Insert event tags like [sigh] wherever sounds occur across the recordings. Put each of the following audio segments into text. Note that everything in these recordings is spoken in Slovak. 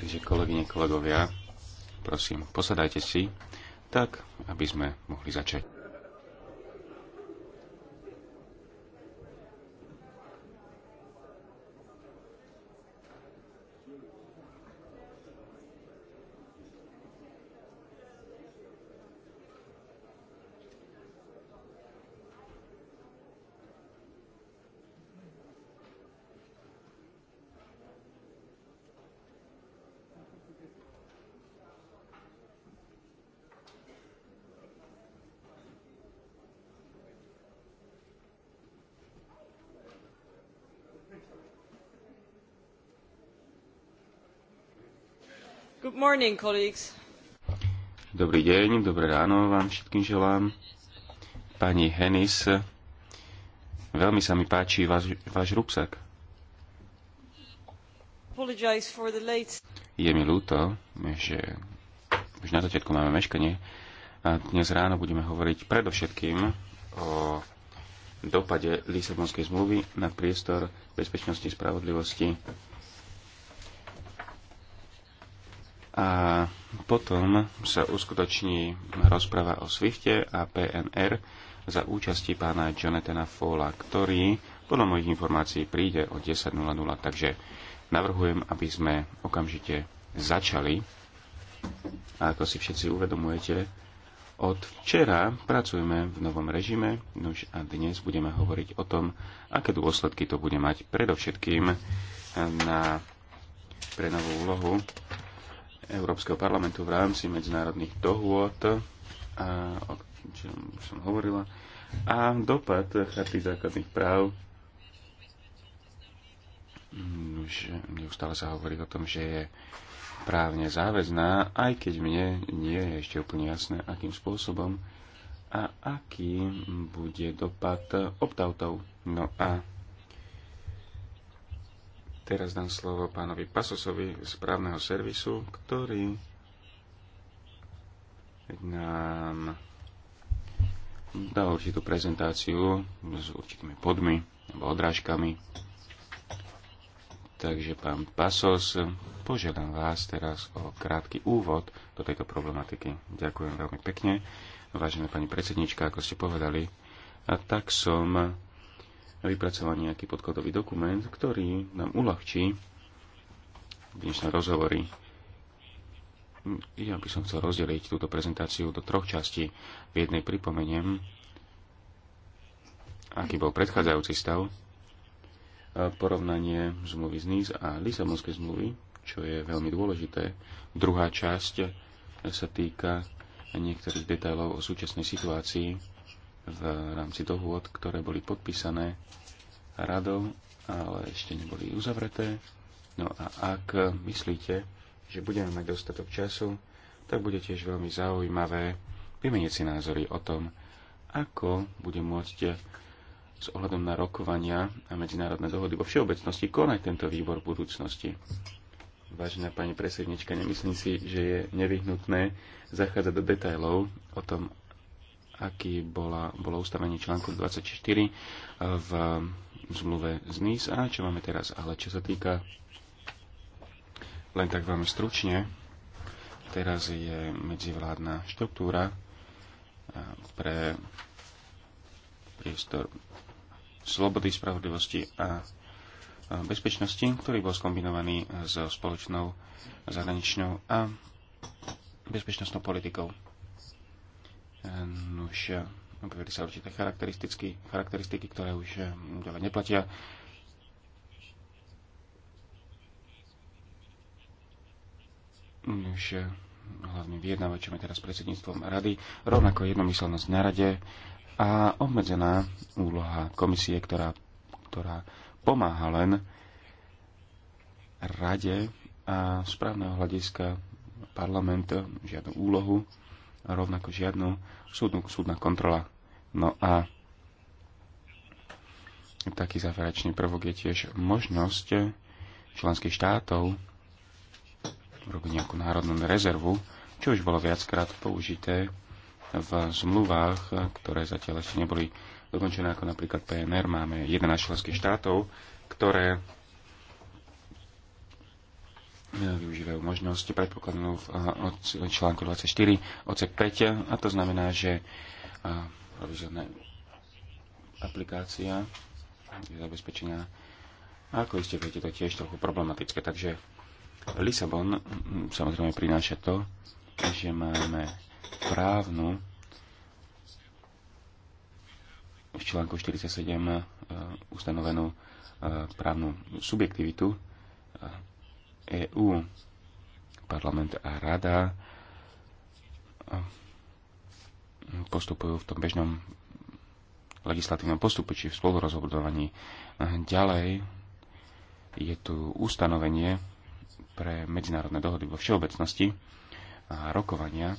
Takže kolegyne, kolegovia, prosím, posadajte si tak, aby sme mohli začať. Morning, Dobrý deň, dobré ráno vám všetkým želám. Pani Henis, veľmi sa mi páči váš, váš ruksak. Je mi ľúto, že už na začiatku máme meškanie. A dnes ráno budeme hovoriť predovšetkým o dopade Lisabonskej zmluvy na priestor bezpečnosti, spravodlivosti a potom sa uskutoční rozprava o Swifte a PNR za účasti pána Jonathana Fola, ktorý podľa mojich informácií príde o 10.00, takže navrhujem, aby sme okamžite začali. A ako si všetci uvedomujete, od včera pracujeme v novom režime, nuž a dnes budeme hovoriť o tom, aké dôsledky to bude mať predovšetkým na pre novú úlohu Európskeho parlamentu v rámci medzinárodných dohôd, a, o čom som hovorila, a dopad charty základných práv. Mm, už neustále sa hovorí o tom, že je právne záväzná, aj keď mne nie je ešte úplne jasné, akým spôsobom a aký bude dopad optautov. No a Teraz dám slovo pánovi Pasosovi z právneho servisu, ktorý nám dal určitú prezentáciu s určitými podmi alebo odrážkami. Takže pán Pasos, požiadam vás teraz o krátky úvod do tejto problematiky. Ďakujem veľmi pekne. Vážená pani predsednička, ako ste povedali, a tak som vypracovať nejaký podkladový dokument, ktorý nám uľahčí dnešné rozhovory. Ja by som chcel rozdeliť túto prezentáciu do troch častí. V jednej pripomeniem, aký bol predchádzajúci stav, porovnanie zmluvy z NIS a Lisabonskej zmluvy, čo je veľmi dôležité. Druhá časť sa týka niektorých detailov o súčasnej situácii v rámci dohôd, ktoré boli podpísané radou, ale ešte neboli uzavreté. No a ak myslíte, že budeme mať dostatok času, tak bude tiež veľmi zaujímavé vymeniť si názory o tom, ako bude môcť s ohľadom na rokovania a medzinárodné dohody vo všeobecnosti konať tento výbor v budúcnosti. Vážená pani predsednička, nemyslím si, že je nevyhnutné zachádzať do detajlov o tom, aký bola, bolo ustavenie článku 24 eh, v zmluve z NISA, a čo máme teraz. Ale čo sa týka, len tak veľmi stručne, teraz je medzivládna štruktúra eh, pre priestor slobody, spravodlivosti a eh, bezpečnosti, ktorý bol skombinovaný so spoločnou zahraničnou a bezpečnostnou politikou Nuž, objavili sa určité charakteristiky, charakteristiky ktoré už eh, ďalej neplatia. Nuž, eh, hlavným vyjednávačom je teraz predsedníctvom rady, rovnako jednomyselnosť na rade a obmedzená úloha komisie, ktorá, ktorá pomáha len rade a správneho hľadiska parlament žiadnu úlohu rovnako žiadnu súdnu, súdna kontrola. No a taký záverečný prvok je tiež možnosť členských štátov robiť nejakú národnú rezervu, čo už bolo viackrát použité v zmluvách, ktoré zatiaľ ešte neboli dokončené, ako napríklad PNR. Máme 11 členských štátov, ktoré využívajú možnosť predpokladnú eh, od článku 24 odsek 5 a to znamená, že eh, provizorná aplikácia je zabezpečená. A ako iste viete, to tiež trochu problematické. Takže Lisabon mm, mm, samozrejme prináša to, že máme právnu v článku 47 eh, ustanovenú právnu subjektivitu EÚ. Parlament a rada postupujú v tom bežnom legislatívnom postupu či v spolurozhodovaní. Ďalej je tu ustanovenie pre medzinárodné dohody vo všeobecnosti a rokovania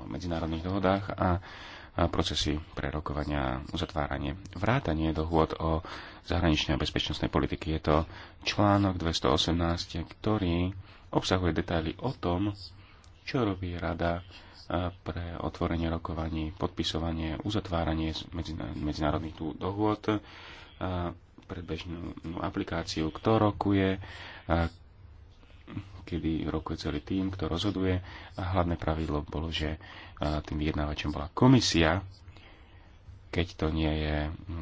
o medzinárodných dohodách a procesy prerokovania a uzatváranie. Vrátanie dohôd o zahraničnej a bezpečnostnej politiky. Je to článok 218, ktorý obsahuje detaily o tom, čo robí rada e, pre otvorenie rokovaní, podpisovanie, uzatváranie medzinárodných dohôd, e, predbežnú aplikáciu, kto rokuje, e, kedy rokuje celý tým, kto rozhoduje. A hlavné pravidlo bolo, že tým vyjednávačom bola komisia, keď to nie je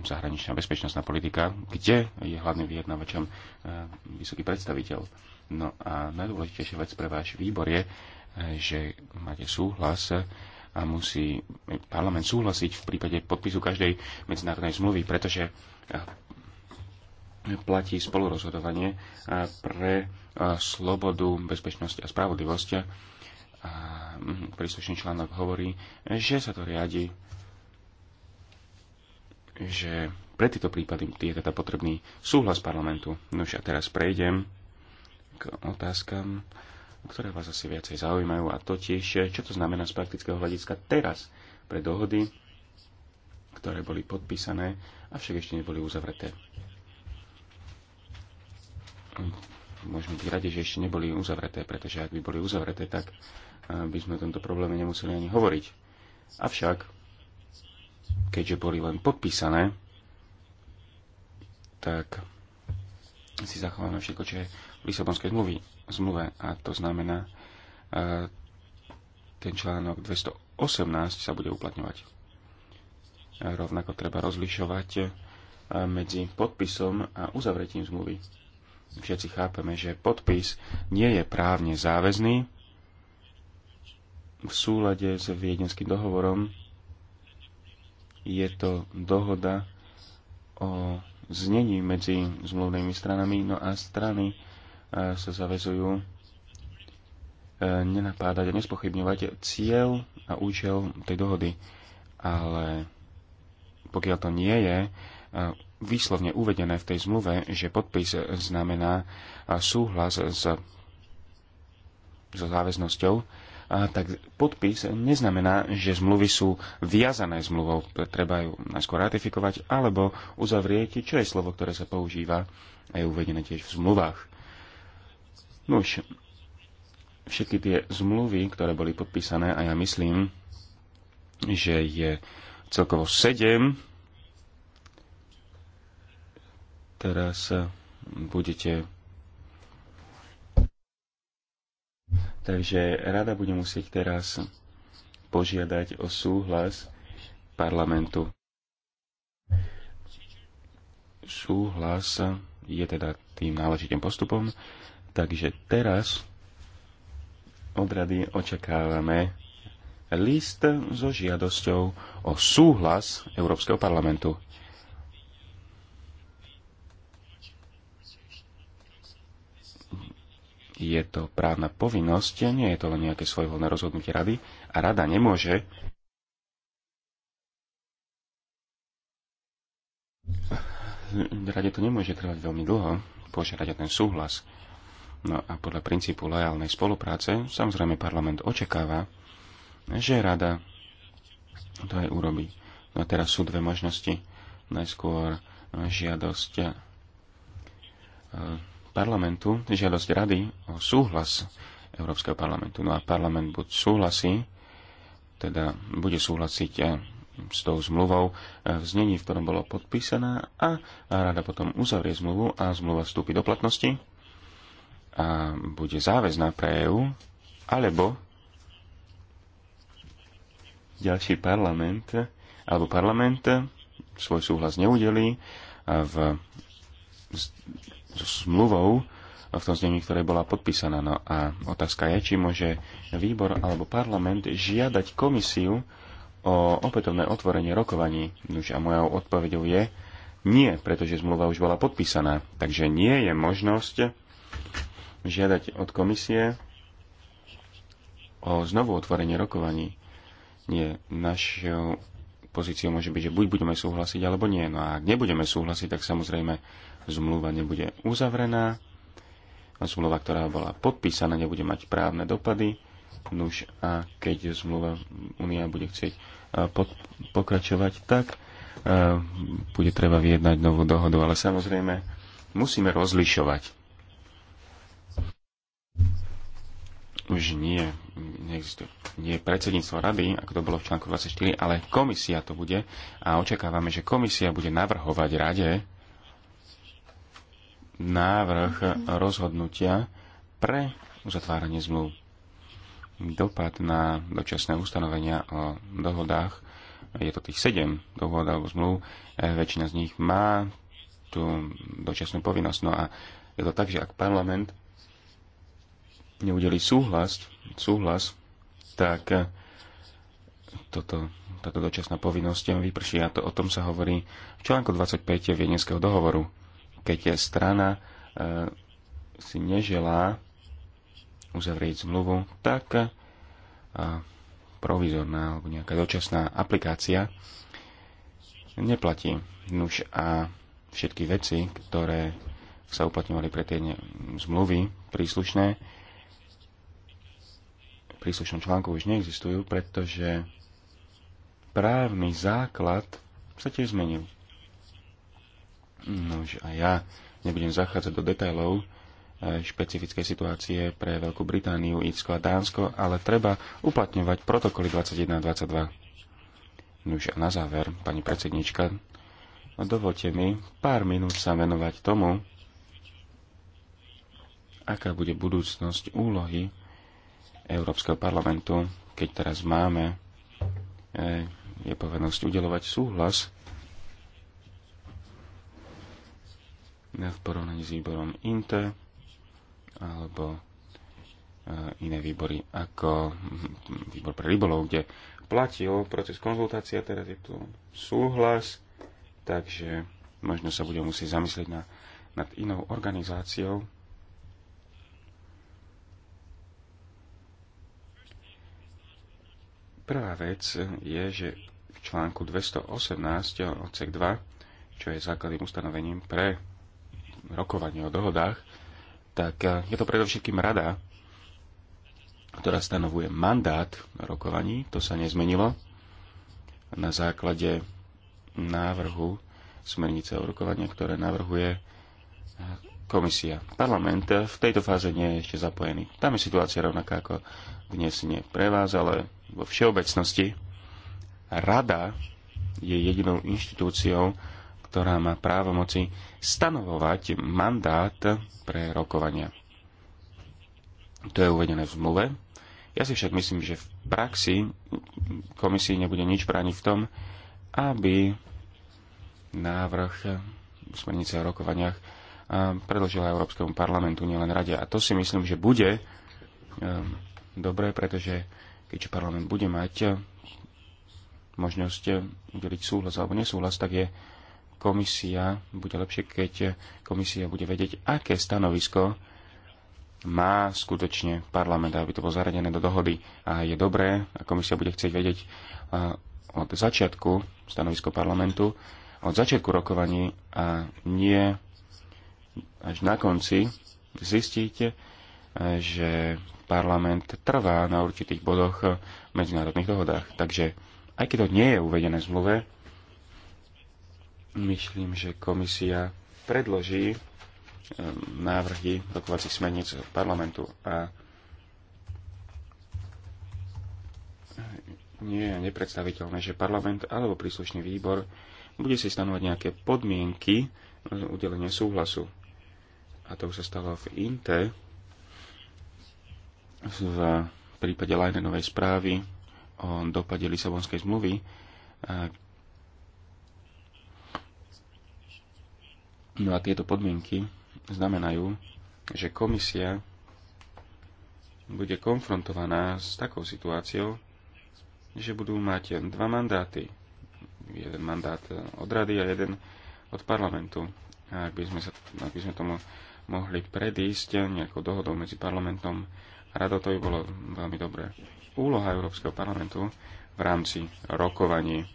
zahraničná bezpečnostná politika, kde je hlavným vyjednávačom vysoký predstaviteľ. No a najdôležitejšia vec pre váš výbor je, že máte súhlas a musí parlament súhlasiť v prípade podpisu každej medzinárodnej zmluvy, pretože platí spolurozhodovanie pre slobodu, bezpečnosť a spravodlivosť. A mm, príslušný článok hovorí, že sa to riadi, že pre tieto prípady je teda potrebný súhlas parlamentu. No už a teraz prejdem k otázkam, ktoré vás asi viacej zaujímajú a totiž, čo to znamená z praktického hľadiska teraz pre dohody, ktoré boli podpísané, avšak ešte neboli uzavreté môžeme byť radi, že ešte neboli uzavreté, pretože ak by boli uzavreté, tak eh, by sme o tomto probléme nemuseli ani hovoriť. Avšak, keďže boli len podpísané, tak si zachováme všetko, čo je v Lisabonskej zmluve. A to znamená, eh, ten článok 218 sa bude uplatňovať. Rovnako treba rozlišovať eh, medzi podpisom a uzavretím zmluvy všetci chápeme, že podpis nie je právne záväzný v súlade s viedenským dohovorom. Je to dohoda o znení medzi zmluvnými stranami, no a strany e, sa zavezujú e, nenapádať a nespochybňovať cieľ a účel tej dohody. Ale pokiaľ to nie je E, výslovne uvedené v tej zmluve, že podpis znamená e, súhlas s, so záväznosťou, tak podpis neznamená, že zmluvy sú viazané zmluvou. Treba ju najskôr ratifikovať alebo uzavrieť, čo je slovo, ktoré sa používa a je uvedené tiež v zmluvách. Nuž, všetky tie zmluvy, ktoré boli podpísané, a ja myslím, že je celkovo 7 teraz budete Takže rada bude musieť teraz požiadať o súhlas parlamentu. Súhlas je teda tým náležitým postupom, takže teraz od rady očakávame list so žiadosťou o súhlas Európskeho parlamentu. je to právna povinnosť, nie je to len nejaké svojvoľné rozhodnutie rady a rada nemôže rade to nemôže trvať veľmi dlho, požiadať o ten súhlas. No a podľa princípu lojálnej spolupráce samozrejme parlament očakáva, že rada to aj urobí. No a teraz sú dve možnosti. Najskôr žiadosť e, parlamentu žiadosť rady o súhlas Európskeho parlamentu. No a parlament buď súhlasí, teda bude súhlasiť eh, s tou zmluvou eh, v znení, v ktorom bolo podpísaná a rada potom uzavrie zmluvu a zmluva vstúpi do platnosti a bude záväzná pre EÚ, alebo ďalší parlament, eh, alebo parlament svoj súhlas neudelí v so zmluvou v tom znení, ktoré bola podpísaná. No a otázka je, či môže výbor alebo parlament žiadať komisiu o opätovné otvorenie rokovaní. Nuž a mojou odpovedou je nie, pretože zmluva už bola podpísaná. Takže nie je možnosť žiadať od komisie o znovu otvorenie rokovaní. Nie, našou pozíciou môže byť, že buď budeme súhlasiť, alebo nie. No a ak nebudeme súhlasiť, tak samozrejme zmluva nebude uzavrená, zmluva, ktorá bola podpísaná, nebude mať právne dopady, nuž a keď zmluva Unia bude chcieť pod, pokračovať, tak bude treba vyjednať novú dohodu, ale samozrejme musíme rozlišovať. Už nie, neexistuje, nie predsedníctvo rady, ako to bolo v článku 24, ale komisia to bude a očakávame, že komisia bude navrhovať rade, návrh rozhodnutia pre uzatváranie zmluv. Dopad na dočasné ustanovenia o dohodách, je to tých 7 dohod alebo zmluv, eh, väčšina z nich má tú dočasnú povinnosť. No a je to tak, že ak parlament neudeli súhlas, súhlas tak eh, toto, táto dočasná povinnosť vyprší a to, o tom sa hovorí v článku 25 Viedenského dohovoru keď strana e, si neželá uzavrieť zmluvu, tak e, provizorná alebo nejaká dočasná aplikácia neplatí. Nuž a všetky veci, ktoré sa uplatňovali pre tie zmluvy príslušné, príslušnom článku už neexistujú, pretože právny základ sa tiež zmenil už a ja nebudem zachádzať do detailov e, špecifickej situácie pre Veľkú Britániu, Írsko a Dánsko, ale treba uplatňovať protokoly 21 a 22. už a na záver, pani predsednička, dovolte mi pár minút sa venovať tomu, aká bude budúcnosť úlohy Európskeho parlamentu, keď teraz máme e, je povinnosť udelovať súhlas v porovnaní s výborom INTE alebo e, iné výbory ako výbor pre rybolov, kde platil proces konzultácie a teraz je tu súhlas, takže možno sa budem musieť zamyslieť na, nad inou organizáciou. Prvá vec je, že v článku 218 odsek 2, čo je základným ustanovením pre rokovaní o dohodách, tak eh, je to predovšetkým rada, ktorá stanovuje mandát na rokovaní, to sa nezmenilo, na základe návrhu smernice o rokovania, ktoré navrhuje eh, komisia. Parlament eh, v tejto fáze nie je ešte zapojený. Tam je situácia rovnaká ako dnes nie pre vás, ale vo všeobecnosti rada je jedinou inštitúciou, ktorá má právomoci stanovovať mandát pre rokovania. To je uvedené v zmluve. Ja si však myslím, že v praxi komisii nebude nič brániť v tom, aby návrh smernice o rokovaniach predložila Európskemu parlamentu, nielen rade. A to si myslím, že bude e, dobre, pretože keďže parlament bude mať e, možnosť e, udeliť súhlas alebo nesúhlas, tak je komisia, bude lepšie, keď komisia bude vedieť, aké stanovisko má skutočne parlament, aby to bolo zaradené do dohody. A je dobré, a komisia bude chcieť vedieť od začiatku stanovisko parlamentu, od začiatku rokovaní a nie až na konci zistíte, že parlament trvá na určitých bodoch v medzinárodných dohodách. Takže aj keď to nie je uvedené v zmluve, Myslím, že komisia predloží návrhy rokovacích smerníc parlamentu a nie je nepredstaviteľné, že parlament alebo príslušný výbor bude si stanovať nejaké podmienky udelenia súhlasu. A to už sa stalo v INTE v prípade Lajnenovej správy o dopade Lisabonskej zmluvy, No a tieto podmienky znamenajú, že komisia bude konfrontovaná s takou situáciou, že budú mať dva mandáty. Jeden mandát od rady a jeden od parlamentu. A ak by sme, sa, ak by sme tomu mohli predísť nejakou dohodou medzi parlamentom a radou, to by bolo veľmi dobré. Úloha Európskeho parlamentu v rámci rokovaní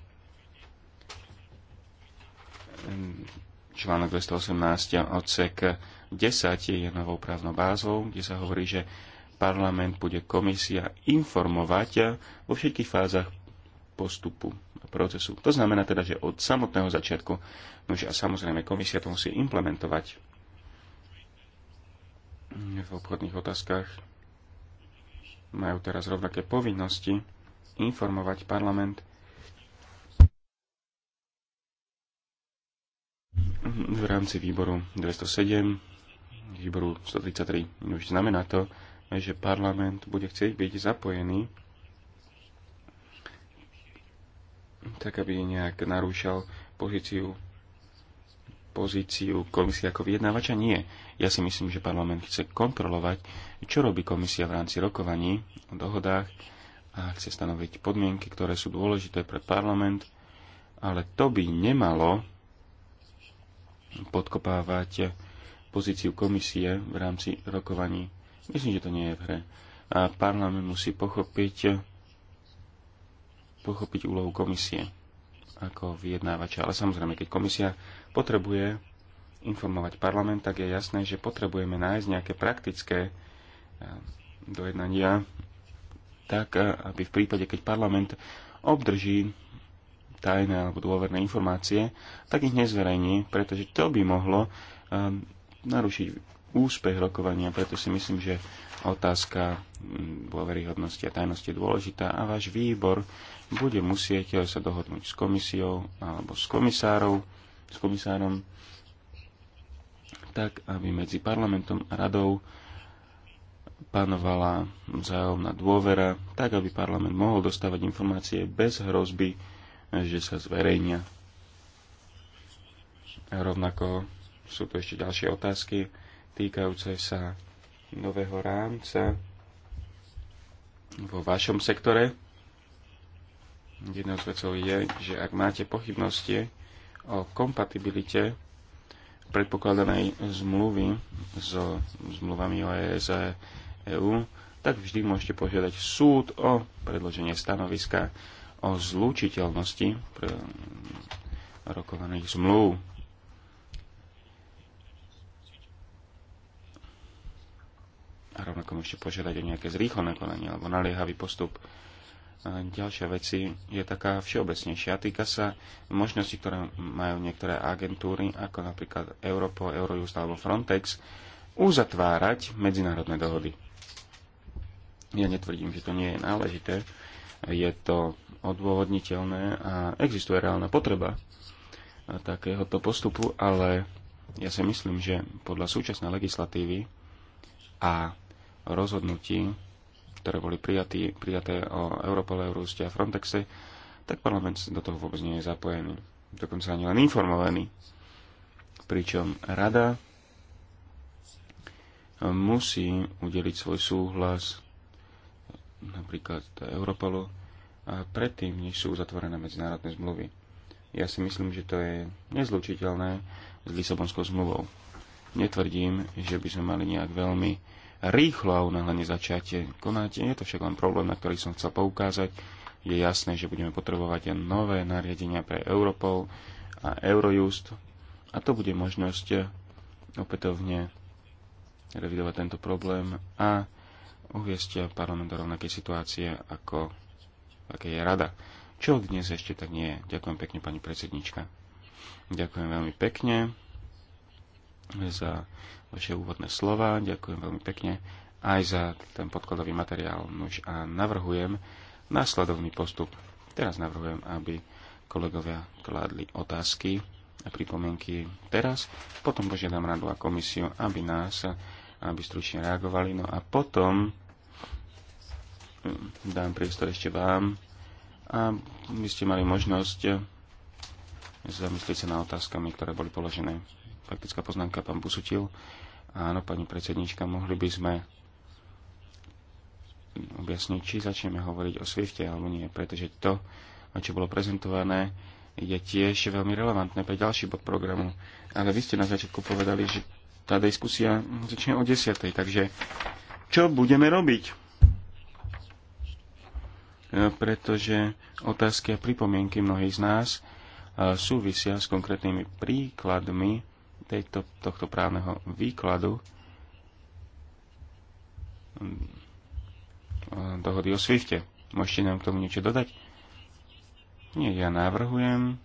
Článok 218 odsek 10 je novou právnou bázou, kde sa hovorí, že parlament bude komisia informovať vo všetkých fázach postupu a procesu. To znamená teda, že od samotného začiatku, nože a samozrejme komisia to musí implementovať v obchodných otázkach, majú teraz rovnaké povinnosti informovať parlament v rámci výboru 207, výboru 133. Už no, znamená to, že parlament bude chcieť byť zapojený tak, aby nejak narúšal pozíciu pozíciu komisie ako vyjednávača? Nie. Ja si myslím, že parlament chce kontrolovať, čo robí komisia v rámci rokovaní o dohodách a chce stanoviť podmienky, ktoré sú dôležité pre parlament, ale to by nemalo podkopávať pozíciu komisie v rámci rokovaní. Myslím, že to nie je v hre. A parlament musí pochopiť, pochopiť úlohu komisie ako vyjednávača. Ale samozrejme, keď komisia potrebuje informovať parlament, tak je jasné, že potrebujeme nájsť nejaké praktické eh, dojednania, tak eh, aby v prípade, keď parlament obdrží tajné alebo dôverné informácie, tak ich nezverejní, pretože to by mohlo um, narušiť úspech rokovania, preto si myslím, že otázka um, dôveryhodnosti a tajnosti je dôležitá a váš výbor bude musieť sa dohodnúť s komisiou alebo s komisárov, s komisárom, tak aby medzi parlamentom a radou panovala vzájomná dôvera, tak aby parlament mohol dostávať informácie bez hrozby že sa zverejnia. A rovnako sú tu ešte ďalšie otázky týkajúce sa nového rámca vo vašom sektore. Jednou z vecov je, že ak máte pochybnosti o kompatibilite predpokladanej zmluvy so zmluvami OES a e, EU, tak vždy môžete požiadať súd o predloženie stanoviska o zlúčiteľnosti pre rokovaných zmluv. A rovnako môžete požiadať o nejaké zrýchlené konanie alebo naliehavý postup. A ďalšia vec je taká všeobecnejšia. Týka sa možnosti, ktoré majú niektoré agentúry, ako napríklad Europo, Eurojust alebo Frontex, uzatvárať medzinárodné dohody. Ja netvrdím, že to nie je náležité. Je to odôvodniteľné a existuje reálna potreba takéhoto postupu, ale ja si myslím, že podľa súčasnej legislatívy a rozhodnutí, ktoré boli prijatí, prijaté o Europol, Euroste a Frontexe, tak parlament do toho vôbec nie je zapojený. Dokonca ani len informovaný. Pričom rada musí udeliť svoj súhlas napríklad Europolu predtým, než sú uzatvorené medzinárodné zmluvy. Ja si myslím, že to je nezlučiteľné s Lisabonskou zmluvou. Netvrdím, že by sme mali nejak veľmi rýchlo a unáhlenie začať konať. Je to však len problém, na ktorý som chcel poukázať. Je jasné, že budeme potrebovať aj nové nariadenia pre Europol a Eurojust a to bude možnosť opätovne revidovať tento problém a uviesť parlament do rovnakej situácie ako aké je rada. Čo dnes ešte tak nie je. Ďakujem pekne, pani predsednička. Ďakujem veľmi pekne za vaše úvodné slova. Ďakujem veľmi pekne aj za ten podkladový materiál. Nuž a navrhujem následovný postup. Teraz navrhujem, aby kolegovia kládli otázky a pripomienky teraz. Potom požiadam radu a komisiu, aby nás, aby stručne reagovali. No a potom dám priestor ešte vám a by ste mali možnosť zamyslieť sa na otázkami, ktoré boli položené. Faktická poznámka, pán Busutil. Áno, pani predsednička, mohli by sme objasniť, či začneme hovoriť o Swifte alebo nie, pretože to, čo bolo prezentované, je tiež veľmi relevantné pre ďalší bod programu. Ale vy ste na začiatku povedali, že tá diskusia začne o 10. Takže čo budeme robiť? E, pretože otázky a pripomienky mnohých z nás e, súvisia s konkrétnymi príkladmi tejto, tohto právneho výkladu mm, e, dohody o Swifte. Môžete nám k tomu niečo dodať? Nie, ja navrhujem,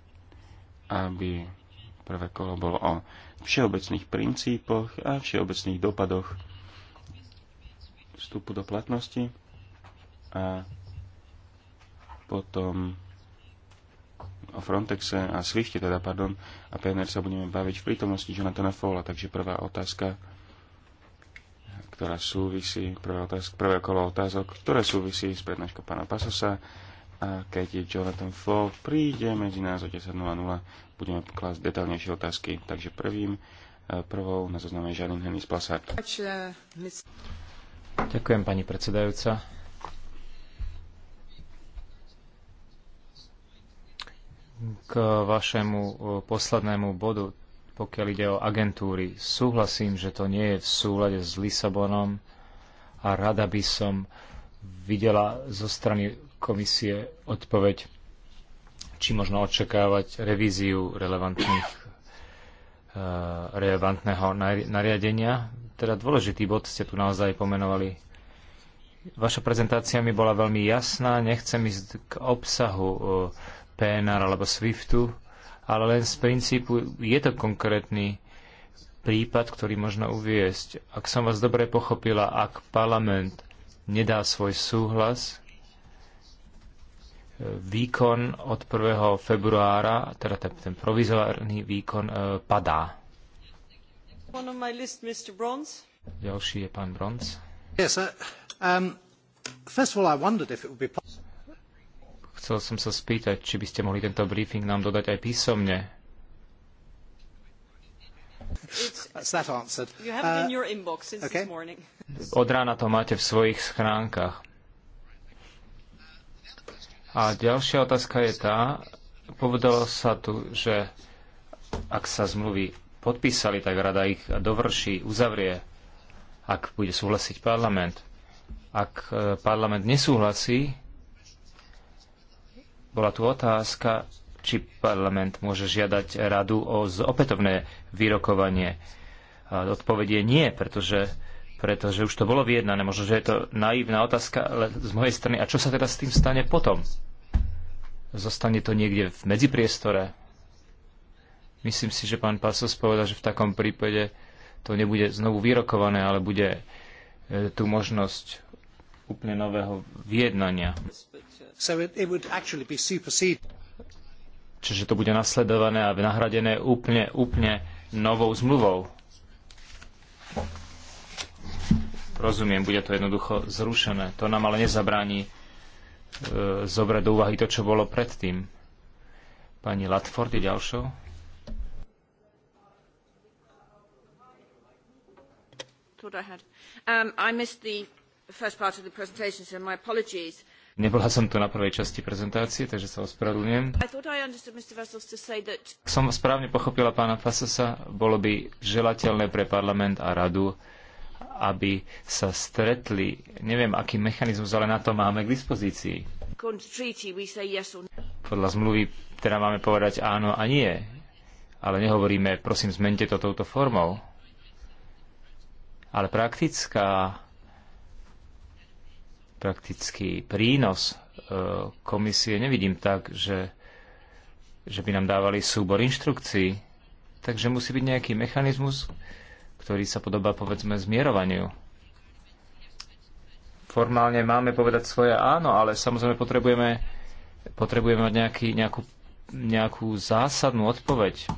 aby prvé kolo bolo o všeobecných princípoch a všeobecných dopadoch vstupu do platnosti a potom o Frontexe a Swifte teda, pardon, a PNR sa budeme baviť v prítomnosti Jonathana Fowla. Takže prvá otázka, ktorá súvisí, prvá otázka, prvé kolo otázok, ktoré súvisí s prednáškou pána Pasosa. A keď je Jonathan Fall príde medzi nás o 10.00, budeme klásť detaľnejšie otázky. Takže prvým, e, prvou na zozname Žalin Hennis Plasard. Ďakujem, pani predsedajúca. K vašemu e, poslednému bodu, pokiaľ ide o agentúry, súhlasím, že to nie je v súlade s Lisabonom a rada by som videla zo strany komisie odpoveď, či možno očakávať revíziu relevantných e, relevantného nariadenia. Teda dôležitý bod ste tu naozaj pomenovali. Vaša prezentácia mi bola veľmi jasná, nechcem ísť k obsahu e, PNR alebo SWIFTu, ale len z princípu je to konkrétny prípad, ktorý možno uviesť. Ak som vás dobre pochopila, ak parlament nedá svoj súhlas, e, výkon od 1. februára, teda ten, provizorný výkon e, padá. List, Ďalší je pán Bronz. Yes, uh, um, be... Chcel som sa spýtať, či by ste mohli tento briefing nám dodať aj písomne. Uh, Od rána to máte v svojich schránkach. A ďalšia otázka je tá, povedalo sa tu, že ak sa zmluvy podpísali, tak rada ich dovrší, uzavrie, ak bude súhlasiť parlament. Ak eh, parlament nesúhlasí, bola tu otázka, či parlament môže žiadať radu o opätovné vyrokovanie. A odpovedie nie, pretože, pretože už to bolo vyjednané. Možno, že je to naivná otázka, ale z mojej strany, a čo sa teda s tým stane potom? Zostane to niekde v medzipriestore? Myslím si, že pán Pasos povedal, že v takom prípade to nebude znovu vyrokované, ale bude e, tu možnosť úplne nového vyjednania. Čiže to bude nasledované a nahradené úplne, úplne novou zmluvou. Rozumiem, bude to jednoducho zrušené. To nám ale nezabráni e, zobrať do úvahy to, čo bolo predtým. Pani Latford je ďalšou. Um, I missed the first part of the presentation, so my apologies. Nebola som tu na prvej časti prezentácie, takže sa ospravedlňujem. Ak som správne pochopila pána Fasosa, bolo by želateľné pre parlament a radu, aby sa stretli, neviem aký mechanizmus, ale na to máme k dispozícii. No. Podľa zmluvy teda máme povedať áno a nie, ale nehovoríme, prosím, zmente to touto formou. Ale praktická praktický prínos e, komisie nevidím tak, že, že by nám dávali súbor inštrukcií. Takže musí byť nejaký mechanizmus, ktorý sa podobá povedzme zmierovaniu. Formálne máme povedať svoje áno, ale samozrejme potrebujeme, potrebujeme mať nejaký, nejakú, nejakú zásadnú odpoveď.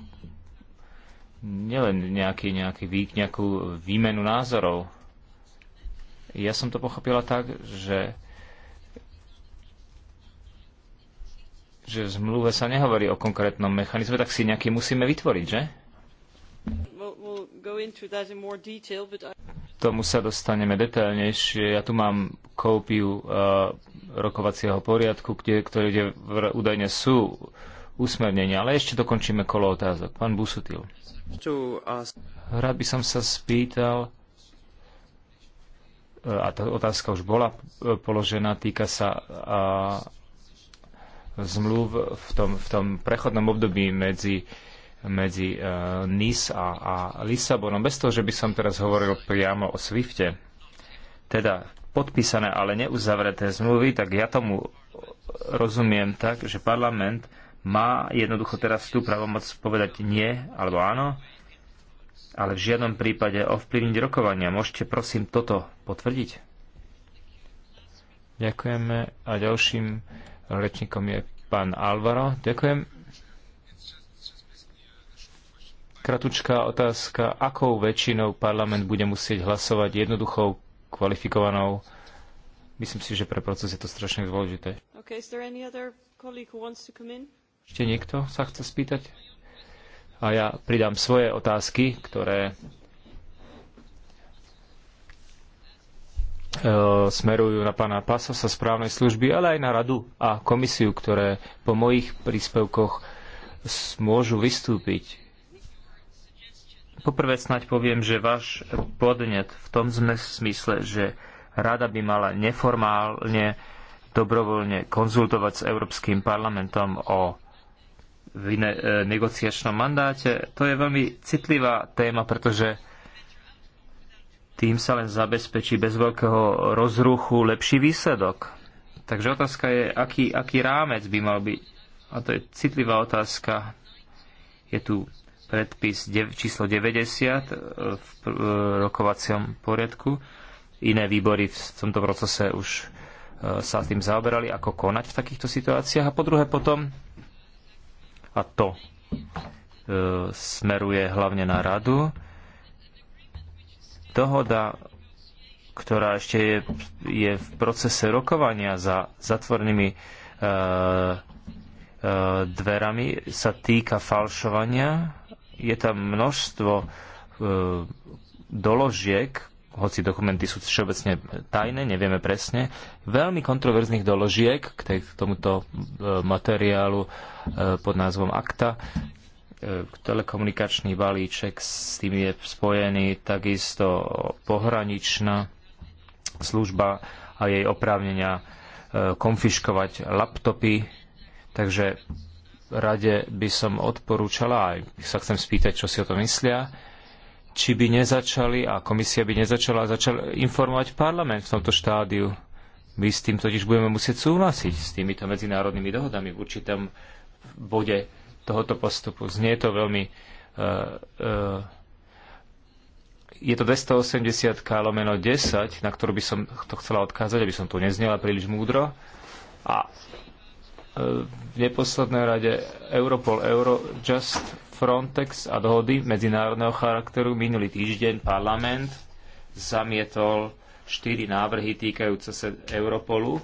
Nielen nejaký, nejaký, nejakú výmenu názorov. Ja som to pochopila tak, že že v zmluve sa nehovorí o konkrétnom mechanizme, tak si nejaký musíme vytvoriť, že? Tomu sa dostaneme detailnejšie. Ja tu mám kópiu uh, rokovacieho poriadku, kde, ktoré kde údajne sú usmernenia, ale ešte dokončíme kolo otázok. Pán Busutil. Uh, Rád by som sa spýtal, a tá otázka už bola e, položená, týka sa a, zmluv v tom, v tom prechodnom období medzi, medzi uh, NIS a, a Lisabonom, bez toho, že by som teraz hovoril priamo o Swifte. Teda podpísané, ale neuzavreté zmluvy, tak ja tomu rozumiem tak, že parlament má jednoducho teraz tú pravomoc povedať nie alebo áno ale v žiadnom prípade ovplyvniť rokovania. Môžete prosím toto potvrdiť? Ďakujeme a ďalším rečníkom je pán Alvaro. Ďakujem. Kratučká otázka, akou väčšinou parlament bude musieť hlasovať jednoduchou, kvalifikovanou. Myslím si, že pre proces je to strašne dôležité. Okay, Ešte niekto sa chce spýtať? a ja pridám svoje otázky, ktoré e, smerujú na pána Pasosa správnej služby, ale aj na radu a komisiu, ktoré po mojich príspevkoch môžu vystúpiť. Poprvé snáď poviem, že váš podnet v tom smysle, že rada by mala neformálne dobrovoľne konzultovať s Európskym parlamentom o v iné, e, negociačnom mandáte. To je veľmi citlivá téma, pretože tým sa len zabezpečí bez veľkého rozruchu lepší výsledok. Takže otázka je, aký, aký rámec by mal byť. A to je citlivá otázka. Je tu predpis číslo 90 e, v e, rokovaciom poriadku. Iné výbory v tomto procese už sa tým zaoberali, ako konať v takýchto situáciách. A po druhé potom a to e, smeruje hlavne na radu. Dohoda, ktorá ešte je, je v procese rokovania za zatvornými e, e, dverami, sa týka falšovania. Je tam množstvo e, doložiek, hoci dokumenty sú všeobecne tajné, nevieme presne, veľmi kontroverzných doložiek k, tomuto e, materiálu e, pod názvom Akta. E, telekomunikačný balíček s tým je spojený takisto pohraničná služba a jej oprávnenia konfiškovať laptopy. Takže rade by som odporúčala, aj sa chcem spýtať, čo si o to myslia, či by nezačali, a komisia by nezačala začal informovať parlament v tomto štádiu. My s tým totiž budeme musieť súhlasiť s týmito medzinárodnými dohodami v určitom bode tohoto postupu. Znie to veľmi... Uh, uh, je to 280 k lomeno 10, na ktorú by som to chcela odkázať, aby som tu neznela príliš múdro. A v neposlednej rade Europol, Eurojust, Frontex a dohody medzinárodného charakteru. Minulý týždeň parlament zamietol štyri návrhy týkajúce sa Europolu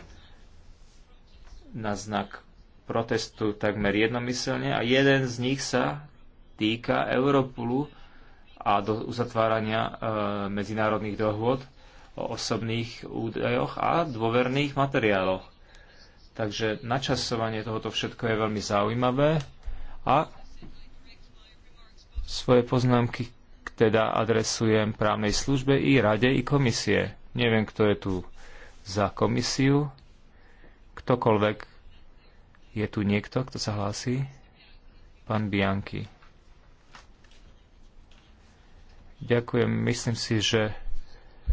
na znak protestu takmer jednomyselne a jeden z nich sa týka Europolu a do uzatvárania e, medzinárodných dohôd o osobných údajoch a dôverných materiáloch. Takže načasovanie tohoto všetko je veľmi zaujímavé a svoje poznámky teda adresujem právnej službe i rade, i komisie. Neviem, kto je tu za komisiu. Ktokoľvek. Je tu niekto, kto sa hlási? Pán Bianky. Ďakujem. Myslím si, že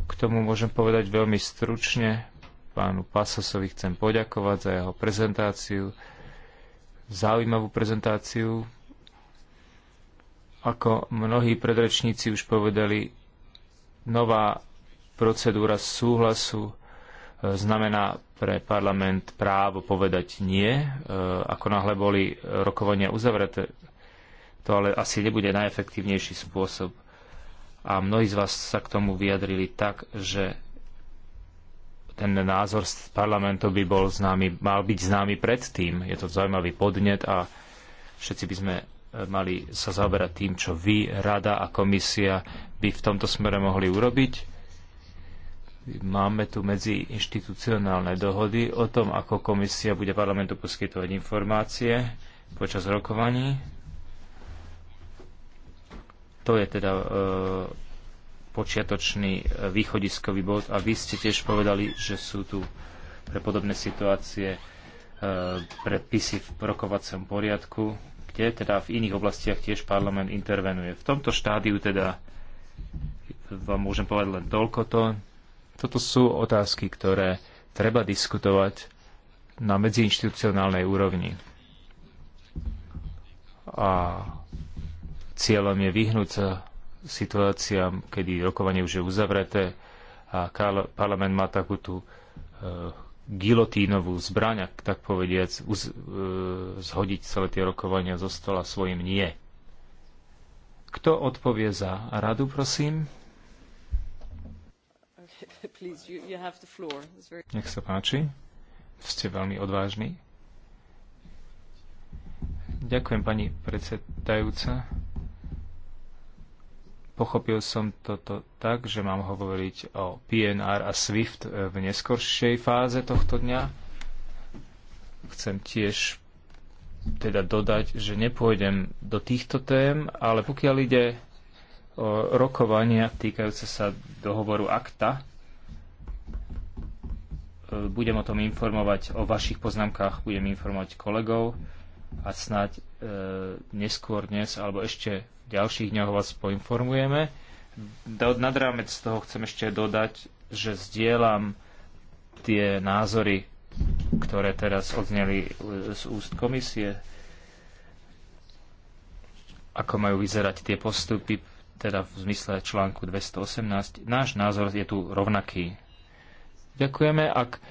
k tomu môžem povedať veľmi stručne. Pánu Pasasovi chcem poďakovať za jeho prezentáciu, zaujímavú prezentáciu. Ako mnohí predrečníci už povedali, nová procedúra súhlasu e, znamená pre parlament právo povedať nie, e, ako náhle boli rokovania uzavreté. To ale asi nebude najefektívnejší spôsob. A mnohí z vás sa k tomu vyjadrili tak, že ten názor z parlamentu by bol známy, mal byť známy predtým. Je to zaujímavý podnet a všetci by sme e, mali sa zaoberať tým, čo vy, rada a komisia by v tomto smere mohli urobiť. Máme tu medzi inštitucionálne dohody o tom, ako komisia bude parlamentu poskytovať informácie počas rokovaní. To je teda e počiatočný e, východiskový bod a vy ste tiež povedali, že sú tu pre podobné situácie e, predpisy v rokovacom poriadku, kde teda v iných oblastiach tiež parlament intervenuje. V tomto štádiu teda vám môžem povedať len toľko to. Toto sú otázky, ktoré treba diskutovať na medziinstitucionálnej úrovni. A cieľom je vyhnúť sa situáciám, kedy rokovanie už je uzavreté a parlament má takú tú e, gilotínovú zbraň, ak tak povediac, uz, e, zhodiť celé tie rokovania zo stola svojim nie. Kto odpovie za radu, prosím? [laughs] Nech sa páči. Ste veľmi odvážni. Ďakujem, pani predsedajúca. Pochopil som toto tak, že mám hovoriť o PNR a SWIFT eh, v neskoršej fáze tohto dňa. Chcem tiež teda dodať, že nepôjdem do týchto tém, ale pokiaľ ide o rokovania týkajúce sa dohovoru akta, eh, budem o tom informovať, o vašich poznámkach budem informovať kolegov a snáď e, neskôr dnes alebo ešte ďalších dňoch vás poinformujeme. Do, nad rámec toho chcem ešte dodať, že zdieľam tie názory, ktoré teraz odzneli e, z úst komisie, ako majú vyzerať tie postupy, teda v zmysle článku 218. Náš názor je tu rovnaký. Ďakujeme. Ak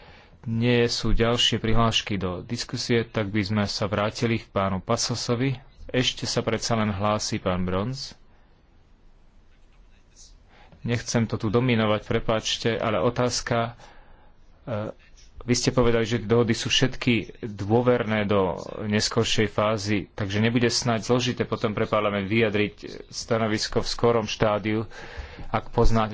nie sú ďalšie prihlášky do diskusie, tak by sme sa vrátili k pánu Pasosovi. Ešte sa predsa len hlási pán Bronz. Nechcem to tu dominovať, prepáčte, ale otázka. E, vy ste povedali, že dohody sú všetky dôverné do neskoršej fázy, takže nebude snáď zložité potom pre parlament vyjadriť stanovisko v skorom štádiu, ak pozná,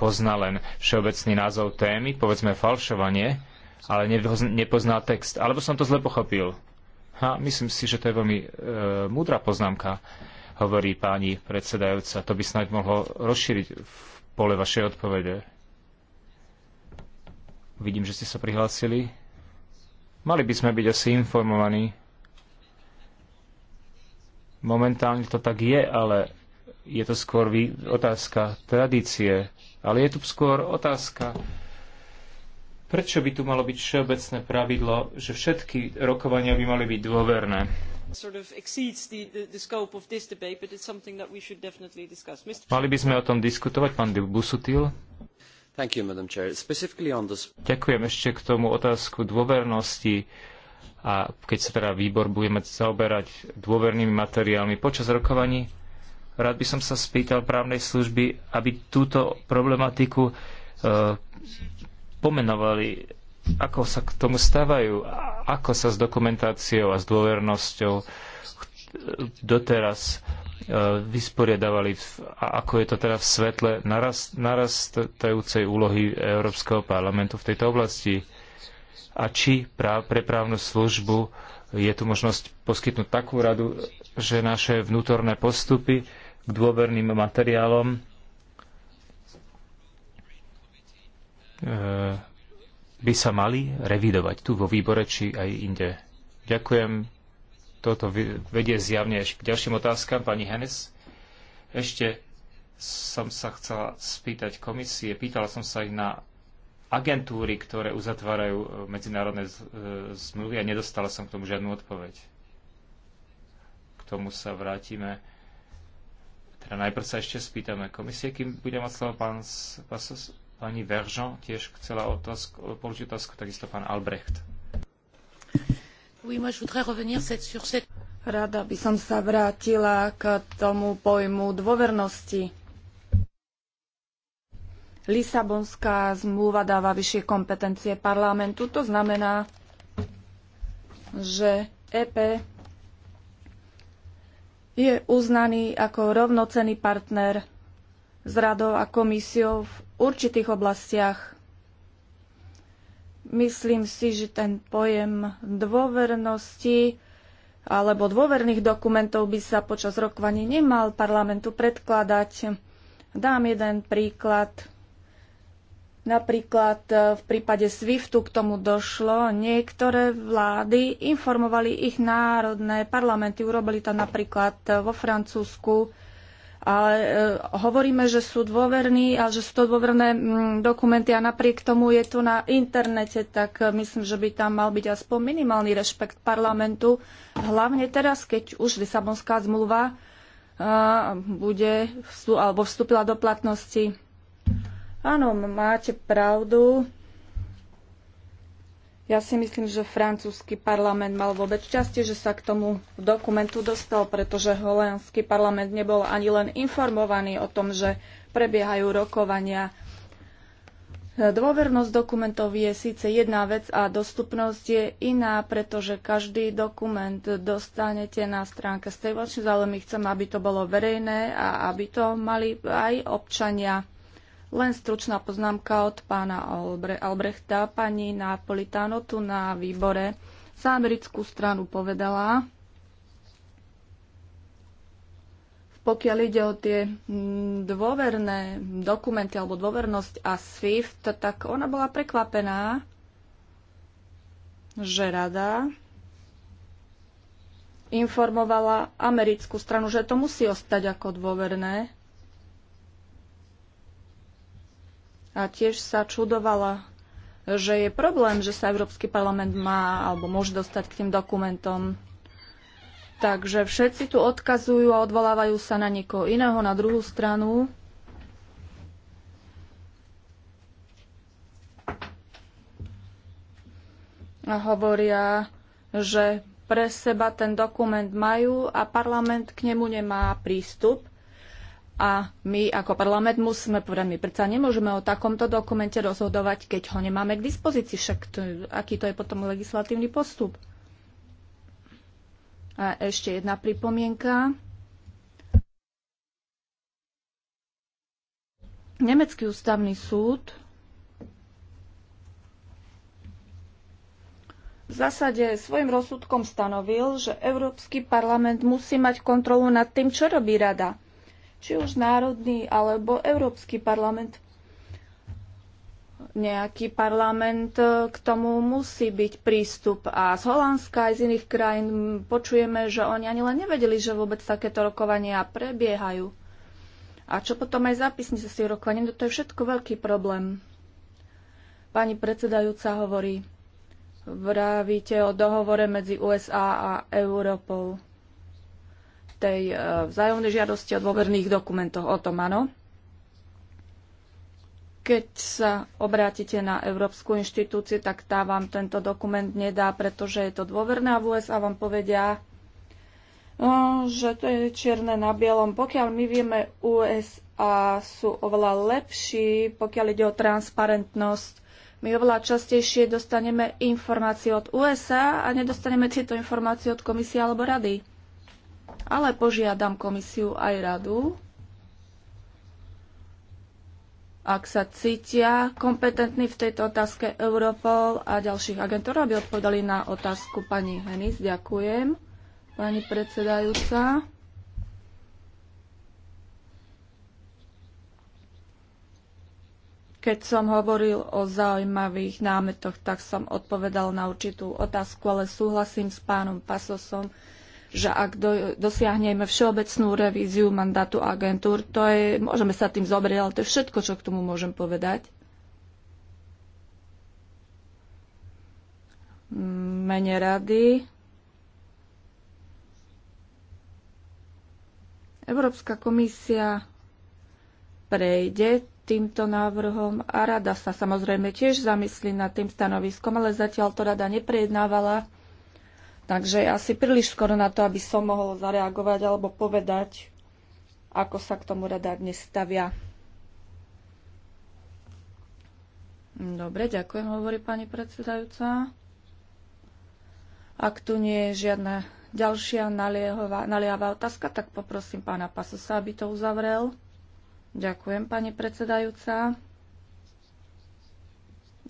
pozná len všeobecný názov témy, povedzme falšovanie, ale nepozná text. Alebo som to zle pochopil. A myslím si, že to je veľmi e, múdra poznámka, hovorí páni predsedajúca. To by snáď mohlo rozšíriť v pole vašej odpovede. Vidím, že ste sa prihlásili. Mali by sme byť asi informovaní. Momentálne to tak je, ale je to skôr otázka tradície. Ale je tu skôr otázka Prečo by tu malo byť všeobecné pravidlo, že všetky rokovania by mali byť dôverné? Mali by sme o tom diskutovať, pán Busutil? Ďakujem ešte k tomu otázku dôvernosti a keď sa teda výbor budeme zaoberať dôvernými materiálmi počas rokovaní, rád by som sa spýtal právnej služby, aby túto problematiku e, pomenovali, ako sa k tomu stavajú, ako sa s dokumentáciou a s dôvernosťou doteraz e, vysporiadavali a ako je to teda v svetle narast, narastajúcej úlohy Európskeho parlamentu v tejto oblasti a či práv, pre právnu službu je tu možnosť poskytnúť takú radu, že naše vnútorné postupy k dôverným materiálom E, by sa mali revidovať tu vo výbore či aj inde. Ďakujem. Toto vedie zjavne k ďalším otázkam. Pani Henes, ešte som sa chcela spýtať komisie. Pýtala som sa aj na agentúry, ktoré uzatvárajú e, medzinárodné e, zmluvy a nedostala som k tomu žiadnu odpoveď. K tomu sa vrátime. Teda najprv sa ešte spýtame komisie, kým bude mať slovo pán Pasos. Pani Veržo tiež chcela otázku, položiť otázku, takisto pán Albrecht. Rada by som sa vrátila k tomu pojmu dôvernosti. Lisabonská zmluva dáva vyššie kompetencie parlamentu. To znamená, že EP je uznaný ako rovnocený partner s radou a komisiou v určitých oblastiach. Myslím si, že ten pojem dôvernosti alebo dôverných dokumentov by sa počas rokovaní nemal parlamentu predkladať. Dám jeden príklad. Napríklad e, v prípade SWIFTu k tomu došlo. Niektoré vlády informovali ich národné parlamenty. Urobili to napríklad e, vo Francúzsku ale e, hovoríme, že sú dôverní a že sú to dôverné m, mm, dokumenty a napriek tomu je to na internete, tak e, myslím, že by tam mal byť aspoň minimálny rešpekt parlamentu, hlavne teraz, keď už Lisabonská zmluva a, e, bude alebo vstúpila do platnosti. Áno, máte pravdu. Ja si myslím, že francúzsky parlament mal vôbec šťastie, že sa k tomu dokumentu dostal, pretože holandský parlament nebol ani len informovaný o tom, že prebiehajú rokovania. Dôvernosť dokumentov je síce jedna vec a dostupnosť je iná, pretože každý dokument dostanete na stránke Stejvočnic, ale my chceme, aby to bolo verejné a aby to mali aj občania. Len stručná poznámka od pána Albre, Albrechta. Pani Napolitano tu na výbore za americkú stranu povedala, pokiaľ ide o tie dôverné dokumenty alebo dôvernosť a SWIFT, tak ona bola prekvapená, že rada informovala americkú stranu, že to musí ostať ako dôverné. a tiež sa čudovala, že je problém, že sa Európsky parlament má alebo môže dostať k tým dokumentom. Takže všetci tu odkazujú a odvolávajú sa na niekoho iného, na druhú stranu. A hovoria, že pre seba ten dokument majú a parlament k nemu nemá prístup. A my ako parlament musíme povedať, my predsa nemôžeme o takomto dokumente rozhodovať, keď ho nemáme k dispozícii. Však to, aký to je potom legislatívny postup? A ešte jedna pripomienka. Nemecký ústavný súd v zásade svojim rozsudkom stanovil, že Európsky parlament musí mať kontrolu nad tým, čo robí rada či už národný alebo Európsky parlament. Nejaký parlament e, k tomu musí byť prístup. A z Holandska aj z iných krajín počujeme, že oni ani len nevedeli, že vôbec takéto rokovania prebiehajú. A čo potom aj zápisnice z tých rokovaní, to je všetko veľký problém. Pani predsedajúca hovorí, vravíte o dohovore medzi USA a Európou tej e, vzájomnej žiadosti o dôverných dokumentoch o tom, áno? Keď sa obrátite na Európsku inštitúciu, tak tá vám tento dokument nedá, pretože je to dôverná v USA vám povedia, no, že to je čierne na bielom. Pokiaľ my vieme, USA sú oveľa lepší, pokiaľ ide o transparentnosť. My oveľa častejšie dostaneme informácie od USA a nedostaneme tieto informácie od komisie alebo rady ale požiadam komisiu aj radu, ak sa cítia kompetentní v tejto otázke Europol a ďalších agentúr, aby odpovedali na otázku pani Henis. Ďakujem, pani predsedajúca. Keď som hovoril o zaujímavých námetoch, tak som odpovedal na určitú otázku, ale súhlasím s pánom Pasosom, že ak do, dosiahneme všeobecnú revíziu mandátu agentúr, to je, môžeme sa tým zobrieť, ale to je všetko, čo k tomu môžem povedať. Mene rady. Európska komisia prejde týmto návrhom a rada sa samozrejme tiež zamyslí nad tým stanoviskom, ale zatiaľ to rada neprejednávala Takže asi príliš skoro na to, aby som mohol zareagovať alebo povedať, ako sa k tomu rada dnes stavia. Dobre, ďakujem, hovorí pani predsedajúca. Ak tu nie je žiadna ďalšia naliehová, otázka, tak poprosím pána Pasosa, aby to uzavrel. Ďakujem, pani predsedajúca.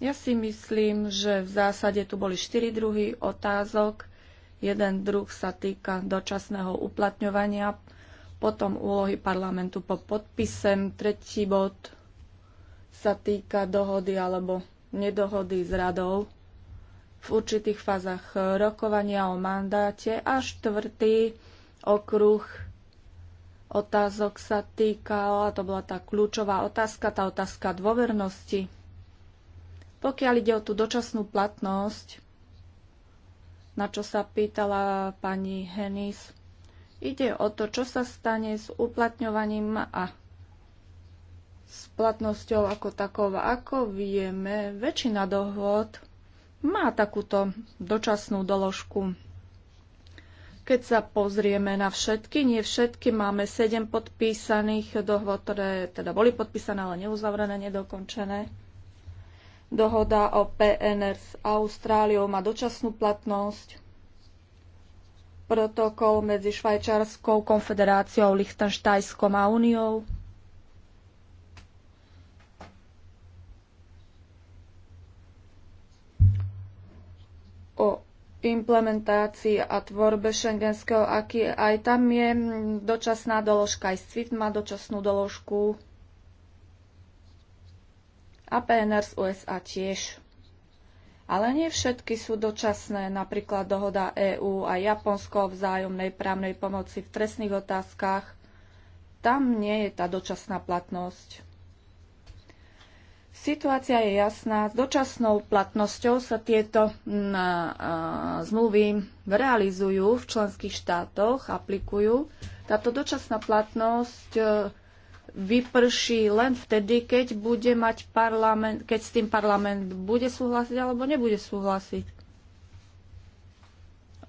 Ja si myslím, že v zásade tu boli štyri druhy otázok Jeden druh sa týka dočasného uplatňovania, potom úlohy parlamentu po podpisem, tretí bod sa týka dohody alebo nedohody s radou v určitých fázach rokovania o mandáte a štvrtý okruh otázok sa týkal, a to bola tá kľúčová otázka, tá otázka dôvernosti. Pokiaľ ide o tú dočasnú platnosť, na čo sa pýtala pani Henis. Ide o to, čo sa stane s uplatňovaním a s platnosťou ako takov. Ako vieme, väčšina dohôd má takúto dočasnú doložku. Keď sa pozrieme na všetky, nie všetky, máme 7 podpísaných dohôd, ktoré teda boli podpísané, ale neuzavrené, nedokončené. Dohoda o PNR s Austráliou má dočasnú platnosť. Protokol medzi Švajčarskou konfederáciou, Lichtenštajskom a Uniou. O implementácii a tvorbe šengenského aký aj tam je dočasná doložka, aj SWIFT má dočasnú doložku a PNR z USA tiež. Ale nie všetky sú dočasné, napríklad dohoda EÚ a Japonsko o vzájomnej právnej pomoci v trestných otázkach. Tam nie je tá dočasná platnosť. Situácia je jasná. S dočasnou platnosťou sa tieto na, mm, a, zmluvy realizujú v členských štátoch, aplikujú. Táto dočasná platnosť e, vyprší len vtedy, keď, bude mať parlament, keď s tým parlament bude súhlasiť alebo nebude súhlasiť.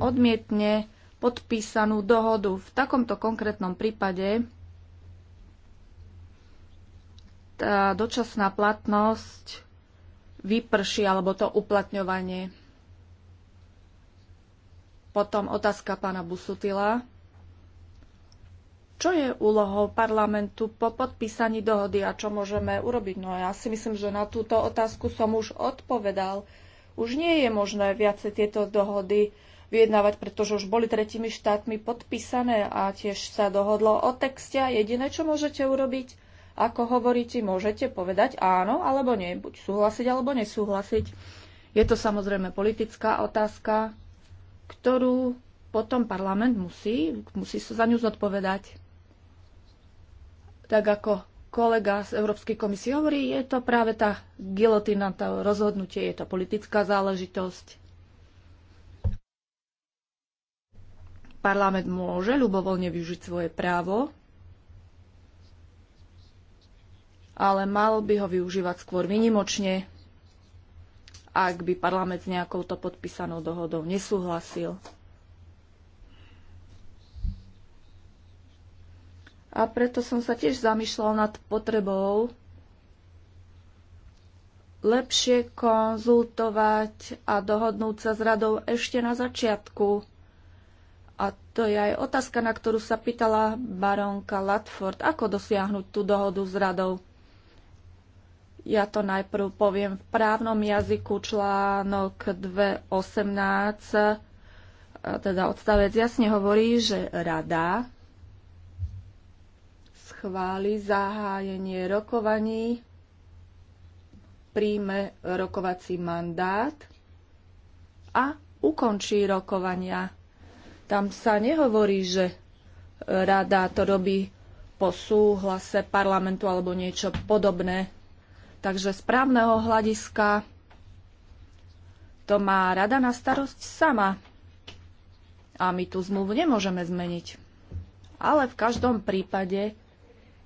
Odmietne podpísanú dohodu. V takomto konkrétnom prípade tá dočasná platnosť vyprší alebo to uplatňovanie. Potom otázka pána Busutila čo je úlohou parlamentu po podpísaní dohody a čo môžeme urobiť? No ja si myslím, že na túto otázku som už odpovedal. Už nie je možné viacej tieto dohody vyjednávať, pretože už boli tretími štátmi podpísané a tiež sa dohodlo o texte a jediné, čo môžete urobiť, ako hovoríte, môžete povedať áno alebo nie, buď súhlasiť alebo nesúhlasiť. Je to samozrejme politická otázka, ktorú potom parlament musí, musí sa za ňu zodpovedať tak ako kolega z Európskej komisie hovorí, je to práve tá gilotina, to rozhodnutie, je to politická záležitosť. Parlament môže ľubovoľne využiť svoje právo, ale mal by ho využívať skôr vynimočne, ak by parlament s nejakouto podpísanou dohodou nesúhlasil. A preto som sa tiež zamýšľal nad potrebou lepšie konzultovať a dohodnúť sa s radou ešte na začiatku. A to je aj otázka, na ktorú sa pýtala baronka Latford. Ako dosiahnuť tú dohodu s radou? Ja to najprv poviem v právnom jazyku článok 2.18, teda odstavec jasne hovorí, že rada schváli zahájenie rokovaní, príjme rokovací mandát a ukončí rokovania. Tam sa nehovorí, že rada to robí po súhlase parlamentu alebo niečo podobné. Takže z právneho hľadiska to má rada na starosť sama. A my tú zmluvu nemôžeme zmeniť. Ale v každom prípade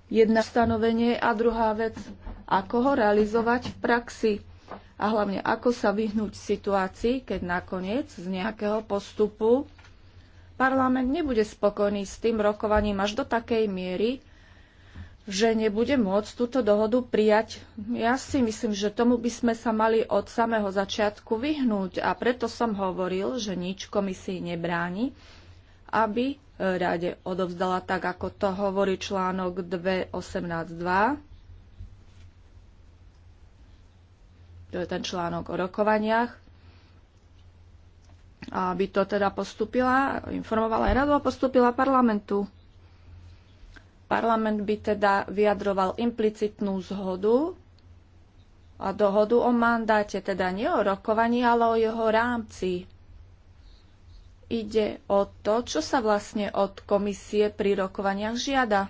Jedna stanovenie a druhá vec, ako ho realizovať v praxi a hlavne ako sa vyhnúť situácii, keď nakoniec z nejakého postupu parlament nebude spokojný s tým rokovaním až do takej miery, že nebude môcť túto dohodu prijať. Ja si myslím, že tomu by sme sa mali od samého začiatku vyhnúť a preto som hovoril, že nič komisii nebráni, aby rade odovzdala tak, ako to hovorí článok 2.18.2. To je ten článok o rokovaniach. Aby to teda postupila, informovala aj radu a postupila parlamentu. Parlament by teda vyjadroval implicitnú zhodu a dohodu o mandáte, teda nie o rokovaní, ale o jeho rámci ide o to, čo sa vlastne od komisie pri rokovaniach žiada.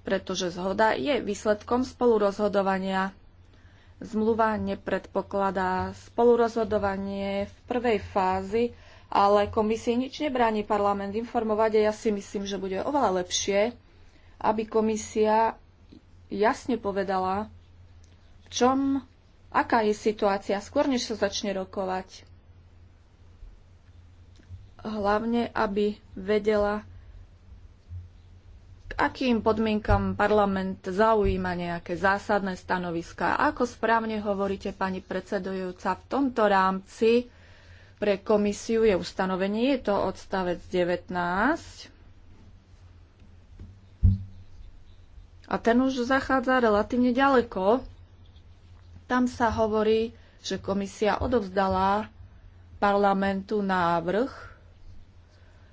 Pretože zhoda je výsledkom spolurozhodovania. Zmluva nepredpokladá spolurozhodovanie v prvej fázi, ale komisii nič nebráni parlament informovať a ja si myslím, že bude oveľa lepšie, aby komisia jasne povedala, čom, aká je situácia, skôr než sa začne rokovať. Hlavne, aby vedela, k akým podmienkam parlament zaujíma nejaké zásadné stanoviská. Ako správne hovoríte, pani predsedujúca, v tomto rámci pre komisiu je ustanovenie, je to odstavec 19. A ten už zachádza relatívne ďaleko. Tam sa hovorí, že komisia odovzdala parlamentu návrh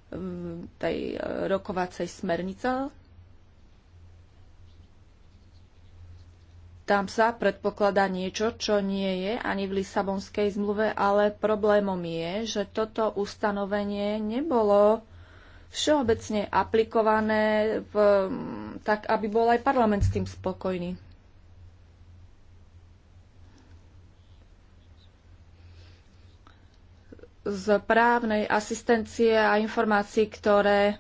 mm, tej e, rokovacej smernice. Tam sa predpokladá niečo, čo nie je ani v Lisabonskej zmluve, ale problémom je, že toto ustanovenie nebolo všeobecne aplikované v, mm, tak, aby bol aj parlament s tým spokojný. z právnej asistencie a informácií, ktoré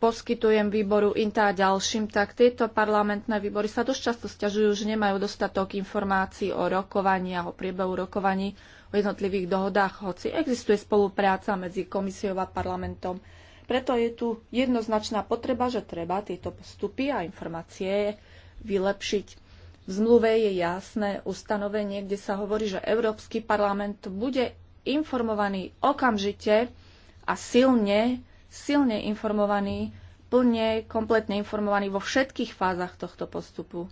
poskytujem výboru INTA a ďalším, tak tieto parlamentné výbory sa dosť často stiažujú, že nemajú dostatok informácií o rokovaní a o priebehu rokovaní o jednotlivých dohodách, hoci existuje spolupráca medzi komisiou a parlamentom. Preto je tu jednoznačná potreba, že treba tieto postupy a informácie vylepšiť. V zmluve je jasné ustanovenie, kde sa hovorí, že Európsky parlament bude informovaní okamžite a silne, silne informovaní, plne, kompletne informovaní vo všetkých fázach tohto postupu.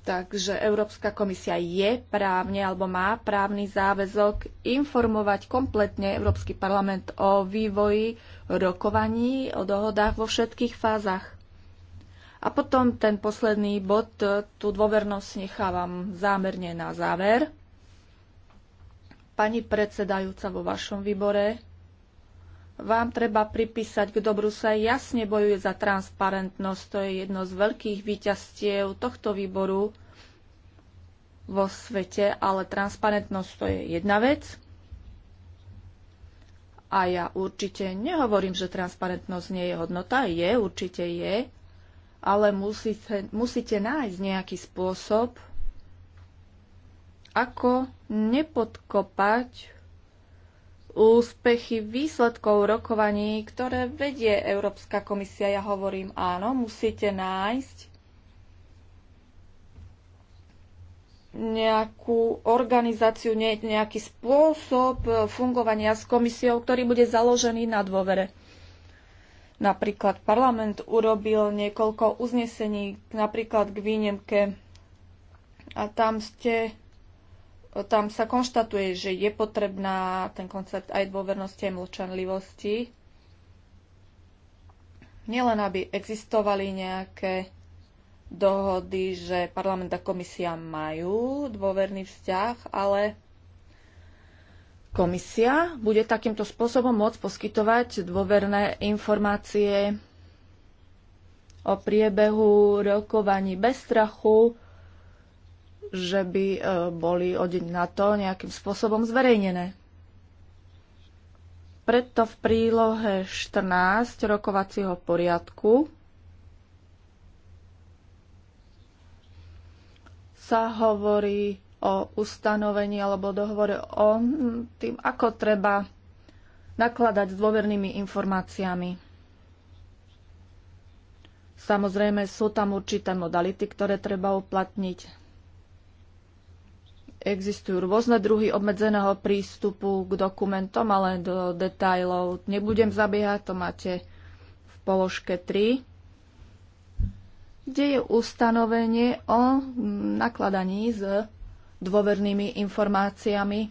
Takže Európska komisia je právne alebo má právny záväzok informovať kompletne Európsky parlament o vývoji rokovaní, o dohodách vo všetkých fázach. A potom ten posledný bod, tú dôvernosť nechávam zámerne na záver pani predsedajúca vo vašom výbore, vám treba pripísať, k dobru sa jasne bojuje za transparentnosť. To je jedno z veľkých výťastiev tohto výboru vo svete, ale transparentnosť to je jedna vec. A ja určite nehovorím, že transparentnosť nie je hodnota. Je, určite je. Ale musíte, musíte nájsť nejaký spôsob, ako nepodkopať úspechy výsledkov rokovaní, ktoré vedie Európska komisia. Ja hovorím áno, musíte nájsť nejakú organizáciu, nejaký spôsob fungovania s komisiou, ktorý bude založený na dôvere. Napríklad parlament urobil niekoľko uznesení, napríklad k výnemke a tam ste tam sa konštatuje, že je potrebná ten koncept aj dôvernosti, aj mlčanlivosti. Nielen, aby existovali nejaké dohody, že parlament a komisia majú dôverný vzťah, ale komisia bude takýmto spôsobom môcť poskytovať dôverné informácie o priebehu rokovaní bez strachu, že by e, boli o deň na to nejakým spôsobom zverejnené. Preto v prílohe 14 rokovacieho poriadku sa hovorí o ustanovení alebo dohovore o tým, ako treba nakladať s dôvernými informáciami. Samozrejme sú tam určité modality, ktoré treba uplatniť. Existujú rôzne druhy obmedzeného prístupu k dokumentom, ale do detajlov nebudem zabiehať, to máte v položke 3, kde je ustanovenie o nakladaní s dôvernými informáciami.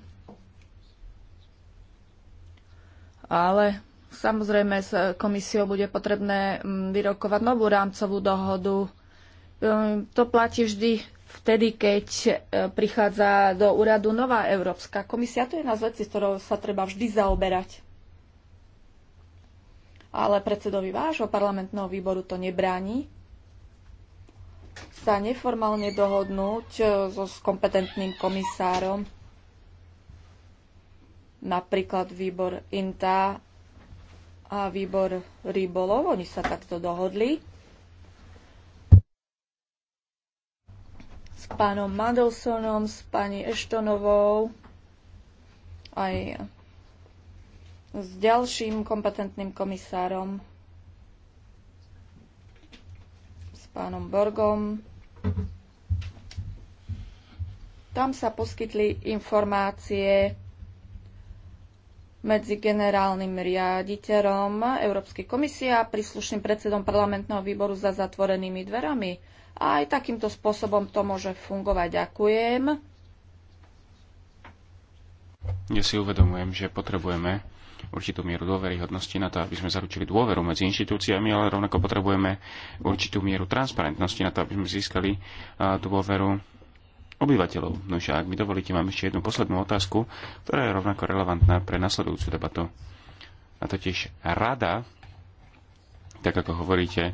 Ale samozrejme s komisiou bude potrebné mm, vyrokovať novú rámcovú dohodu. Ehm, to platí vždy vtedy, keď e, prichádza do úradu nová Európska komisia. To je jedna z vecí, s ktorou sa treba vždy zaoberať. Ale predsedovi vášho parlamentného výboru to nebráni sa neformálne dohodnúť e, so, s kompetentným komisárom, napríklad výbor INTA a výbor rybolov. Oni sa takto dohodli pánom Mandelsonom, s pani Eštonovou, aj s ďalším kompetentným komisárom, s pánom Borgom. Tam sa poskytli informácie medzi generálnym riaditeľom Európskej komisie a príslušným predsedom parlamentného výboru za zatvorenými dverami. A aj takýmto spôsobom to môže fungovať. Ďakujem. Ja si uvedomujem, že potrebujeme určitú mieru dôveryhodnosti na to, aby sme zaručili dôveru medzi inštitúciami, ale rovnako potrebujeme určitú mieru transparentnosti na to, aby sme získali dôveru obyvateľov. No a ak mi dovolíte, mám ešte jednu poslednú otázku, ktorá je rovnako relevantná pre nasledujúcu debatu. A totiž rada tak ako hovoríte e,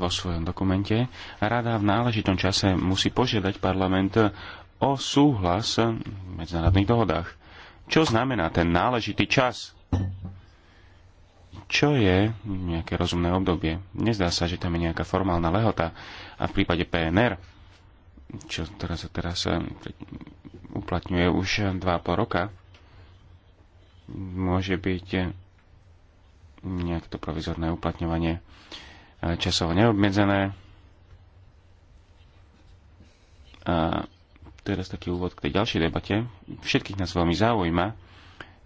vo svojom dokumente. Rada v náležitom čase musí požiadať parlament o súhlas v medzinárodných dohodách. Čo znamená ten náležitý čas? Čo je nejaké rozumné obdobie? Nezdá sa, že tam je nejaká formálna lehota. A v prípade PNR, čo teraz, teraz e, uplatňuje už 2,5 roka, môže byť e, nejaké to provizorné uplatňovanie e, časovo neobmedzené. A teraz taký úvod k tej ďalšej debate. Všetkých nás veľmi zaujíma,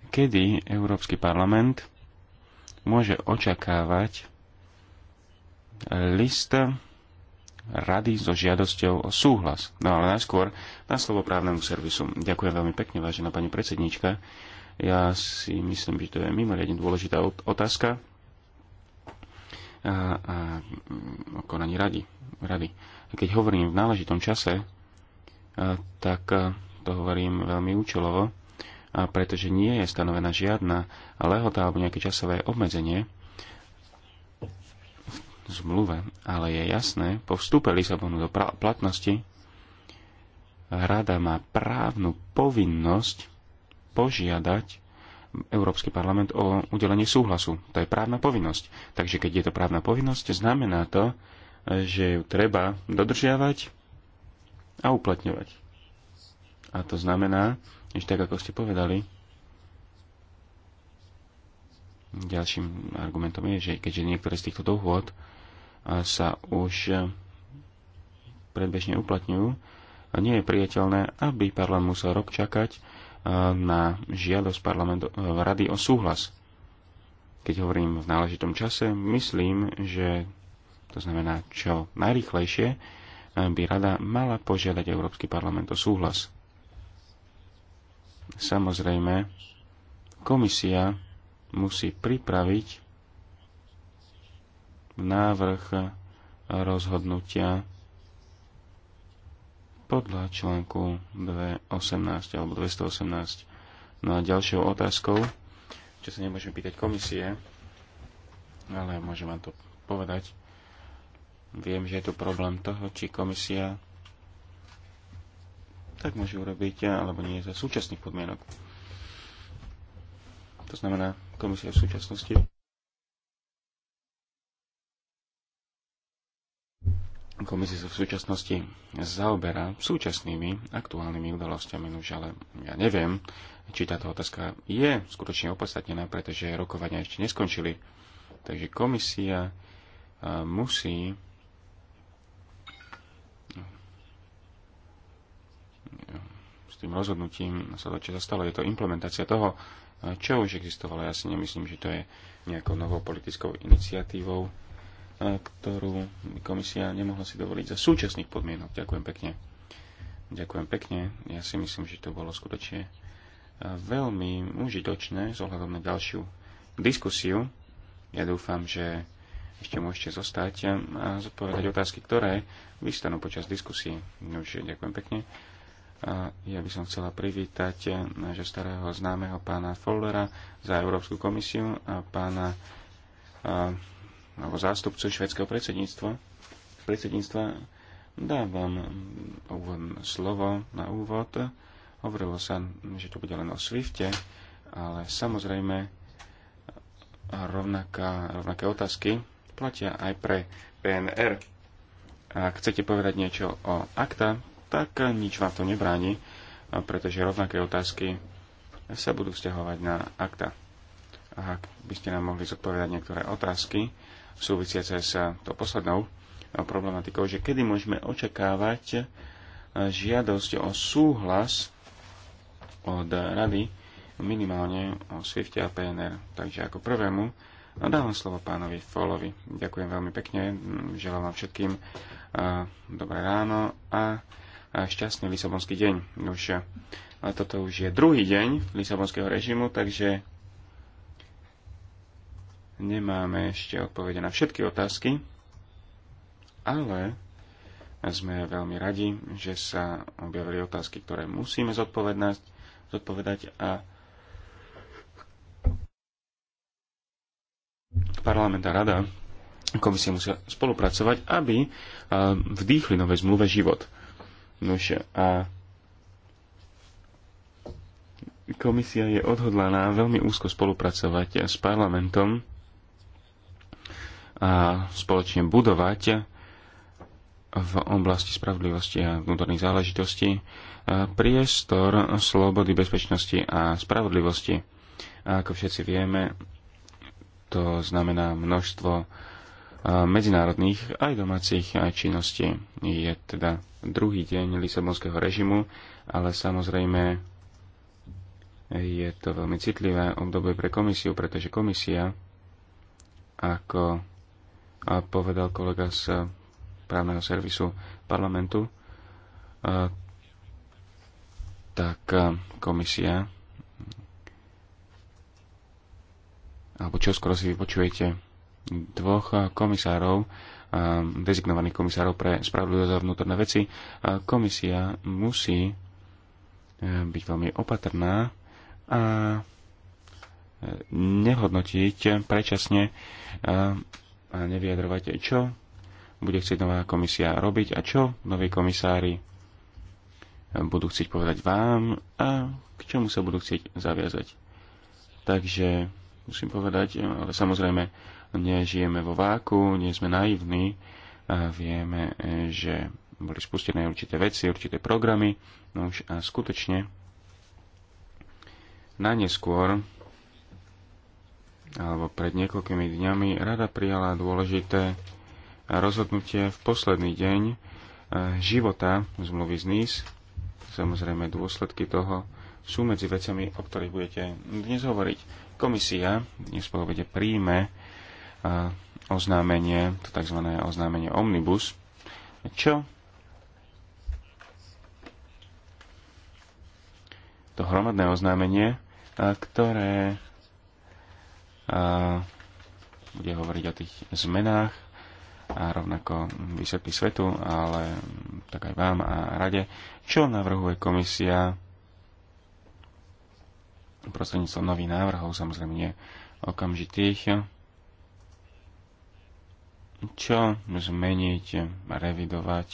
kedy Európsky parlament môže očakávať list rady so žiadosťou o súhlas. No ale najskôr na slovo právnemu servisu. Ďakujem veľmi pekne, vážená pani predsednička. Ja si myslím, že to je mimoriadne dôležitá otázka a, a mm, o konaní rady. rady. Keď hovorím v náležitom čase, a, tak a, to hovorím veľmi účelovo, a pretože nie je stanovená žiadna lehota alebo nejaké časové obmedzenie v zmluve, ale je jasné, po vstupe Lisabonu do platnosti Rada má právnu povinnosť požiadať Európsky parlament o udelenie súhlasu. To je právna povinnosť. Takže keď je to právna povinnosť, znamená to, že ju treba dodržiavať a uplatňovať. A to znamená, že tak ako ste povedali, ďalším argumentom je, že keďže niektoré z týchto dohôd sa už e, predbežne uplatňujú, nie je priateľné, aby parlament musel rok čakať, na žiadosť parlamentu, e, rady o súhlas. Keď hovorím v náležitom čase, myslím, že to znamená čo najrýchlejšie, e, by rada mala požiadať Európsky parlament o súhlas. Samozrejme, komisia musí pripraviť návrh rozhodnutia podľa článku 218 alebo 218. No a ďalšou otázkou, čo sa nemôžem pýtať komisie, ale môžem vám to povedať, viem, že je tu problém toho, či komisia tak môže urobiť, alebo nie za súčasných podmienok. To znamená, komisia v súčasnosti Komisia sa v súčasnosti zaoberá súčasnými aktuálnymi udalosťami, už no ale ja neviem, či táto otázka je skutočne opodstatnená, pretože rokovania ešte neskončili. Takže komisia musí s tým rozhodnutím to, čo sa stalo. Je to implementácia toho, čo už existovalo. Ja si nemyslím, že to je nejakou novou politickou iniciatívou ktorú komisia nemohla si dovoliť za súčasných podmienok. Ďakujem pekne. Ďakujem pekne. Ja si myslím, že to bolo skutočne veľmi užitočné z ohľadom na ďalšiu diskusiu. Ja dúfam, že ešte môžete zostať a zodpovedať otázky, ktoré vystanú počas diskusie. Nože, ďakujem pekne. A ja by som chcela privítať nášho starého známeho pána Follera za Európsku komisiu a pána a, alebo zástupcu švedského predsedníctva, predsedníctva dávam úvod, slovo na úvod. Hovorilo sa, že to bude len o Swifte, ale samozrejme rovnaká, rovnaké otázky platia aj pre PNR. Ak chcete povedať niečo o akta, tak nič vám to nebráni, pretože rovnaké otázky sa budú vzťahovať na akta. A ak by ste nám mohli zodpovedať niektoré otázky, súvisiace s eh, tou poslednou eh, problematikou, že kedy môžeme očakávať eh, žiadosť o súhlas od rady minimálne o Swifte a PNR. Takže ako prvému dávam slovo pánovi Folovi. Ďakujem veľmi pekne, hm, želám vám všetkým dobré ráno a šťastný Lisabonský deň. Už, toto už je druhý deň Lisabonského režimu, takže nemáme ešte odpovede na všetky otázky, ale sme veľmi radi, že sa objavili otázky, ktoré musíme zodpovedať, zodpovedať a parlament a rada komisie musia spolupracovať, aby e, vdýchli nové zmluve život. Nož a komisia je odhodlaná veľmi úzko spolupracovať s parlamentom a spoločne budovať v oblasti spravodlivosti a vnútorných záležitostí e, priestor slobody, bezpečnosti a spravodlivosti. A ako všetci vieme, to znamená množstvo e, medzinárodných aj domácich e, činností. Je teda druhý deň Lisabonského režimu, ale samozrejme je to veľmi citlivé obdobie pre komisiu, pretože komisia ako a povedal kolega z právneho servisu parlamentu, e, tak e, komisia alebo čo skoro si vypočujete dvoch komisárov, e, dezignovaných komisárov pre spravodlivosť a vnútorné veci. Komisia musí byť veľmi opatrná a nehodnotiť prečasne nevyjadrovať, čo bude chcieť nová komisia robiť a čo noví komisári budú chcieť povedať vám a k čomu sa budú chcieť zaviazať. Takže musím povedať, ale samozrejme nežijeme vo váku, nie sme naivní, a vieme, že boli spustené určité veci, určité programy, no už a skutočne najneskôr alebo pred niekoľkými dňami rada prijala dôležité rozhodnutie v posledný deň e, života zmluvy z NIS. Samozrejme, dôsledky toho sú medzi vecami, o ktorých budete dnes hovoriť. Komisia dnes po obede príjme e, oznámenie, to tzv. oznámenie Omnibus, čo to hromadné oznámenie, e, ktoré bude hovoriť o tých zmenách a rovnako vysvetlí svetu, ale tak aj vám a rade, čo navrhuje komisia prostredníctvom nových návrhov, samozrejme nie okamžitých, čo zmeniť, revidovať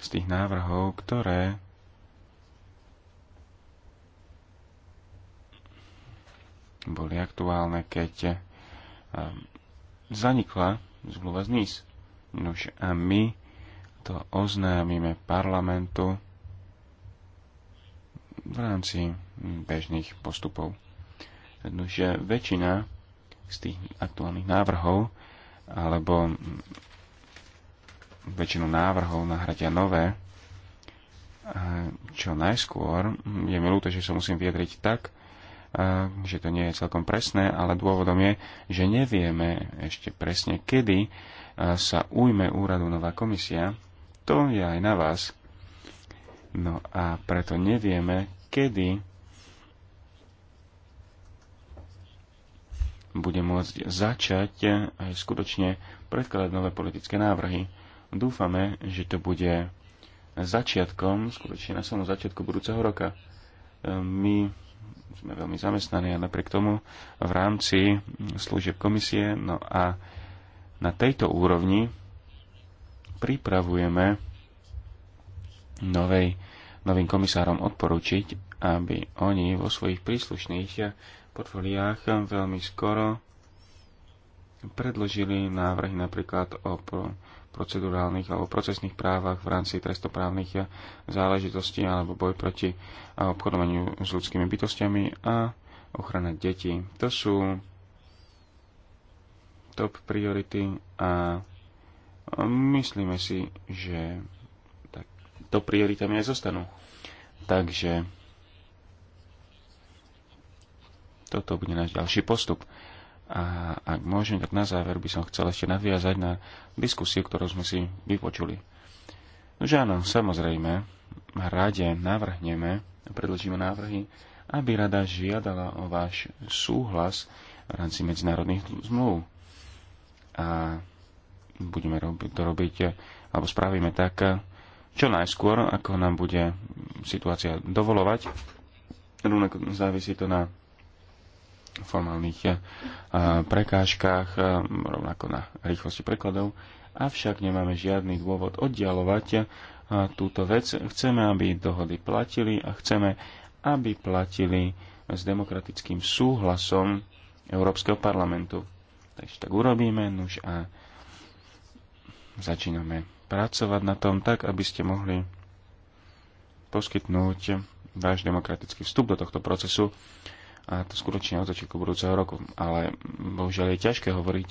z tých návrhov, ktoré boli aktuálne, keď eh, zanikla zmluva z NIS. Nož a my to oznámime parlamentu v rámci bežných postupov. Nože eh, väčšina z tých aktuálnych návrhov alebo väčšinu návrhov nahradia nové. Eh, čo najskôr, je mi ľúto, že sa musím vyjadriť tak, že to nie je celkom presné, ale dôvodom je, že nevieme ešte presne, kedy sa ujme úradu nová komisia. To je aj na vás. No a preto nevieme, kedy bude môcť začať aj skutočne predkladať nové politické návrhy. Dúfame, že to bude začiatkom, skutočne na samom začiatku budúceho roka. Ehm, my sme veľmi zamestnaní a napriek tomu v rámci služieb komisie, no a na tejto úrovni pripravujeme novej, novým komisárom odporučiť, aby oni vo svojich príslušných portfóliách veľmi skoro predložili návrhy napríklad o procedurálnych alebo procesných právach v rámci trestoprávnych záležitostí alebo boj proti obchodovaniu s ľudskými bytostiami a ochrana detí. To sú top priority a myslíme si, že tak, to prioritami aj zostanú. Takže toto bude náš ďalší postup. A ak môžem, tak na záver by som chcel ešte nadviazať na diskusiu, ktorú sme si vypočuli. že áno, samozrejme, rade navrhneme, predložíme návrhy, aby rada žiadala o váš súhlas v rámci medzinárodných zmluv. A budeme robiť, to robiť, alebo spravíme tak, čo najskôr, ako nám bude situácia dovolovať. Rovnako závisí to na formálnych eh, prekážkach, eh, rovnako na rýchlosti prekladov, avšak nemáme žiadny dôvod oddialovať eh, túto vec. Chceme, aby dohody platili a chceme, aby platili s demokratickým súhlasom Európskeho parlamentu. Takže tak urobíme, nuž a začíname pracovať na tom tak, aby ste mohli poskytnúť váš demokratický vstup do tohto procesu a to skutočne od začiatku budúceho roku, ale bohužiaľ je ťažké hovoriť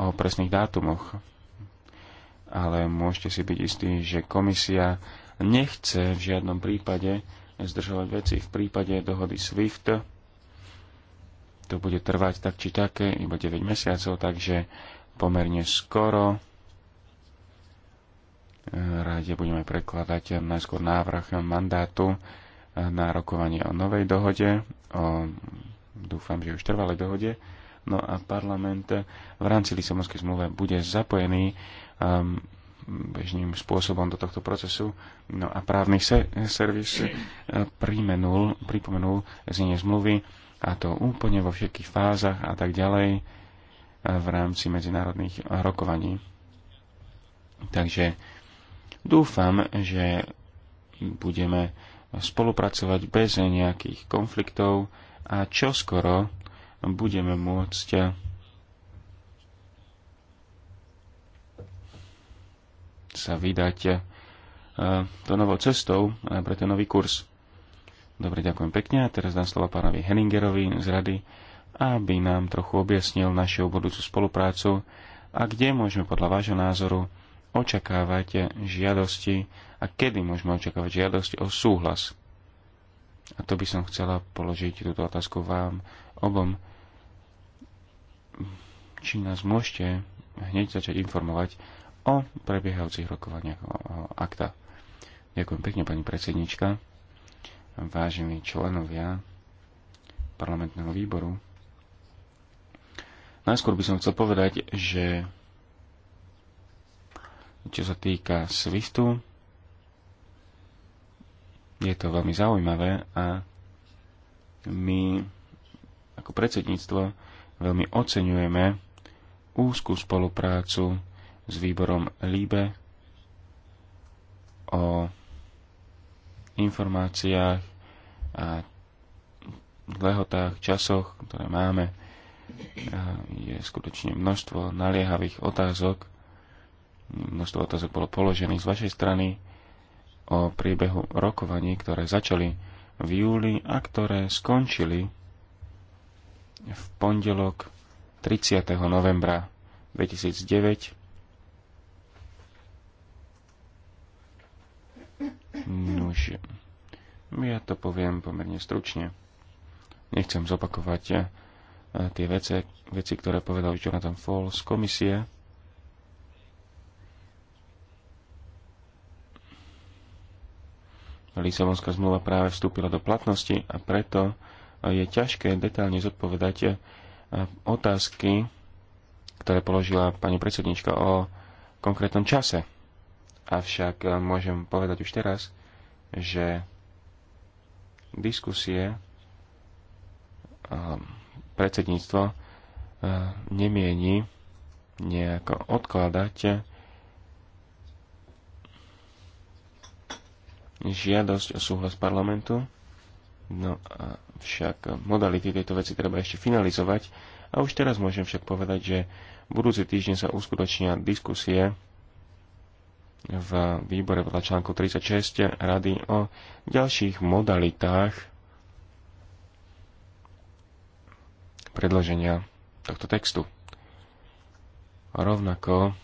o presných dátumoch. Ale môžete si byť istí, že komisia nechce v žiadnom prípade zdržovať veci. V prípade dohody SWIFT to bude trvať tak či také, iba 9 mesiacov, takže pomerne skoro rade budeme prekladať najskôr návrh mandátu na rokovanie o novej dohode, o, dúfam, že už trvalej dohode. No a parlament v rámci Lisabonskej zmluve bude zapojený um, bežným spôsobom do tohto procesu. No a právny se- servis eh, primenul, pripomenul znenie zmluvy a to úplne vo všetkých fázach a tak ďalej eh, v rámci medzinárodných rokovaní. Takže dúfam, že budeme spolupracovať bez nejakých konfliktov a čo skoro budeme môcť eh, sa vydať eh, to novou cestou eh, pre ten nový kurz. Dobre, ďakujem pekne a teraz dám slova pánovi Henningerovi z rady, aby nám trochu objasnil našu budúcu spoluprácu a kde môžeme podľa vášho názoru očakávať žiadosti a kedy môžeme očakávať žiadosť o súhlas. A to by som chcela položiť túto otázku vám obom. Či nás môžete hneď začať informovať o prebiehajúcich rokovaniach o akta. Ďakujem pekne, pani predsednička, vážení členovia parlamentného výboru. Najskôr by som chcel povedať, že čo sa týka SWIFTu, je to veľmi zaujímavé a my ako predsedníctvo veľmi oceňujeme úzkú spoluprácu s výborom LIBE o informáciách a lehotách, časoch, ktoré máme. Je skutočne množstvo naliehavých otázok. Množstvo otázok bolo položených z vašej strany o priebehu rokovaní, ktoré začali v júli a ktoré skončili v pondelok 30. novembra 2009. Nuž, ja to poviem pomerne stručne. Nechcem zopakovať eh, tie veci, veci ktoré povedal Jonathan Falls komisie Lisabonská zmluva práve vstúpila do platnosti a preto je ťažké detálne zodpovedať eh, otázky, ktoré položila pani predsednička o konkrétnom čase. Avšak eh, môžem povedať už teraz, že diskusie ehm, predsedníctvo eh, nemieni nejako odkladať žiadosť o súhlas parlamentu. No a však modality tejto veci treba ešte finalizovať. A už teraz môžem však povedať, že budúci týždeň sa uskutočnia diskusie v výbore podľa článku 36 rady o ďalších modalitách predloženia tohto textu. A rovnako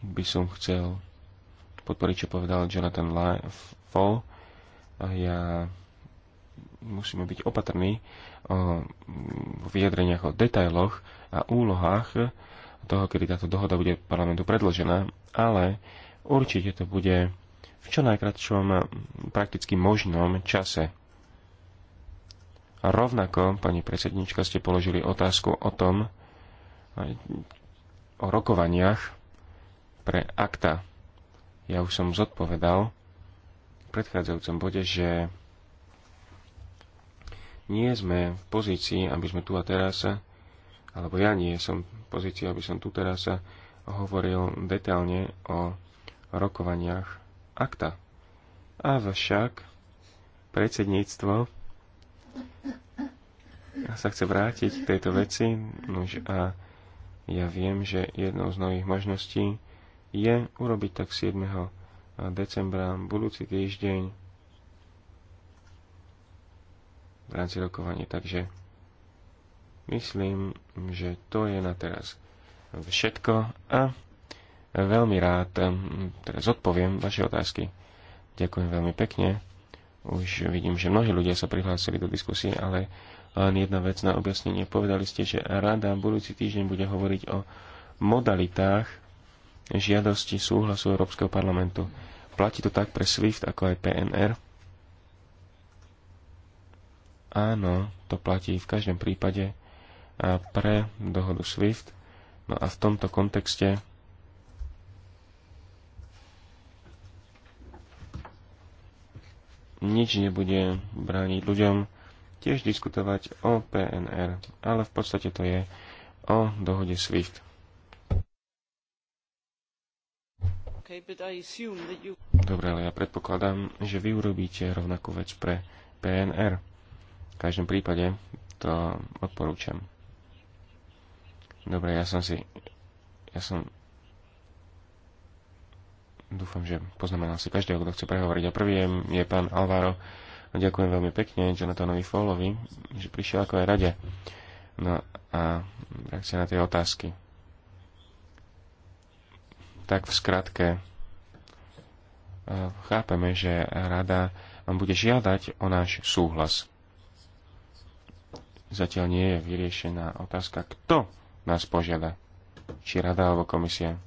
by som chcel podporiť, čo povedal Jonathan Fall. Ja musíme byť opatrní o vyjadreniach, o detailoch a úlohách toho, kedy táto dohoda bude parlamentu predložená, ale určite to bude v čo najkratšom prakticky možnom čase. A rovnako, pani predsednička, ste položili otázku o tom, o rokovaniach pre akta. Ja už som zodpovedal v predchádzajúcom bode, že nie sme v pozícii, aby sme tu a teraz, alebo ja nie som v pozícii, aby som tu teraz hovoril detailne o rokovaniach akta. Avšak predsedníctvo sa chce vrátiť k tejto veci, nož a ja viem, že jednou z nových možností je urobiť tak 7. decembra, budúci týždeň v rámci rokovania. Takže myslím, že to je na teraz všetko a veľmi rád teraz odpoviem vaše otázky. Ďakujem veľmi pekne. Už vidím, že mnohí ľudia sa prihlásili do diskusie, ale len jedna vec na objasnenie. Povedali ste, že rada budúci týždeň bude hovoriť o modalitách žiadosti súhlasu Európskeho parlamentu. Platí to tak pre SWIFT ako aj PNR? Áno, to platí v každom prípade a pre dohodu SWIFT. No a v tomto kontexte nič nebude brániť ľuďom tiež diskutovať o PNR, ale v podstate to je o dohode SWIFT. Dobre, ale ja predpokladám, že vy urobíte rovnakú vec pre PNR. V každom prípade to odporúčam. Dobre, ja som si... Ja som... Dúfam, že poznamenal si každého, kto chce prehovoriť. A prvý je, je pán Alvaro. Ďakujem veľmi pekne Jonathanovi Fallovi, že prišiel ako aj rade. No a reakcia na tie otázky tak v skratke e, chápeme, že rada vám bude žiadať o náš súhlas. Zatiaľ nie je vyriešená otázka, kto nás požiada. Či rada alebo komisia.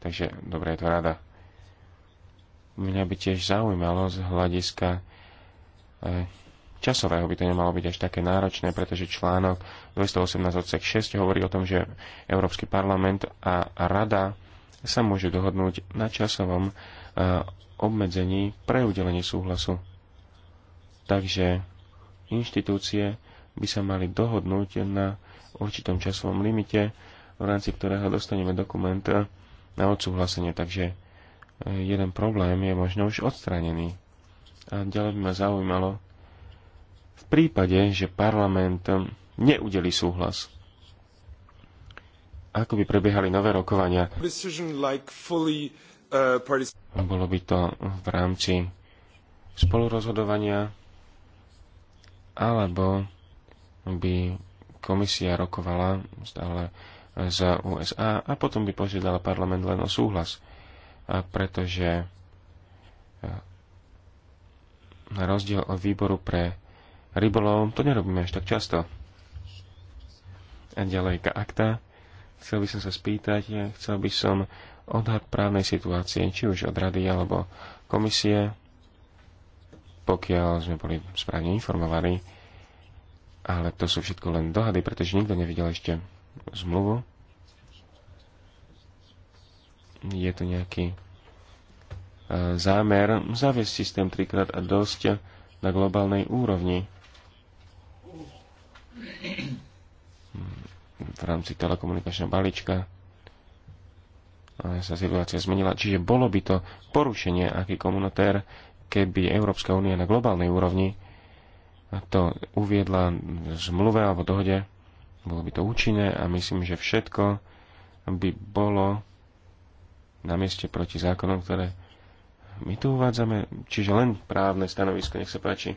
Takže dobre je to rada. Mňa by tiež zaujímalo z hľadiska e, časového by to nemalo byť až také náročné, pretože článok 218 odsek 6 hovorí o tom, že Európsky parlament a Rada sa môže dohodnúť na časovom e, obmedzení pre udelenie súhlasu. Takže inštitúcie by sa mali dohodnúť na určitom časovom limite, v rámci ktorého dostaneme dokument e, na odsúhlasenie. Takže e, jeden problém je možno už odstranený. A ďalej by ma zaujímalo, v prípade, že parlament neudeli súhlas, ako by prebiehali nové rokovania. Uh, Bolo by to v rámci spolurozhodovania, alebo by komisia rokovala stále za USA a potom by požiadala parlament len o súhlas. A pretože eh, na rozdiel od výboru pre rybolov to nerobíme až tak často. A ďalej ka akta. Chcel by som sa spýtať, ja chcel by som odhad právnej situácie, či už od rady alebo komisie, pokiaľ sme boli správne informovaní, ale to sú všetko len dohady, pretože nikto nevidel ešte zmluvu. Je to nejaký e, zámer zaviesť systém trikrát a dosť na globálnej úrovni v rámci telekomunikačného balíčka sa situácia zmenila. Čiže bolo by to porušenie aký komunitér, keby Európska únia na globálnej úrovni to uviedla v zmluve alebo dohode. Bolo by to účinné a myslím, že všetko by bolo na mieste proti zákonom, ktoré my tu uvádzame. Čiže len právne stanovisko, nech sa páči.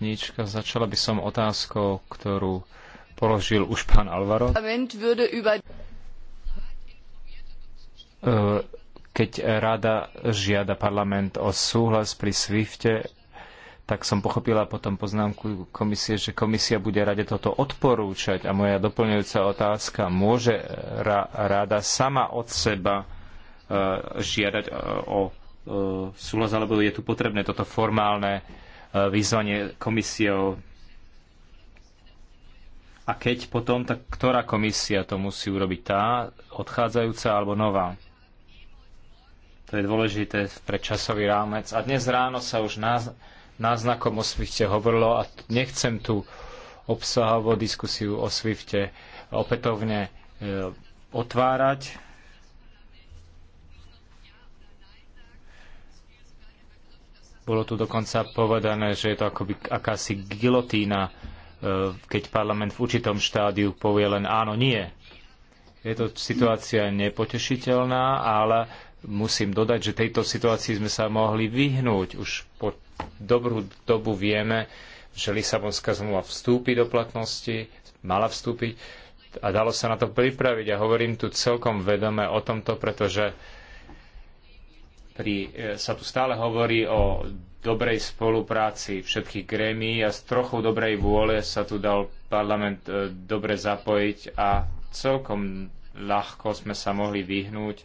Stupnička. Začala by som otázkou, ktorú položil už pán Alvaro. E, keď rada žiada parlament o súhlas pri SWIFTE, tak som pochopila potom poznámku komisie, že komisia bude rade toto odporúčať. A moja doplňujúca otázka, môže rada sama od seba e, žiadať e, o súhlas, alebo je tu potrebné toto formálne vyzvanie komisiou. A keď potom, tak ktorá komisia to musí urobiť? Tá odchádzajúca alebo nová? To je dôležité pre časový rámec. A dnes ráno sa už náznakom o Swifte hovorilo a nechcem tu obsahovú diskusiu o Swifte opätovne e, otvárať Bolo tu dokonca povedané, že je to akoby akási gilotína, e, keď parlament v určitom štádiu povie len áno, nie. Je to situácia nepotešiteľná, ale musím dodať, že tejto situácii sme sa mohli vyhnúť. Už po dobrú dobu vieme, že Lisabonská zmluva vstúpi do platnosti, mala vstúpiť a dalo sa na to pripraviť. A ja hovorím tu celkom vedome o tomto, pretože pri, e, sa tu stále hovorí o dobrej spolupráci všetkých grémií a s trochou dobrej vôle sa tu dal parlament e, dobre zapojiť a celkom ľahko sme sa mohli vyhnúť e,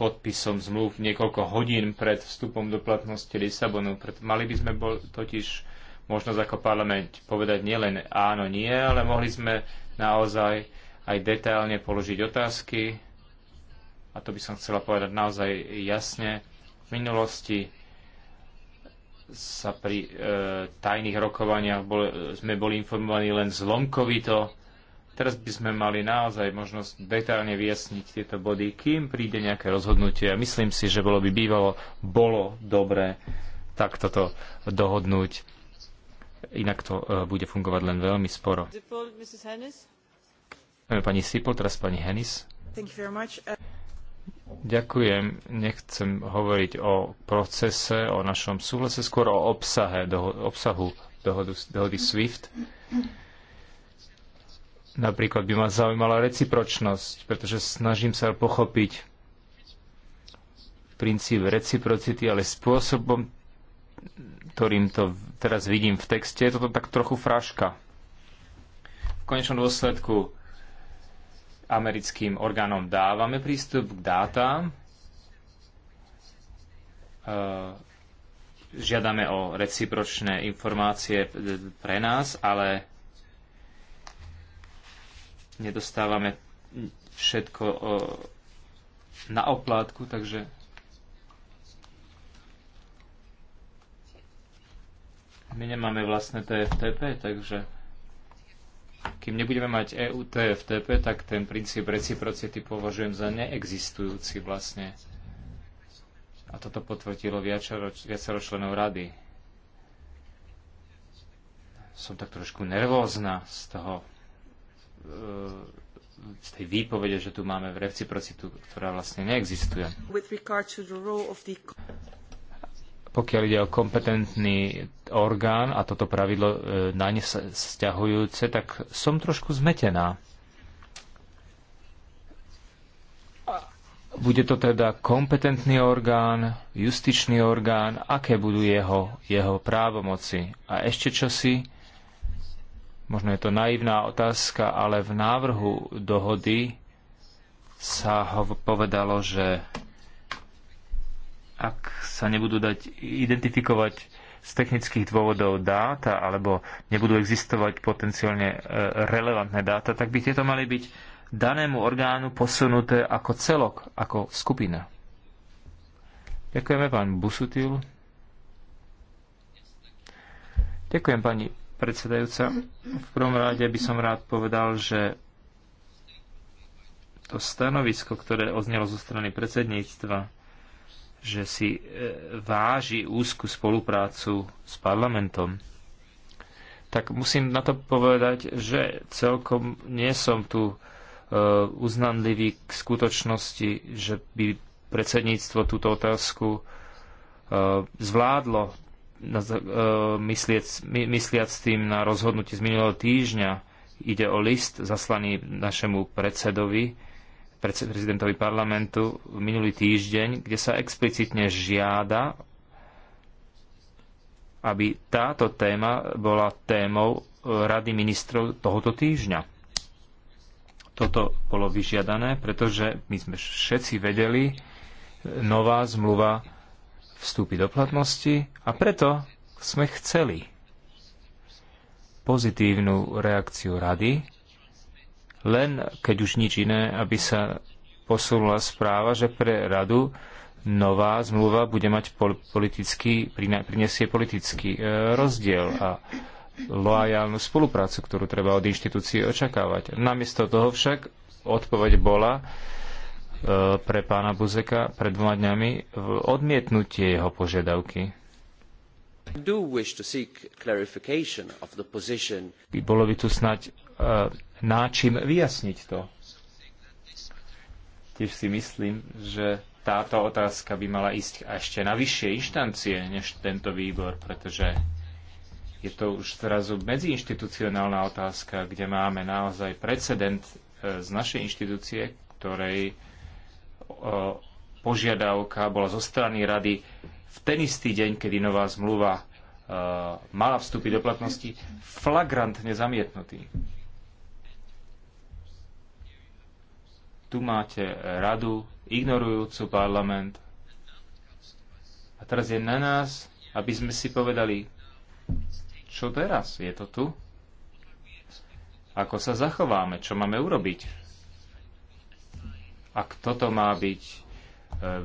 podpisom zmluv niekoľko hodín pred vstupom do platnosti Lisabonu. Mali by sme bol, totiž možnosť ako parlament povedať nielen áno, nie, ale mohli sme naozaj aj detailne položiť otázky, a to by som chcela povedať naozaj jasne, v minulosti sa pri e, tajných rokovaniach bol, sme boli informovaní len zlomkovito. Teraz by sme mali naozaj možnosť detálne vyjasniť tieto body, kým príde nejaké rozhodnutie. A myslím si, že bolo by bývalo, bolo dobré takto toto dohodnúť. Inak to e, bude fungovať len veľmi sporo. E, pani Sipol, teraz pani Hennis. Thank you very much. Ďakujem. Nechcem hovoriť o procese, o našom súhlase, skôr o obsahe, doho- obsahu dohodu, dohody SWIFT. Napríklad by ma zaujímala recipročnosť, pretože snažím sa pochopiť princíp reciprocity, ale spôsobom, ktorým to teraz vidím v texte, je toto tak trochu fraška. V konečnom dôsledku americkým orgánom dávame prístup k dátam, e, žiadame o recipročné informácie pre nás, ale nedostávame všetko e, na oplátku, takže my nemáme vlastné TFTP, takže kým nebudeme mať EU TFTP, tak ten princíp reciprocity považujem za neexistujúci vlastne. A toto potvrdilo viacero, viacero členov rady. Som tak trošku nervózna z toho, e, z tej výpovede, že tu máme reciprocitu, ktorá vlastne neexistuje pokiaľ ide o kompetentný orgán a toto pravidlo e, na ne sťahujúce, tak som trošku zmetená. Bude to teda kompetentný orgán, justičný orgán, aké budú jeho, jeho právomoci. A ešte čosi, možno je to naivná otázka, ale v návrhu dohody sa ho povedalo, že ak sa nebudú dať identifikovať z technických dôvodov dáta alebo nebudú existovať potenciálne e, relevantné dáta, tak by tieto mali byť danému orgánu posunuté ako celok, ako skupina. Ďakujeme pán Busutil. Ďakujem pani predsedajúca. V prvom rade by som rád povedal, že to stanovisko, ktoré oznelo zo strany predsedníctva, že si e, váži úzku spoluprácu s parlamentom, tak musím na to povedať, že celkom nie som tu e, uznanlivý k skutočnosti, že by predsedníctvo túto otázku e, zvládlo, mysliac, tým na rozhodnutie z minulého týždňa. Ide o list zaslaný našemu predsedovi, prezidentovi parlamentu minulý týždeň, kde sa explicitne žiada, aby táto téma bola témou e, Rady ministrov tohoto týždňa. Toto bolo vyžiadané, pretože my sme všetci vedeli, e, nová zmluva vstúpi do platnosti a preto sme chceli pozitívnu reakciu Rady len keď už nič iné, aby sa posunula správa, že pre radu nová zmluva bude mať politický, prinesie politický e, rozdiel a loajálnu spoluprácu, ktorú treba od inštitúcií očakávať. Namiesto toho však odpoveď bola e, pre pána Buzeka pred dvoma dňami odmietnutie jeho požiadavky. Bolo by tu snať E, náčim vyjasniť to. Tiež si myslím, že táto otázka by mala ísť ešte na vyššie inštancie než tento výbor, pretože je to už zrazu medziinštitucionálna otázka, kde máme naozaj precedent e, z našej inštitúcie, ktorej e, požiadavka bola zo strany rady v ten istý deň, kedy nová zmluva mala vstúpiť do platnosti, flagrantne zamietnutý. Tu máte radu, ignorujúcu parlament. A teraz je na nás, aby sme si povedali, čo teraz? Je to tu? Ako sa zachováme? Čo máme urobiť? Ak toto má byť e,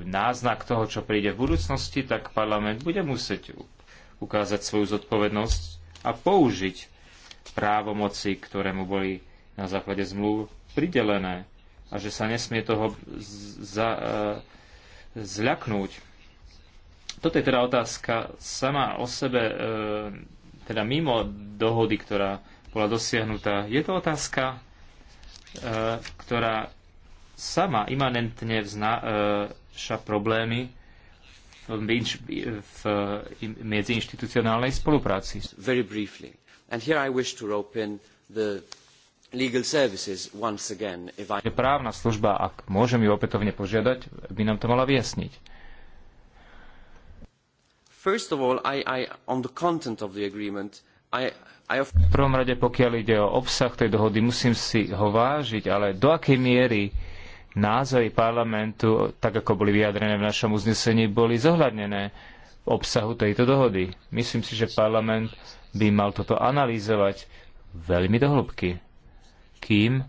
náznak toho, čo príde v budúcnosti, tak parlament bude musieť ukázať svoju zodpovednosť a použiť právomoci, ktoré mu boli na základe zmluv pridelené a že sa nesmie toho za, e, zľaknúť. Toto je teda otázka sama o sebe, e, teda mimo dohody, ktorá bola dosiahnutá. Je to otázka, e, ktorá sama imanentne vznáša problémy v medziinštitucionálnej spolupráci. Very briefly. And here I wish to open the Právna služba, ak môžem ju opätovne požiadať, by nám to mala vyjasniť. v prvom rade, pokiaľ ide o obsah tej dohody, musím si ho vážiť, ale do akej miery názory parlamentu, tak ako boli vyjadrené v našom uznesení, boli zohľadnené v obsahu tejto dohody. Myslím si, že parlament by mal toto analyzovať veľmi do hĺbky kým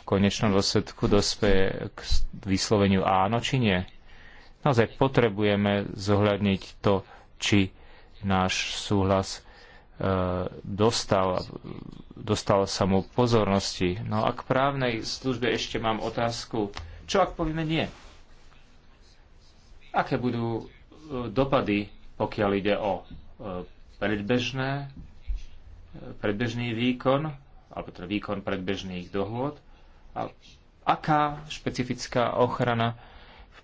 v konečnom dôsledku dospeje k vysloveniu áno či nie. Naozaj potrebujeme zohľadniť to, či náš súhlas e, dostal, dostal sa mu pozornosti. No a k právnej službe ešte mám otázku. Čo ak povieme nie? Aké budú e, dopady, pokiaľ ide o e, predbežné, predbežný výkon alebo teda výkon predbežných dohôd. A aká špecifická ochrana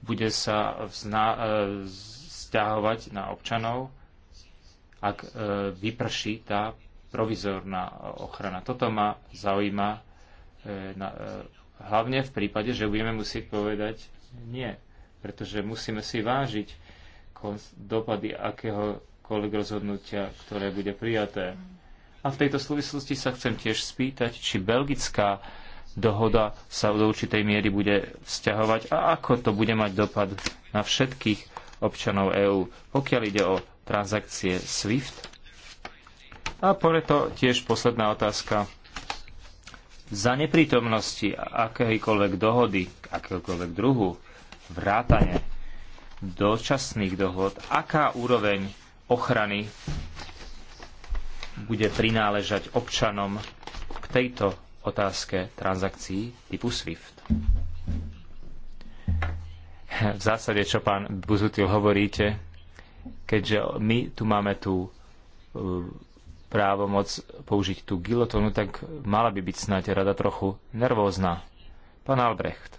bude sa vzna, e, vzťahovať na občanov, ak e, vyprší tá provizorná ochrana. Toto ma zaujíma e, hlavne v prípade, že budeme musieť povedať nie, pretože musíme si vážiť dopady akéhokoľvek rozhodnutia, ktoré bude prijaté. A v tejto súvislosti sa chcem tiež spýtať, či belgická dohoda sa do určitej miery bude vzťahovať a ako to bude mať dopad na všetkých občanov EÚ, pokiaľ ide o transakcie SWIFT. A preto tiež posledná otázka. Za neprítomnosti akéhokoľvek dohody, akéhokoľvek druhu, vrátane dočasných dohod, aká úroveň ochrany bude prináležať občanom k tejto otázke transakcií typu SWIFT. V zásade, čo pán Buzutil hovoríte, keďže my tu máme tú e, právomoc použiť tú gilotónu, tak mala by byť snáď rada trochu nervózna. Pán Albrecht.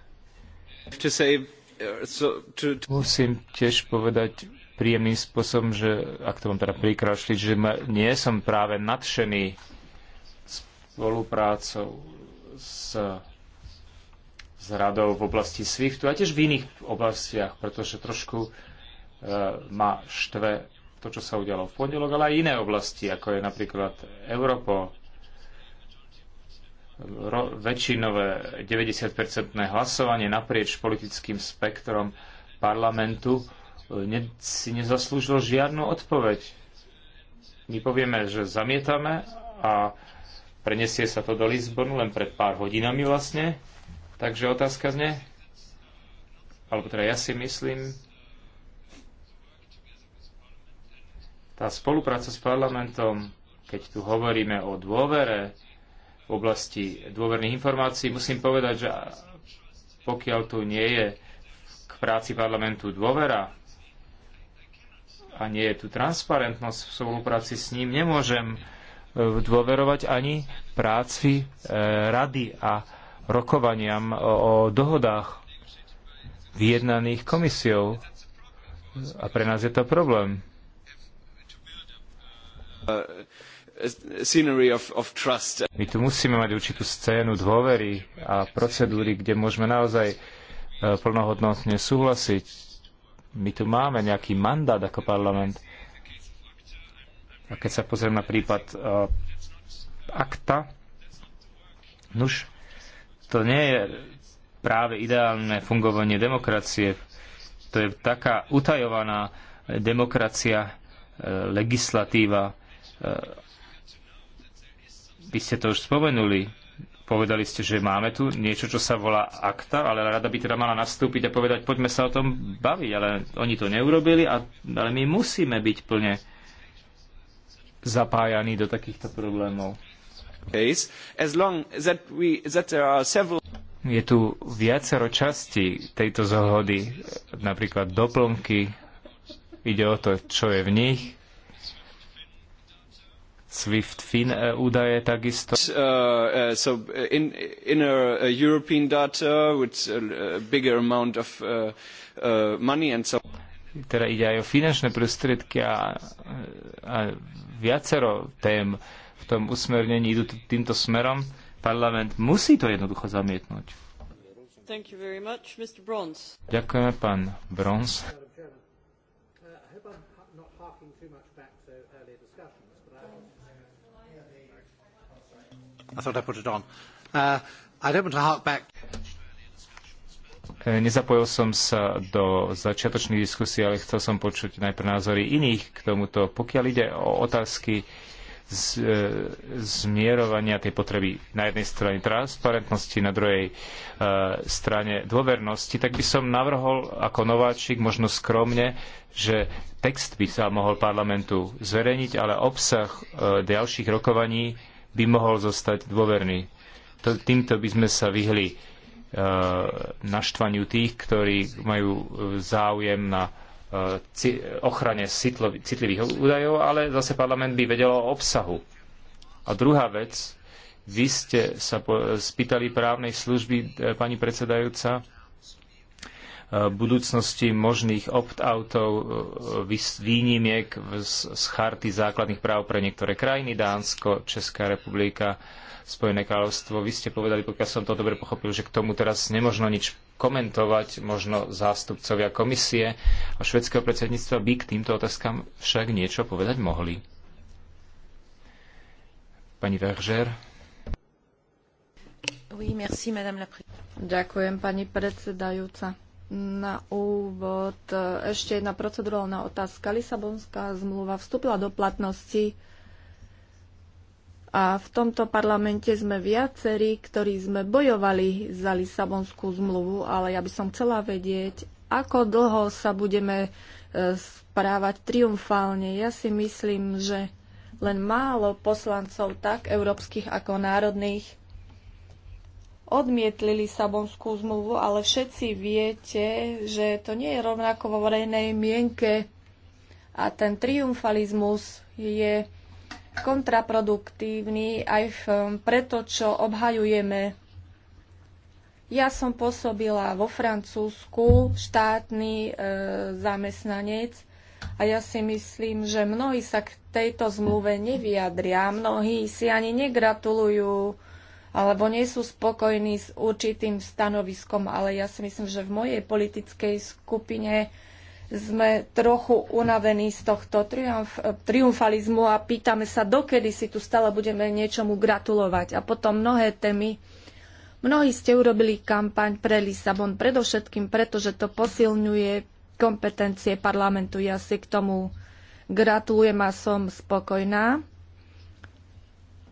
Uh, Musím tiež povedať, príjemným spôsobom, že, ak to mám teda prikrašliť, že ma, nie som práve nadšený spoluprácou s, s radou v oblasti SWIFTu a tiež v iných oblastiach, pretože trošku e, ma štve to, čo sa udialo v pondelok, ale aj iné oblasti, ako je napríklad Európo ro- väčšinové 90-percentné hlasovanie naprieč politickým spektrom parlamentu si nezaslúžil žiadnu odpoveď. My povieme, že zamietame a prenesie sa to do Lisbonu len pred pár hodinami vlastne. Takže otázka zne, alebo teda ja si myslím, tá spolupráca s parlamentom, keď tu hovoríme o dôvere v oblasti dôverných informácií, musím povedať, že pokiaľ tu nie je k práci parlamentu dôvera, a nie je tu transparentnosť v spolupráci s ním, nemôžem e, dôverovať ani práci e, rady a rokovaniam o, o dohodách vyjednaných komisiou. A pre nás je to problém. Uh, My tu musíme mať určitú scénu dôvery a procedúry, kde môžeme naozaj e, plnohodnotne súhlasiť my tu máme nejaký mandát ako parlament. A keď sa pozriem na prípad uh, akta, nuž, to nie je práve ideálne fungovanie demokracie. To je taká utajovaná demokracia, eh, legislatíva. Eh, vy ste to už spomenuli. Povedali ste, že máme tu niečo, čo sa volá akta, ale rada by teda mala nastúpiť a povedať, poďme sa o tom baviť, ale oni to neurobili, a, ale my musíme byť plne zapájaní do takýchto problémov. Je tu viacero časti tejto zhody, napríklad doplnky, ide o to, čo je v nich, SWIFT FIN eh, údaje takisto. Uh, uh, so uh, in, in a, a European data with a, a bigger amount of uh, uh, money and so teda ide aj o finančné prostriedky a, a viacero tém v tom usmernení idú týmto smerom. Parlament musí to jednoducho zamietnúť. Thank you very much, Mr. Bronze. Ďakujeme, pán Bronz. Uh, eh, nezapojil som sa do začiatočných diskusí, ale chcel som počuť najprv názory iných k tomuto. Pokiaľ ide o otázky z, eh, zmierovania tej potreby na jednej strane transparentnosti, na druhej e, strane dôvernosti, tak by som navrhol ako nováčik, možno skromne, že text by sa mohol parlamentu zverejniť, ale obsah e, ďalších rokovaní by mohol zostať dôverný. Týmto by sme sa vyhli e, naštvaniu tých, ktorí majú e, záujem na e, ochrane citlivých údajov, ale zase parlament by vedel o obsahu. A druhá vec, vy ste sa spýtali právnej služby, pani predsedajúca, budúcnosti možných opt-outov e, výnimiek z charty základných práv pre niektoré krajiny, Dánsko, Česká republika, Spojené kráľovstvo. Vy ste povedali, pokiaľ som to dobre pochopil, že k tomu teraz nemožno nič komentovať, možno zástupcovia komisie a švedského predsedníctva by k týmto otázkam však niečo povedať mohli. Pani Veržer. Oui, merci, madame la Ďakujem, pani predsedajúca. Na úvod e, ešte jedna procedurálna otázka. Lisabonská zmluva vstúpila do platnosti a v tomto parlamente sme viacerí, ktorí sme bojovali za Lisabonskú zmluvu, ale ja by som chcela vedieť, ako dlho sa budeme e, správať triumfálne. Ja si myslím, že len málo poslancov, tak európskych ako národných, odmietli Lisabonskú zmluvu, ale všetci viete, že to nie je rovnako vo verejnej mienke a ten triumfalizmus je kontraproduktívny aj v, um, preto, čo obhajujeme. Ja som pôsobila vo Francúzsku, štátny e, zamestnanec a ja si myslím, že mnohí sa k tejto zmluve nevyjadria, mnohí si ani negratulujú alebo nie sú spokojní s určitým stanoviskom, ale ja si myslím, že v mojej politickej skupine sme trochu unavení z tohto triumf, triumfalizmu a pýtame sa, dokedy si tu stále budeme niečomu gratulovať. A potom mnohé témy. Mnohí ste urobili kampaň pre Lisabon, predovšetkým preto, že to posilňuje kompetencie parlamentu. Ja si k tomu gratulujem a som spokojná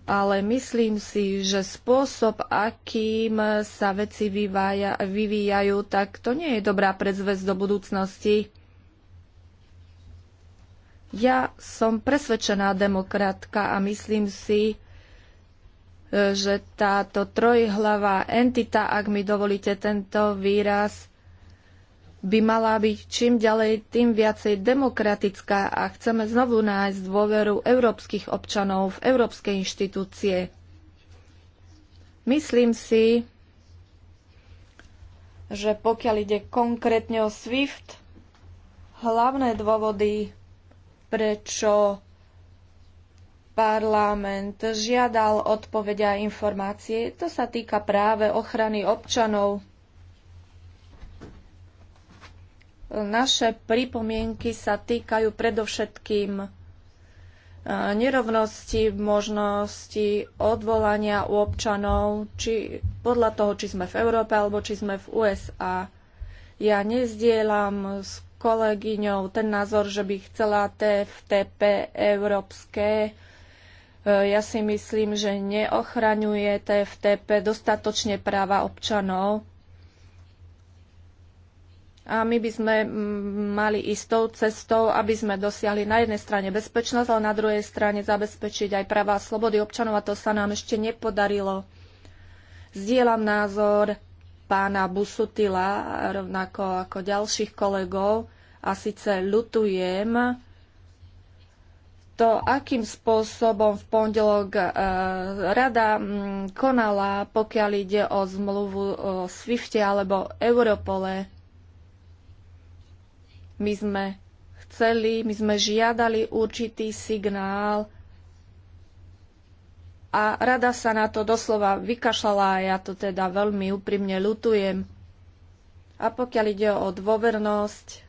ale myslím si, že spôsob, akým sa veci vyvája, vyvíjajú, tak to nie je dobrá predzvesť do budúcnosti. Ja som presvedčená demokratka a myslím si, e, že táto trojhlavá entita, ak mi dovolíte tento výraz, by mala byť čím ďalej tým viacej demokratická a chceme znovu nájsť dôveru európskych občanov v európske inštitúcie. Myslím si, že pokiaľ ide konkrétne o SWIFT, hlavné dôvody, prečo parlament žiadal odpoveď a informácie, to sa týka práve ochrany občanov Naše pripomienky sa týkajú predovšetkým e, nerovnosti, možnosti odvolania u občanov, či podľa toho, či sme v Európe alebo či sme v USA. Ja nezdielam s kolegyňou ten názor, že by chcela TFTP európske. E, ja si myslím, že neochraňuje TFTP dostatočne práva občanov a my by sme mm, mali ísť tou cestou, aby sme dosiahli na jednej strane bezpečnosť, ale na druhej strane zabezpečiť aj práva a slobody občanov a to sa nám ešte nepodarilo. Zdieľam názor pána Busutila, rovnako ako ďalších kolegov, a síce ľutujem to, akým spôsobom v pondelok e, rada m, mm, konala, pokiaľ ide o zmluvu o Swifte alebo Europole. My sme chceli, my sme žiadali určitý signál a rada sa na to doslova vykašľala a ja to teda veľmi úprimne ľutujem. A pokiaľ ide o dôvernosť,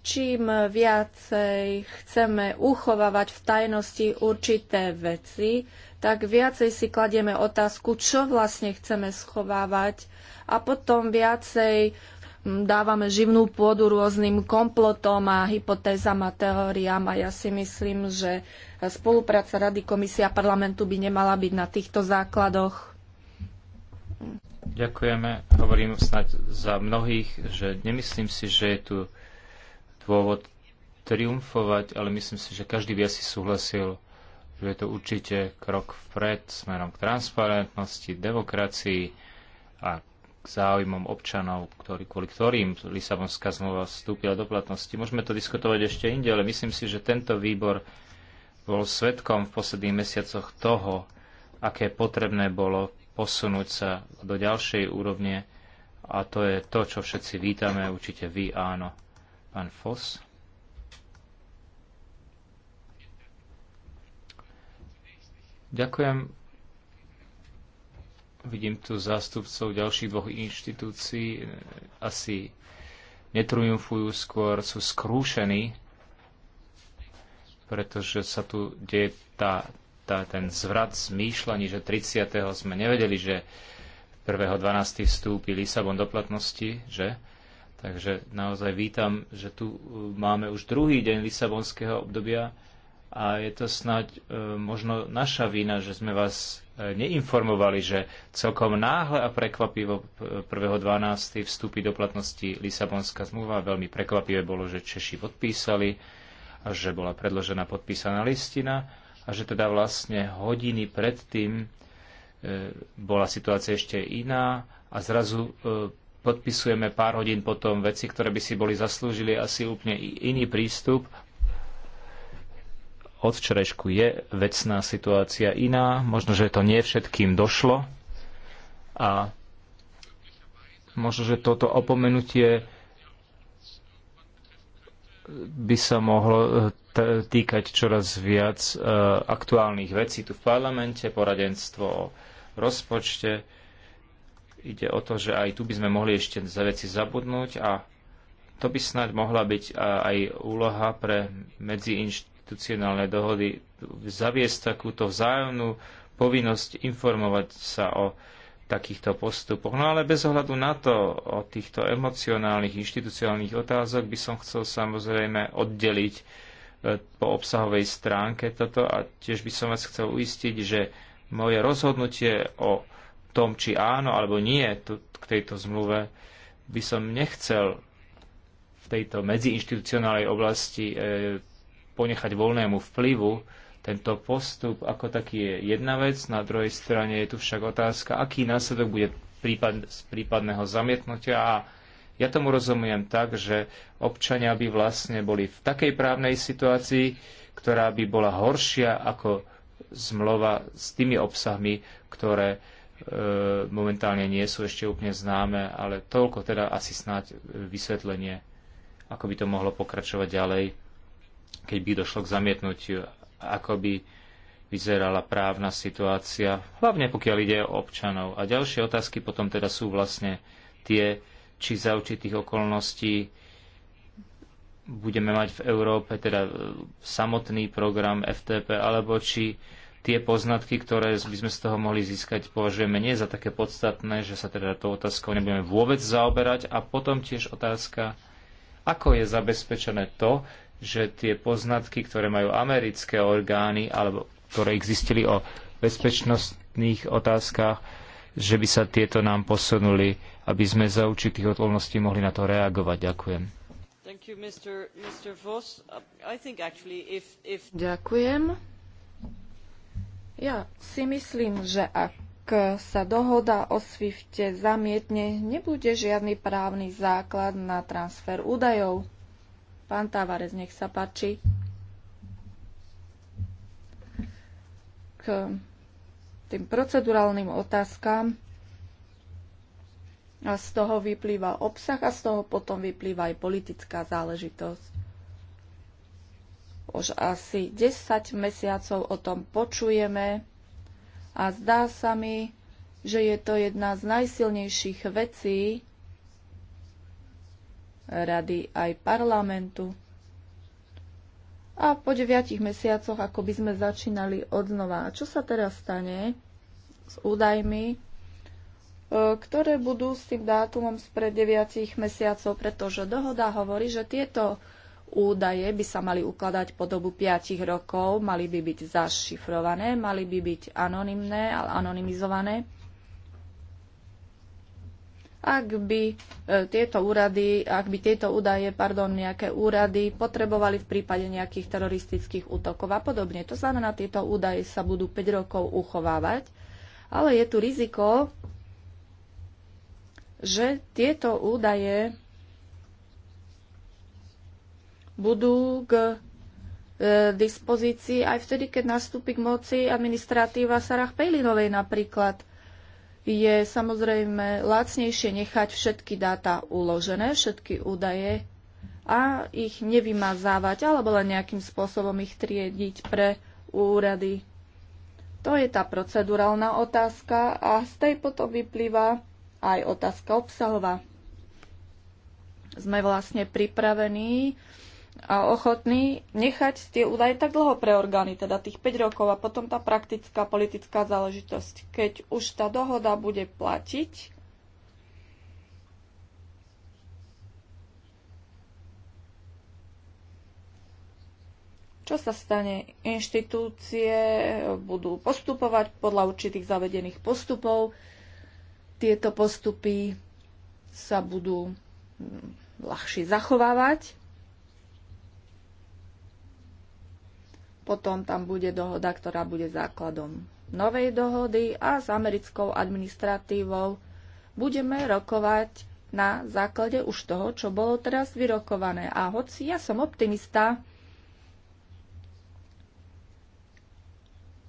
čím viacej chceme uchovávať v tajnosti určité veci, tak viacej si kladieme otázku, čo vlastne chceme schovávať a potom viacej Mm, dávame živnú pôdu rôznym komplotom a hypotézam a teóriám a ja si myslím, že spolupráca Rady, Komisia a parlamentu by nemala byť na týchto základoch. Ďakujeme. Hovorím snáď za mnohých, že nemyslím si, že je tu dôvod triumfovať, ale myslím si, že každý by asi súhlasil, že je to určite krok vpred smerom k transparentnosti, demokracii a k záujmom občanov, ktorý, kvôli ktorým Lisabonská zmluva vstúpila do platnosti. Môžeme to diskutovať ešte inde, ale myslím si, že tento výbor bol svetkom v posledných mesiacoch toho, aké potrebné bolo posunúť sa do ďalšej úrovne a to je to, čo všetci vítame, určite vy áno. Pán Foss. Ďakujem Vidím tu zástupcov ďalších dvoch inštitúcií. Asi netriumfujú, skôr sú skrúšení, pretože sa tu deje tá, tá, ten zvrat zmýšľaní, že 30. sme nevedeli, že 1.12. vstúpi Lisabon do platnosti, že? Takže naozaj vítam, že tu uh, máme už druhý deň Lisabonského obdobia a je to snáď e, možno naša vina, že sme vás neinformovali, že celkom náhle a prekvapivo 1.12. vstúpi do platnosti Lisabonská zmluva. Veľmi prekvapivé bolo, že Češi podpísali a že bola predložená podpísaná listina a že teda vlastne hodiny predtým e, bola situácia ešte iná a zrazu e, podpisujeme pár hodín potom veci, ktoré by si boli zaslúžili asi úplne iný prístup, od včerajšku je vecná situácia iná, možno, že to nie všetkým došlo a možno, že toto opomenutie by sa mohlo e, týkať čoraz viac e, aktuálnych vecí tu v parlamente, poradenstvo o rozpočte. Ide o to, že aj tu by sme mohli ešte za veci zabudnúť a to by snáď mohla byť e, aj úloha pre medziinš- medziinstitucionálne dohody zaviesť takúto vzájomnú povinnosť informovať sa o takýchto postupoch. No ale bez ohľadu na to, o týchto emocionálnych, inštitucionálnych otázok by som chcel samozrejme oddeliť e, po obsahovej stránke toto a tiež by som vás chcel uistiť, že moje rozhodnutie o tom, či áno alebo nie tu, k tejto zmluve, by som nechcel v tejto medziinstitucionálnej oblasti e, ponechať voľnému vplyvu. Tento postup ako taký je jedna vec, na druhej strane je tu však otázka, aký následok bude prípad, z prípadného zamietnutia a ja tomu rozumiem tak, že občania by vlastne boli v takej právnej situácii, ktorá by bola horšia ako zmlova s tými obsahmi, ktoré e, momentálne nie sú ešte úplne známe, ale toľko teda asi snáď vysvetlenie, ako by to mohlo pokračovať ďalej keď by došlo k zamietnutiu, ako by vyzerala právna situácia, hlavne pokiaľ ide o občanov. A ďalšie otázky potom teda sú vlastne tie, či za určitých okolností budeme mať v Európe teda e, samotný program FTP, alebo či tie poznatky, ktoré by sme z toho mohli získať, považujeme nie za také podstatné, že sa teda tou otázkou nebudeme vôbec zaoberať. A potom tiež otázka, ako je zabezpečené to, že tie poznatky, ktoré majú americké orgány alebo ktoré existili o bezpečnostných otázkach, že by sa tieto nám posunuli, aby sme za určitých okolností mohli na to reagovať. Ďakujem. Ďakujem. Ja si myslím, že ak sa dohoda o Swifte zamietne, nebude žiadny právny základ na transfer údajov. Pán Tavares, nech sa páči. K tým procedurálnym otázkam a z toho vyplýva obsah a z toho potom vyplýva aj politická záležitosť. Už asi 10 mesiacov o tom počujeme a zdá sa mi, že je to jedna z najsilnejších vecí, rady aj parlamentu. A po deviatich mesiacoch, ako by sme začínali odnova. A čo sa teraz stane s údajmi, e, ktoré budú s tým dátumom spred deviatich mesiacov, pretože dohoda hovorí, že tieto údaje by sa mali ukladať po dobu 5 rokov, mali by byť zašifrované, mali by byť anonymné, ale anonymizované ak by e, tieto úrady, ak by tieto údaje, pardon, nejaké úrady potrebovali v prípade nejakých teroristických útokov a podobne. To znamená, tieto údaje sa budú 5 rokov uchovávať, ale je tu riziko, že tieto údaje budú k e, dispozícii aj vtedy, keď nastúpi k moci administratíva Sarah Pejlinovej napríklad – je samozrejme lacnejšie nechať všetky dáta uložené, všetky údaje a ich nevymazávať alebo len nejakým spôsobom ich triediť pre úrady. To je tá procedurálna otázka a z tej potom vyplýva aj otázka obsahová. Sme vlastne pripravení a ochotní nechať tie údaje tak dlho pre orgány, teda tých 5 rokov a potom tá praktická politická záležitosť. Keď už tá dohoda bude platiť, čo sa stane? Inštitúcie budú postupovať podľa určitých zavedených postupov. Tieto postupy sa budú hm, ľahšie zachovávať Potom tam bude dohoda, ktorá bude základom novej dohody a s americkou administratívou budeme rokovať na základe už toho, čo bolo teraz vyrokované. A hoci ja som optimista,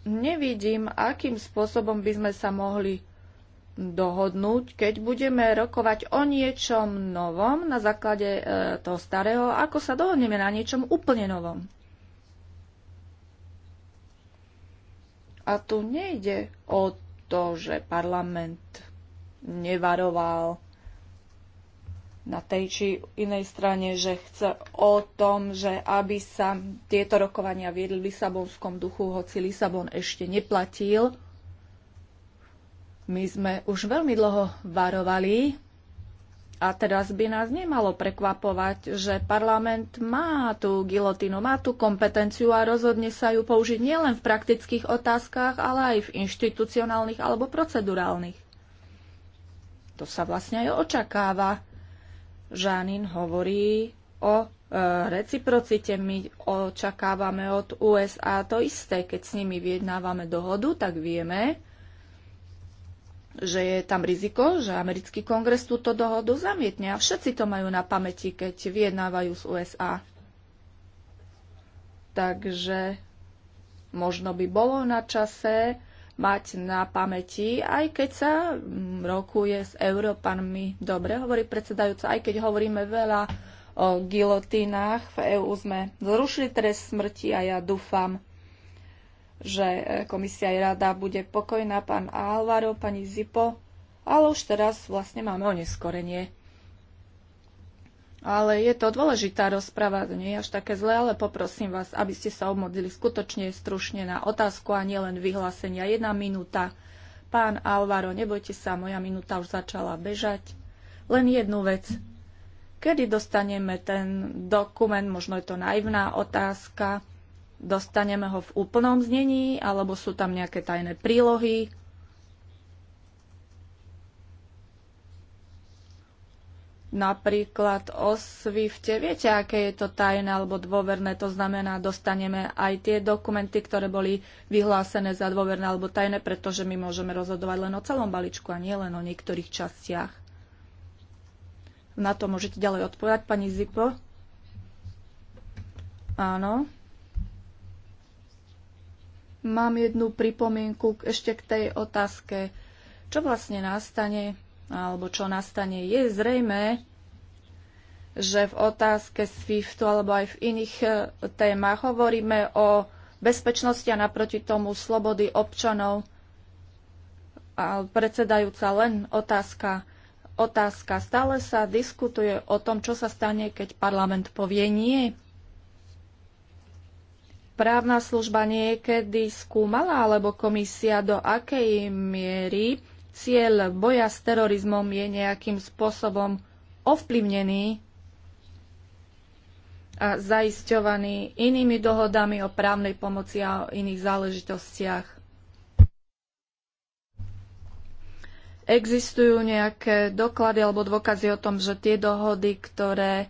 nevidím, akým spôsobom by sme sa mohli dohodnúť, keď budeme rokovať o niečom novom na základe e, toho starého, ako sa dohodneme na niečom úplne novom. A tu nejde o to, že parlament nevaroval na tej či inej strane, že chce o tom, že aby sa tieto rokovania viedli v Lisabonskom duchu, hoci Lisabon ešte neplatil. My sme už veľmi dlho varovali a teraz by nás nemalo prekvapovať, že parlament má tú gilotinu, má tú kompetenciu a rozhodne sa ju použiť nielen v praktických otázkach, ale aj v inštitucionálnych alebo procedurálnych. To sa vlastne aj očakáva. Žánin hovorí o e, reciprocite my očakávame od USA to isté. Keď s nimi vyjednávame dohodu, tak vieme, že je tam riziko, že americký kongres túto dohodu zamietne a všetci to majú na pamäti, keď vyjednávajú z USA. Takže možno by bolo na čase mať na pamäti, aj keď sa mm, rokuje s Európanmi. Dobre, hovorí predsedajúca, aj keď hovoríme veľa o gilotínach, v EÚ sme zrušili trest smrti a ja dúfam, že e, komisia aj rada bude pokojná, pán Alvaro, pani Zipo, ale už teraz vlastne máme oneskorenie. Ale je to dôležitá rozpráva. nie je až také zlé, ale poprosím vás, aby ste sa obmodzili skutočne stručne na otázku a nielen vyhlásenia. Jedna minúta. Pán Alvaro, nebojte sa, moja minúta už začala bežať. Len jednu vec. Kedy dostaneme ten dokument, možno je to naivná otázka, Dostaneme ho v úplnom znení, alebo sú tam nejaké tajné prílohy? Napríklad o Swifte. Viete, aké je to tajné alebo dôverné? To znamená, dostaneme aj tie dokumenty, ktoré boli vyhlásené za dôverné alebo tajné, pretože my môžeme rozhodovať len o celom balíčku a nie len o niektorých častiach. Na to môžete ďalej odpovedať, pani Zipo. Áno. Mám jednu pripomienku ešte k tej otázke, čo vlastne nastane, alebo čo nastane. Je zrejme, že v otázke SWIFTu alebo aj v iných e, témach hovoríme o bezpečnosti a naproti tomu slobody občanov. A predsedajúca len otázka otázka. Stále sa diskutuje o tom, čo sa stane, keď parlament povie nie. Právna služba niekedy skúmala, alebo komisia, do akej miery cieľ boja s terorizmom je nejakým spôsobom ovplyvnený a zaisťovaný inými dohodami o právnej pomoci a o iných záležitostiach. Existujú nejaké doklady alebo dôkazy o tom, že tie dohody, ktoré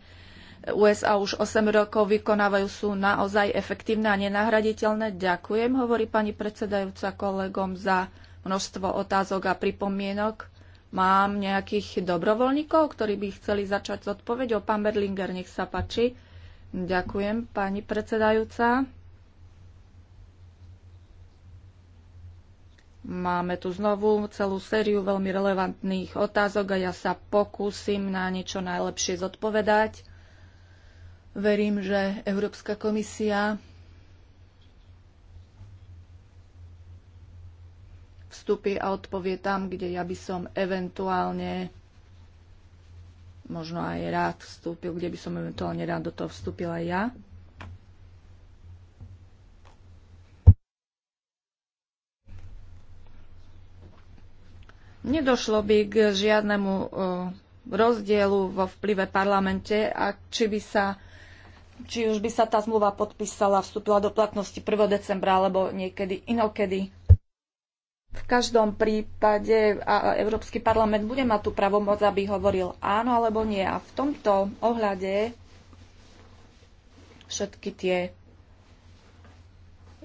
USA už 8 rokov vykonávajú, sú naozaj efektívne a nenahraditeľné. Ďakujem, hovorí pani predsedajúca kolegom za množstvo otázok a pripomienok. Mám nejakých dobrovoľníkov, ktorí by chceli začať s odpoveďou. Pán Berlinger, nech sa páči. Ďakujem, pani predsedajúca. Máme tu znovu celú sériu veľmi relevantných otázok a ja sa pokúsim na niečo najlepšie zodpovedať. Verím, že Európska komisia vstupy a odpovie tam, kde ja by som eventuálne možno aj rád vstúpil, kde by som eventuálne rád do toho vstúpila aj ja. Nedošlo by k žiadnemu eh, rozdielu vo vplyve parlamente, a či by sa či už by sa tá zmluva podpísala, vstúpila do platnosti 1. decembra alebo niekedy inokedy. V každom prípade a Európsky parlament bude mať tú pravomoc, aby hovoril áno alebo nie. A v tomto ohľade všetky tie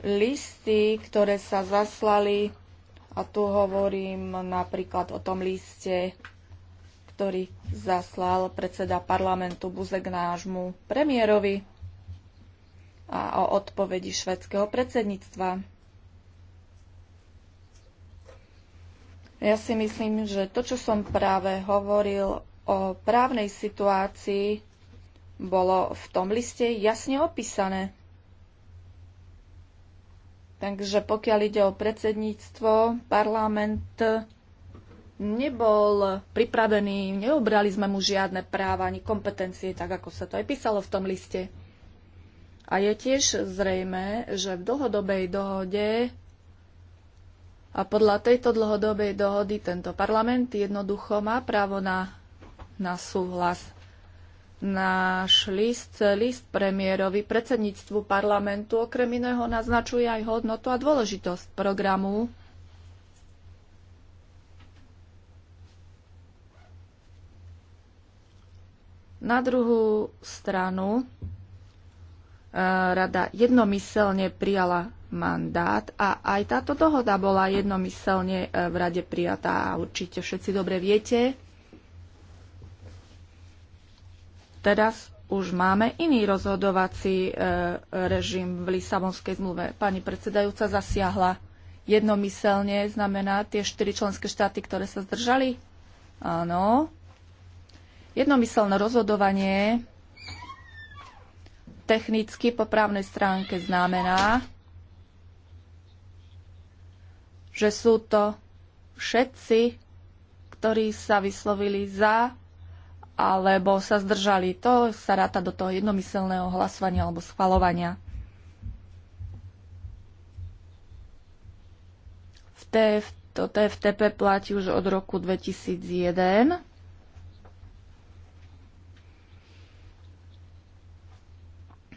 listy, ktoré sa zaslali, a tu hovorím napríklad o tom liste ktorý zaslal predseda parlamentu Buzek nášmu premiérovi a o odpovedi švedského predsedníctva. Ja si myslím, že to, čo som práve hovoril o právnej situácii, bolo v tom liste jasne opísané. Takže pokiaľ ide o predsedníctvo, parlament nebol pripravený, neobrali sme mu žiadne práva ani kompetencie, tak ako sa to aj písalo v tom liste. A je tiež zrejme, že v dlhodobej dohode a podľa tejto dlhodobej dohody tento parlament jednoducho má právo na, na súhlas. Náš list, list premiérovi predsedníctvu parlamentu okrem iného naznačuje aj hodnotu a dôležitosť programu Na druhú stranu e, rada jednomyselne prijala mandát a aj táto dohoda bola jednomyselne e, v rade prijatá a určite všetci dobre viete. Teraz už máme iný rozhodovací e, režim v Lisabonskej zmluve. Pani predsedajúca zasiahla jednomyselne, znamená tie štyri členské štáty, ktoré sa zdržali? Áno. Jednomyselné rozhodovanie technicky po právnej stránke znamená, že sú to všetci, ktorí sa vyslovili za alebo sa zdržali. To sa ráta do toho jednomyselného hlasovania alebo schvalovania. V TFTP platí už od roku 2001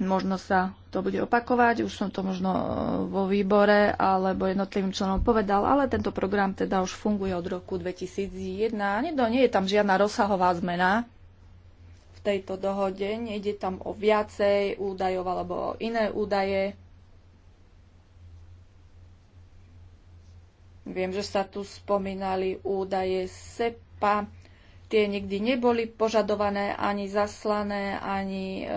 Možno sa to bude opakovať, už som to možno e, vo výbore alebo jednotlivým členom povedal, ale tento program teda už funguje od roku 2001. Nie, nie je tam žiadna rozsahová zmena v tejto dohode, nejde tam o viacej údajov alebo o iné údaje. Viem, že sa tu spomínali údaje SEPA. Tie nikdy neboli požadované, ani zaslané, ani e,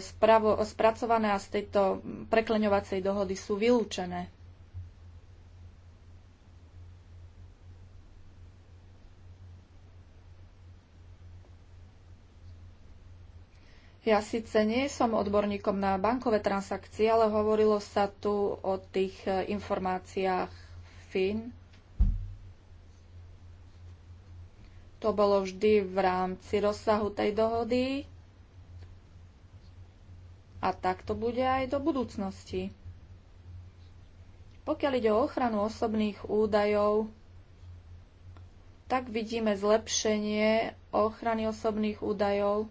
spravo, spracované a z tejto prekleňovacej dohody sú vylúčené. Ja síce nie som odborníkom na bankové transakcie, ale hovorilo sa tu o tých e, informáciách FIN. To bolo vždy v rámci rozsahu tej dohody a tak to bude aj do budúcnosti. Pokiaľ ide o ochranu osobných údajov, tak vidíme zlepšenie ochrany osobných údajov,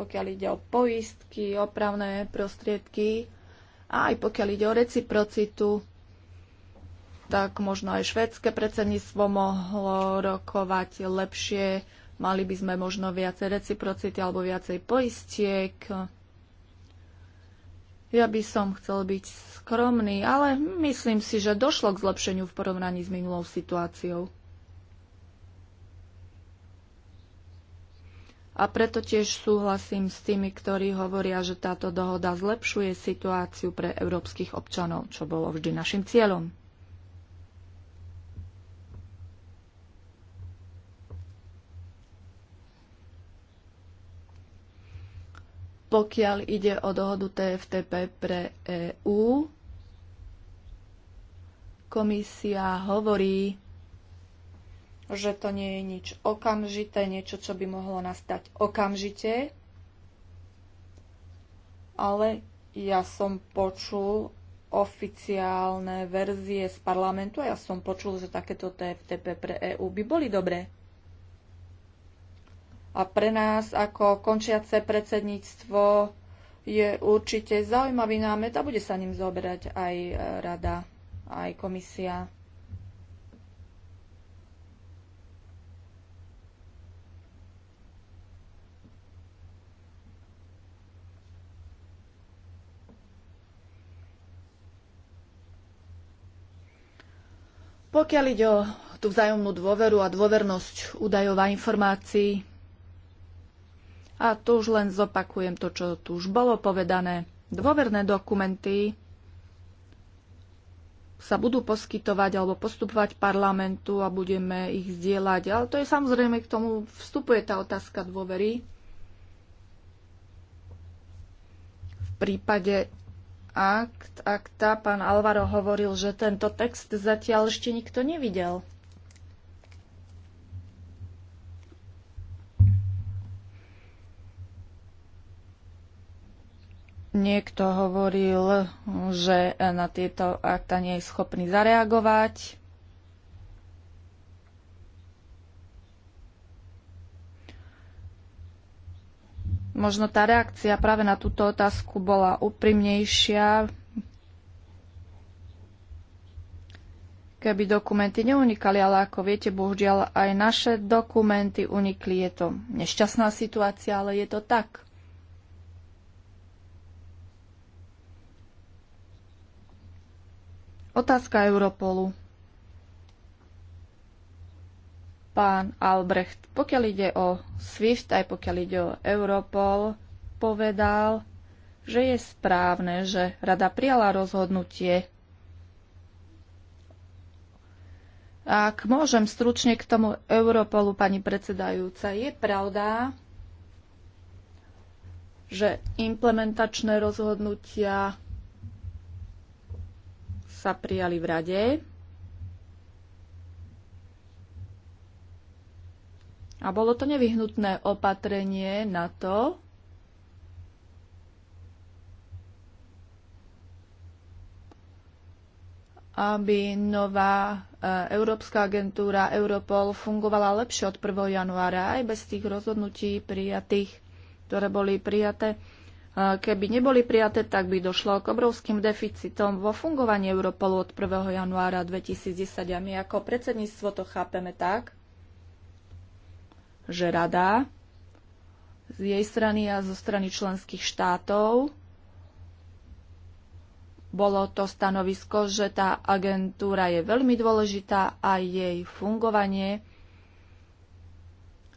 pokiaľ ide o poistky, opravné prostriedky a aj pokiaľ ide o reciprocitu, tak možno aj švédske predsedníctvo mohlo rokovať lepšie, mali by sme možno viacej reciprocity alebo viacej poistiek ja by som chcel byť skromný, ale myslím si, že došlo k zlepšeniu v porovnaní s minulou situáciou. A preto tiež súhlasím s tými, ktorí hovoria, že táto dohoda zlepšuje situáciu pre európskych občanov, čo bolo vždy našim cieľom. pokiaľ ide o dohodu TFTP pre EÚ. Komisia hovorí, že to nie je nič okamžité, niečo, čo by mohlo nastať okamžite. Ale ja som počul oficiálne verzie z parlamentu a ja som počul, že takéto TFTP pre EÚ by boli dobré. A pre nás ako končiace predsedníctvo je určite zaujímavý námet a bude sa ním zoberať aj e, rada, aj komisia. Pokiaľ ide o tú vzájomnú dôveru a dôvernosť údajov a informácií, a tu už len zopakujem to, čo tu už bolo povedané. Dôverné dokumenty sa budú poskytovať alebo postupovať parlamentu a budeme ich zdieľať. Ale to je samozrejme, k tomu vstupuje tá otázka dôvery. V prípade akt, akta pán Alvaro hovoril, že tento text zatiaľ ešte nikto nevidel. Niekto hovoril, že na tieto akta nie je schopný zareagovať. Možno tá reakcia práve na túto otázku bola úprimnejšia, keby dokumenty neunikali, ale ako viete, bohužiaľ aj naše dokumenty unikli. Je to nešťastná situácia, ale je to tak. Otázka Europolu. Pán Albrecht, pokiaľ ide o SWIFT, aj pokiaľ ide o Europol, povedal, že je správne, že rada prijala rozhodnutie. Ak môžem stručne k tomu Europolu, pani predsedajúca, je pravda, že implementačné rozhodnutia sa prijali v rade. A bolo to nevyhnutné opatrenie na to, aby nová e, Európska agentúra Europol fungovala lepšie od 1. januára aj bez tých rozhodnutí prijatých, ktoré boli prijaté Keby neboli prijaté, tak by došlo k obrovským deficitom vo fungovaní Europolu od 1. januára 2010 a my ako predsedníctvo to chápeme tak, že rada z jej strany a zo strany členských štátov bolo to stanovisko, že tá agentúra je veľmi dôležitá a jej fungovanie.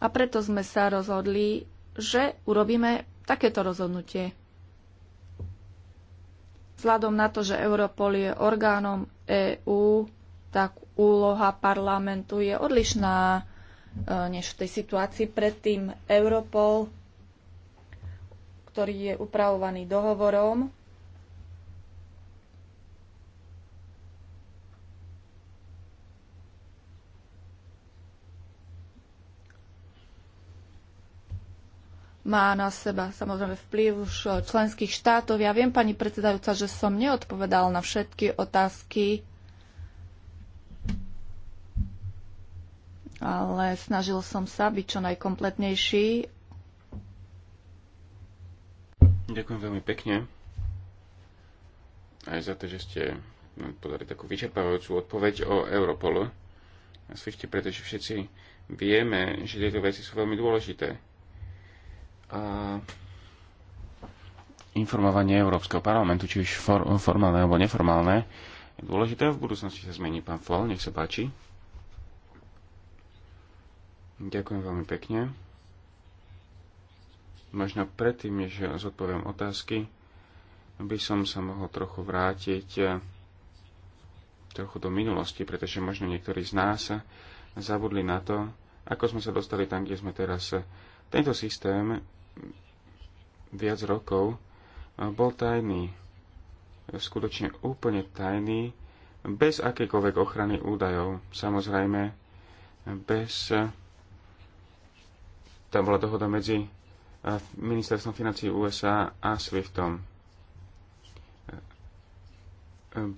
A preto sme sa rozhodli, že urobíme takéto rozhodnutie. Vzhľadom na to, že Europol je orgánom EÚ, tak úloha parlamentu je odlišná e, než v tej situácii predtým Europol, ktorý je upravovaný dohovorom má na seba samozrejme vplyv už členských štátov. Ja viem, pani predsedajúca, že som neodpovedal na všetky otázky, ale snažil som sa byť čo najkompletnejší. Ďakujem veľmi pekne aj za to, že ste podali takú vyčerpávajúcu odpoveď o Europolu. A svište, pretože všetci vieme, že tieto veci sú veľmi dôležité informovanie Európskeho parlamentu, či už for, formálne alebo neformálne, je dôležité. V budúcnosti sa zmení pán Fol, nech sa páči. Ďakujem veľmi pekne. Možno predtým, než zodpoviem otázky, by som sa mohol trochu vrátiť eh, trochu do minulosti, pretože možno niektorí z nás zabudli na to, ako sme sa dostali tam, kde sme teraz. Tento systém viac rokov bol tajný. Skutočne úplne tajný, bez akékoľvek ochrany údajov. Samozrejme, bez... Tam bola dohoda medzi ministerstvom financí USA a SWIFTom.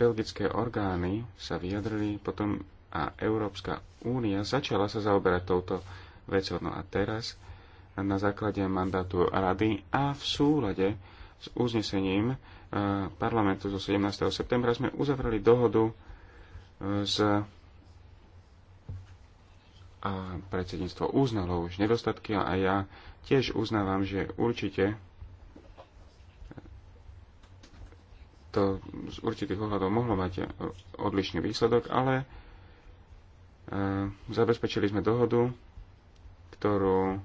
Belgické orgány sa vyjadrili potom a Európska únia začala sa zaoberať touto vecou. No a teraz na základe mandátu Rady a v súlade s uznesením e, parlamentu zo 17. septembra sme uzavreli dohodu e, s a predsedníctvo uznalo už nedostatky a ja tiež uznávam, že určite to z určitých ohľadov mohlo mať odlišný výsledok, ale e, zabezpečili sme dohodu, ktorú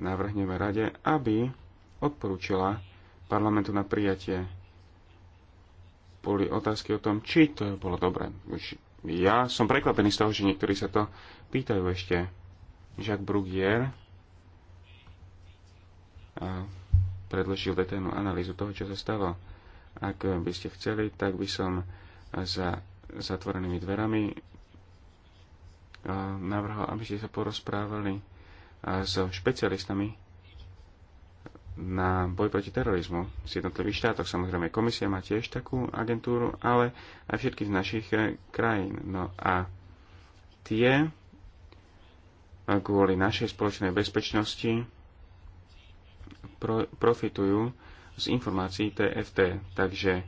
navrhneme rade, aby odporúčila parlamentu na prijatie boli otázky o tom, či to bolo dobré. Už ja som prekvapený z toho, že niektorí sa to pýtajú ešte. Jacques Brugier a predložil detailnú analýzu toho, čo sa stalo. Ak by ste chceli, tak by som za zatvorenými dverami navrhol, aby ste sa porozprávali so špecialistami na boj proti terorizmu z jednotlivých štátoch. Samozrejme, komisia má tiež takú agentúru, ale aj všetkých z našich eh, krajín. No a tie eh, kvôli našej spoločnej bezpečnosti pro, profitujú z informácií TFT. Takže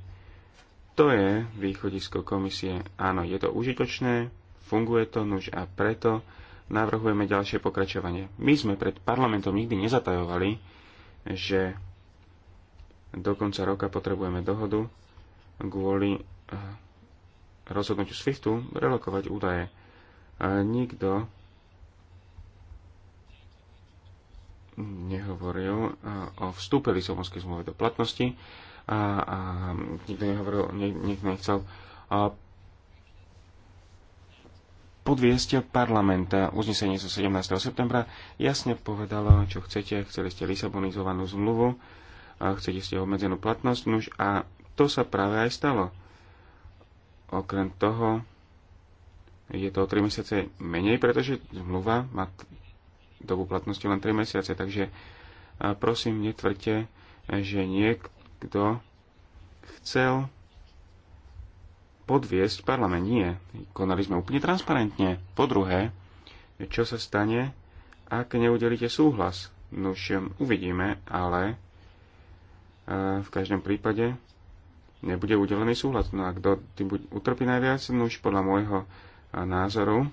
to je východisko komisie. Áno, je to užitočné, funguje to, nuž a preto navrhujeme ďalšie pokračovanie. My sme pred parlamentom nikdy nezatajovali, že do konca roka potrebujeme dohodu kvôli eh, rozhodnutiu SWIFTu relokovať údaje. Nikto nehovoril eh, o vstupe Lisabonskej zmluvy do platnosti a, nikto, nehovoril, nikto nechcel eh, podviesť parlamenta. Uznesenie zo 17. septembra jasne povedalo, čo chcete. Chceli ste Lisabonizovanú zmluvu, chcete ste obmedzenú platnosť, nuž a to sa práve aj stalo. Okrem toho je to o 3 mesiace menej, pretože zmluva má dobu platnosti len 3 mesiace, takže prosím, netvrďte, že niekto chcel podviesť parlament. Nie, konali sme úplne transparentne. Po druhé, čo sa stane, ak neudelíte súhlas? No už uvidíme, ale e, v každom prípade nebude udelený súhlas. No a kto tým utrpí najviac? No už podľa môjho e, názoru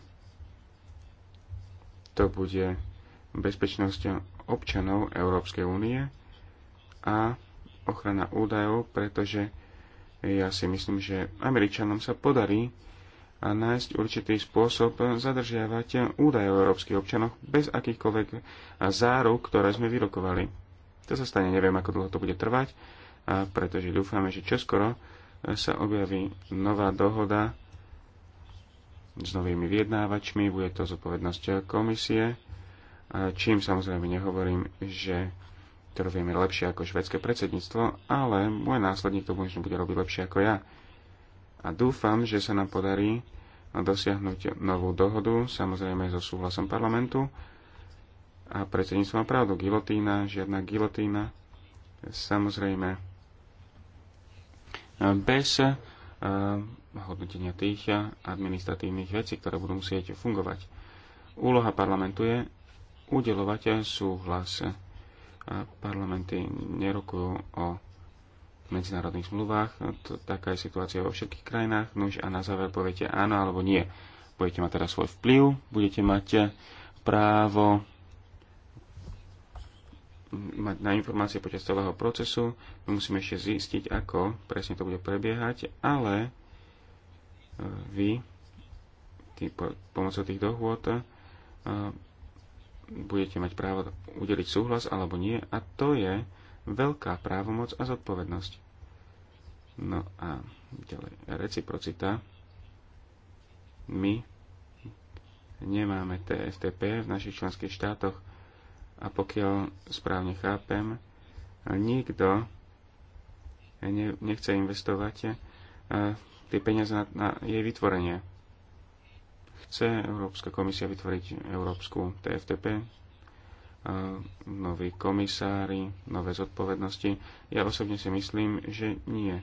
to bude bezpečnosť občanov Európskej únie a ochrana údajov, pretože ja si myslím, že Američanom sa podarí nájsť určitý spôsob zadržiavať údaje o európskych občanoch bez akýchkoľvek záruk, ktoré sme vyrokovali. To sa stane, neviem, ako dlho to bude trvať, pretože dúfame, že čoskoro sa objaví nová dohoda s novými vyjednávačmi, bude to zodpovednosť komisie, čím samozrejme nehovorím, že ktorú vieme lepšie ako švedské predsedníctvo, ale môj následník to možno bude robiť lepšie ako ja. A dúfam, že sa nám podarí dosiahnuť novú dohodu, samozrejme so súhlasom parlamentu. A predsedníctvo má pravdu, gilotína, žiadna gilotína, samozrejme bez uh, hodnotenia tých administratívnych vecí, ktoré budú musieť fungovať. Úloha parlamentu je udelovať súhlas parlamenty nerokujú o medzinárodných zmluvách. To, taká je situácia vo všetkých krajinách. Nuž no, a na záver poviete áno alebo nie. Budete mať teraz svoj vplyv, budete mať eh, právo mať na informácie počas celého procesu. My musíme ešte zistiť, ako presne to bude prebiehať, ale eh, vy tý, po, pomocou tých dohôd eh, budete mať právo udeliť súhlas alebo nie a to je veľká právomoc a zodpovednosť. No a ďalej, reciprocita. My nemáme TFTP v našich členských štátoch a pokiaľ správne chápem, nikto nechce investovať eh, tie peniaze na, jej vytvorenie. Chce Európska komisia vytvoriť Európsku TFTP, noví komisári, nové zodpovednosti. Ja osobne si myslím, že nie.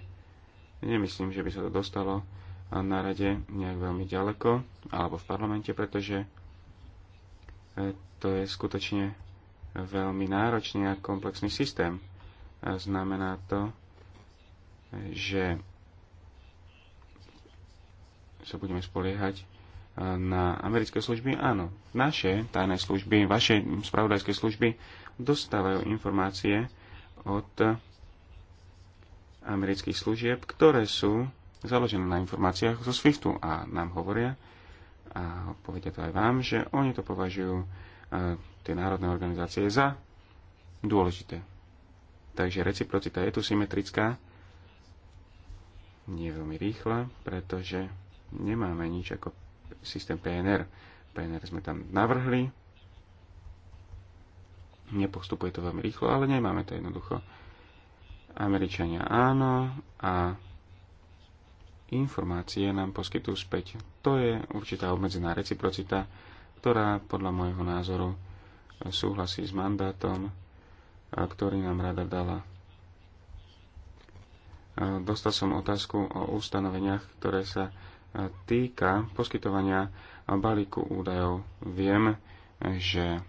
Nemyslím, že by sa to dostalo na rade nejak veľmi ďaleko, alebo v parlamente, pretože e, to je skutočne veľmi náročný a komplexný systém. Znamená to, že sa budeme spoliehať na americké služby? Áno. Naše tajné služby, vaše spravodajské služby dostávajú informácie od amerických služieb, ktoré sú založené na informáciách zo SWIFTu a nám hovoria, a povedia to aj vám, že oni to považujú e, tie národné organizácie za dôležité. Takže reciprocita je tu symetrická, nie veľmi rýchla, pretože nemáme nič ako systém PNR. PNR sme tam navrhli. Nepostupuje to veľmi rýchlo, ale nemáme to jednoducho. Američania áno a informácie nám poskytujú späť. To je určitá obmedzená reciprocita, ktorá podľa môjho názoru súhlasí s mandátom, ktorý nám rada dala. Dostal som otázku o ustanoveniach, ktoré sa týka poskytovania balíku údajov, viem, že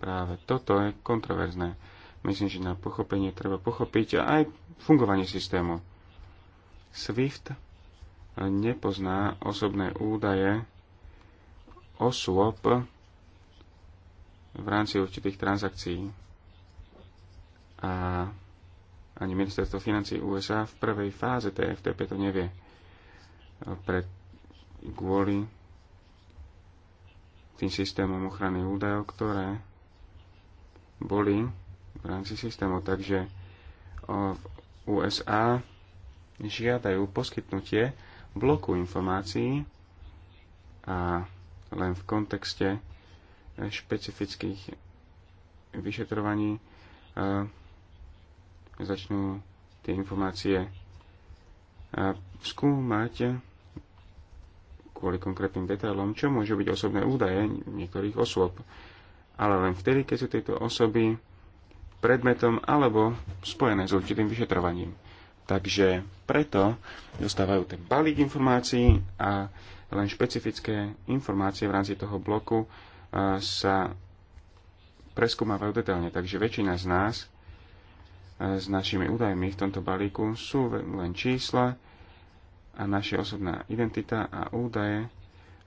práve toto je kontroverzné. Myslím, že na pochopenie treba pochopiť aj fungovanie systému. SWIFT nepozná osobné údaje osôb v rámci určitých transakcií. A ani ministerstvo financí USA v prvej fáze TFTP to nevie pre, kvôli tým systémom ochrany údajov, ktoré boli v rámci systému. Takže v USA žiadajú poskytnutie bloku informácií a len v kontexte e, špecifických vyšetrovaní e, začnú tie informácie e, skúmať kvôli konkrétnym detailom, čo môžu byť osobné údaje niektorých osôb, ale len vtedy, keď sú tieto osoby predmetom alebo spojené s určitým vyšetrovaním. Takže preto dostávajú ten balík informácií a len špecifické informácie v rámci toho bloku e, sa preskúmavajú detailne. Takže väčšina z nás e, s našimi údajmi v tomto balíku sú len čísla, a naše osobná identita a údaje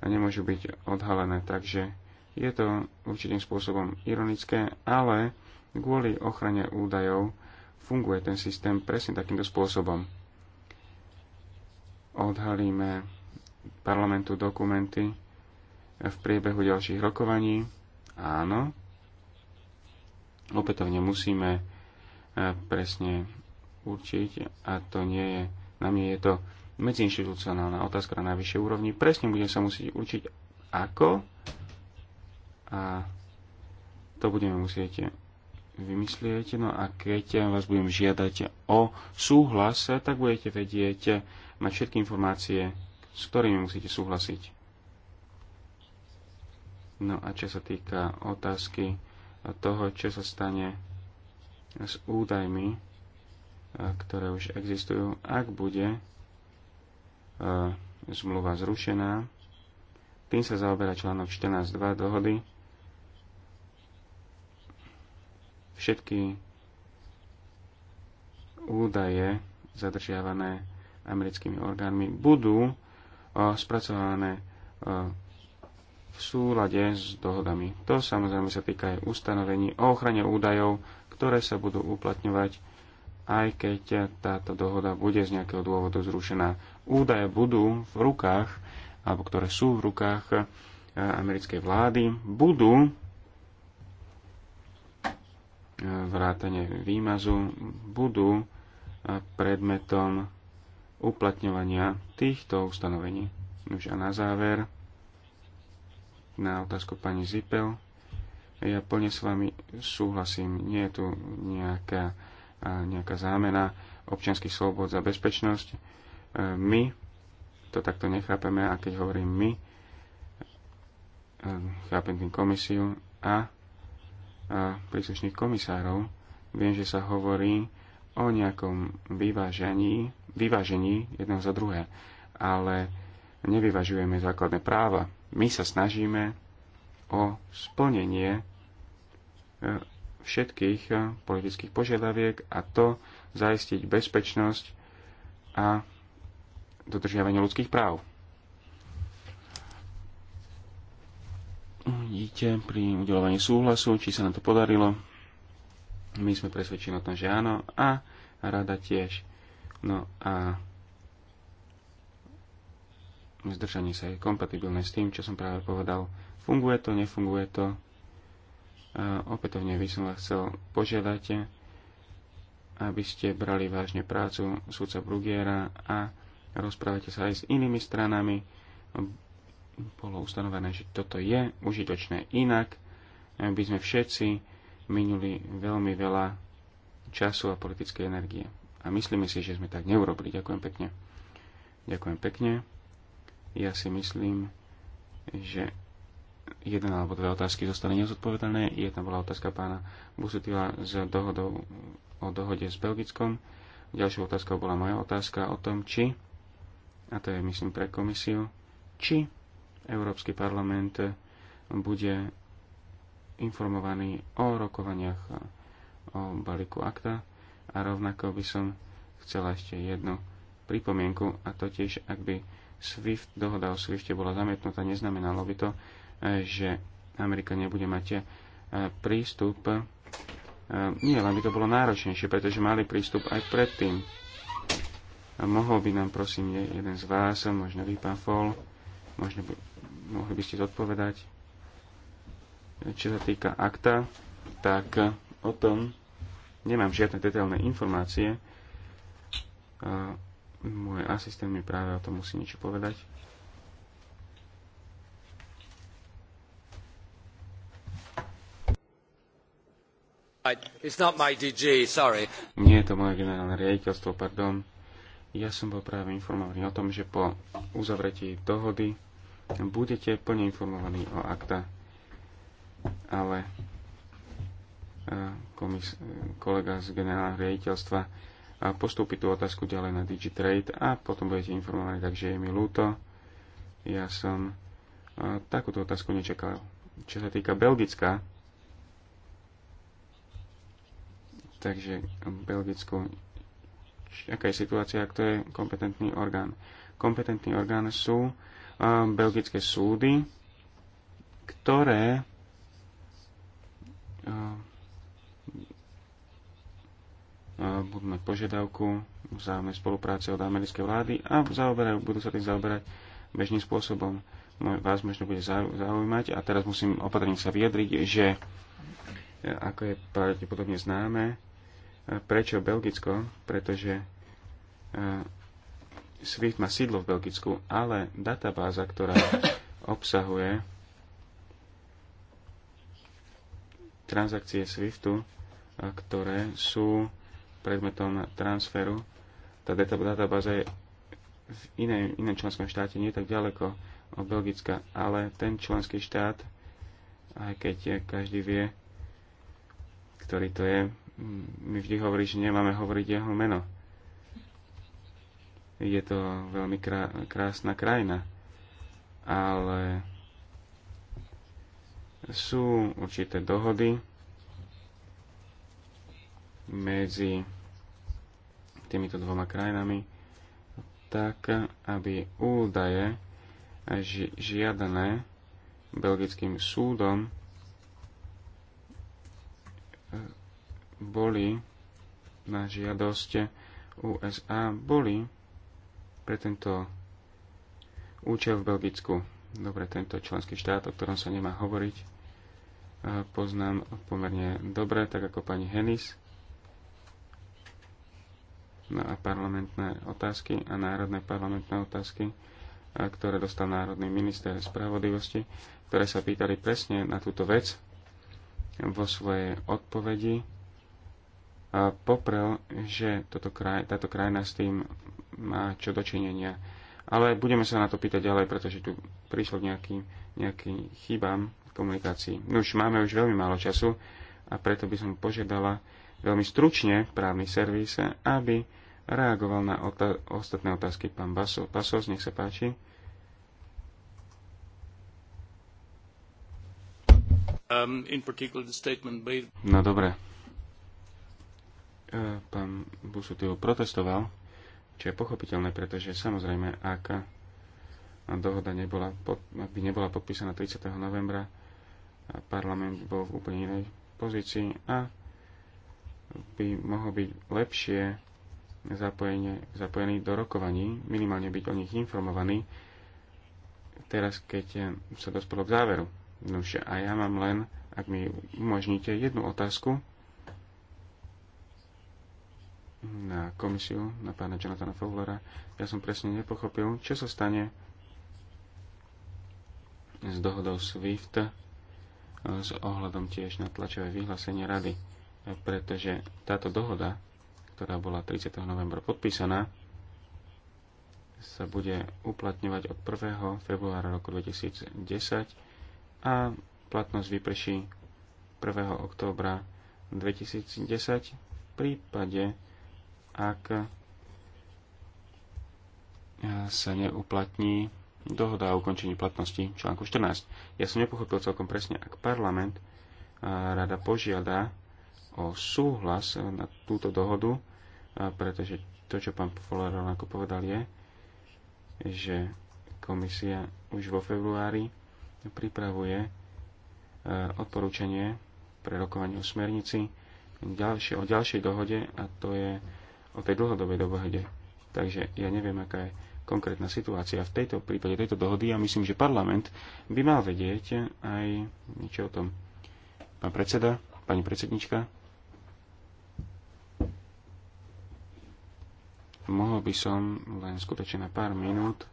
nemôžu byť odhalené. Takže je to určitým spôsobom ironické, ale kvôli ochrane údajov funguje ten systém presne takýmto spôsobom. Odhalíme parlamentu dokumenty v priebehu ďalších rokovaní. Áno, opätovne musíme eh, presne určiť a to nie je, na mne je to medziinstitucionálna otázka na najvyššej úrovni. Presne budem sa musieť učiť ako a to budeme musieť vymyslieť. No a keď vás budem žiadať o súhlas, tak budete vedieť mať všetky informácie, s ktorými musíte súhlasiť. No a čo sa týka otázky toho, čo sa stane s údajmi, ktoré už existujú, ak bude zmluva zrušená. Tým sa zaoberá článok 14.2 dohody. Všetky údaje zadržiavané americkými orgánmi budú spracované v súlade s dohodami. To samozrejme sa týka aj ustanovení o ochrane údajov, ktoré sa budú uplatňovať, aj keď táto dohoda bude z nejakého dôvodu zrušená údaje budú v rukách, alebo ktoré sú v rukách eh, americkej vlády, budú eh, vrátane výmazu, budú eh, predmetom uplatňovania týchto ustanovení. Už a na záver, na otázku pani Zipel, ja plne s vami súhlasím, nie je tu nejaká, nejaká zámena občianských slobod za bezpečnosť my to takto nechápeme a keď hovorím my, eh, chápem tým komisiu a, a príslušných komisárov. Viem, že sa hovorí o nejakom vyvážení, vyvážení jedného za druhé, ale nevyvažujeme základné práva. My sa snažíme o splnenie eh, všetkých eh, politických požiadaviek a to zaistiť bezpečnosť a dodržiavanie ľudských práv. Vidíte pri udelovaní súhlasu, či sa nám to podarilo. My sme presvedčení o tom, že áno a rada tiež. No a zdržanie sa je kompatibilné s tým, čo som práve povedal. Funguje to, nefunguje to. A opätovne by som vás chcel požiadať, aby ste brali vážne prácu súdca Brugiera a rozprávajte sa aj s inými stranami. Bolo ustanovené, že toto je užitočné. Inak eh, by sme všetci minuli veľmi veľa času a politickej energie. A myslíme si, že sme tak neurobili. Ďakujem pekne. Ďakujem pekne. Ja si myslím, že jedna alebo dve otázky zostali nezodpovedané. Jedna bola otázka pána Busutila z dohodou o dohode s Belgickom. Ďalšou otázkou bola moja otázka o tom, či a to je myslím pre komisiu, či Európsky parlament bude informovaný o rokovaniach o balíku akta a rovnako by som chcela ešte jednu pripomienku a totiž, ak by SWIFT, dohoda o SWIFTe bola zamietnutá, neznamenalo by to, že Amerika nebude mať e, prístup. E, nie, len by to bolo náročnejšie, pretože mali prístup aj predtým. A mohol by nám prosím jeden z vás, možno vy, pán Fol, možno by, mohli by ste zodpovedať, čo sa týka akta, tak o tom nemám žiadne detailné informácie. Môj asistent mi práve o tom musí niečo povedať. It's not my DG, sorry. Nie je to moje generálne riaditeľstvo, pardon. Ja som bol práve informovaný o tom, že po uzavretí dohody budete plne informovaní o akta, ale komis, kolega z generálneho riaditeľstva postúpi tú otázku ďalej na Digitrade a potom budete informovaní, takže je mi ľúto. Ja som takúto otázku nečakal. Čo sa týka Belgická, takže Belgicku aká je situácia, kto je kompetentný orgán. Kompetentný orgán sú belgické súdy, ktoré budú mať požiadavku za spolupráce od americkej vlády a zaoberajú, budú sa tým zaoberať bežným spôsobom. No, vás možno bude zaujímať a teraz musím opatrne sa vyjadriť, že e, ako je pravdepodobne známe, Prečo Belgicko? Pretože e, SWIFT má sídlo v Belgicku, ale databáza, ktorá obsahuje transakcie SWIFTu, e, ktoré sú predmetom transferu, tá databáza je v inej, inom členskom štáte, nie tak ďaleko od Belgicka, ale ten členský štát, aj keď každý vie, ktorý to je, mi vždy hovorí, že nemáme hovoriť jeho meno. Je to veľmi krá- krásna krajina, ale sú určité dohody medzi týmito dvoma krajinami, tak aby údaje ži- žiadané belgickým súdom boli na žiadosť USA, boli pre tento účel v Belgicku. Dobre, tento členský štát, o ktorom sa nemá hovoriť, e, poznám pomerne dobre, tak ako pani Henis. No a parlamentné otázky a národné parlamentné otázky, e, ktoré dostal Národný minister spravodlivosti, ktoré sa pýtali presne na túto vec vo svojej odpovedi poprel, že toto kraj, táto krajina s tým má čo dočinenia. Ale budeme sa na to pýtať ďalej, pretože tu prišlo k nejakým, nejakým chybám v komunikácii. No už máme už veľmi málo času a preto by som požiadala veľmi stručne právny servis, aby reagoval na ota- ostatné otázky pán Baso. Pasos, nech sa páči. Um, No dobre, pán Busutil protestoval, čo je pochopiteľné, pretože samozrejme, ak dohoda nebola, ak by nebola podpísaná 30. novembra, parlament bol v úplne inej pozícii a by mohol byť lepšie zapojenie, zapojený do rokovaní, minimálne byť o nich informovaný, teraz keď sa dospelo k záveru. No a ja mám len, ak mi umožníte, jednu otázku na komisiu, na pána Jonathana Fowlera. Ja som presne nepochopil, čo sa stane s dohodou SWIFT eh, s ohľadom tiež na tlačové vyhlásenie rady, eh, pretože táto dohoda, ktorá bola 30. novembra podpísaná, sa bude uplatňovať od 1. februára roku 2010 a platnosť vyprší 1. októbra 2010 v prípade ak sa neuplatní dohoda o ukončení platnosti článku 14. Ja som nepochopil celkom presne, ak parlament rada požiada o súhlas na túto dohodu, pretože to, čo pán Follerov ako povedal, je, že komisia už vo februári pripravuje odporúčanie pre rokovanie o smernici ďalšie, o ďalšej dohode a to je o tej dlhodobej dohode. Takže ja neviem, aká je konkrétna situácia v tejto prípade tejto dohody a ja myslím, že parlament by mal vedieť aj niečo o tom. Pán predseda, pani predsednička, mohol by som len skutočne na pár minút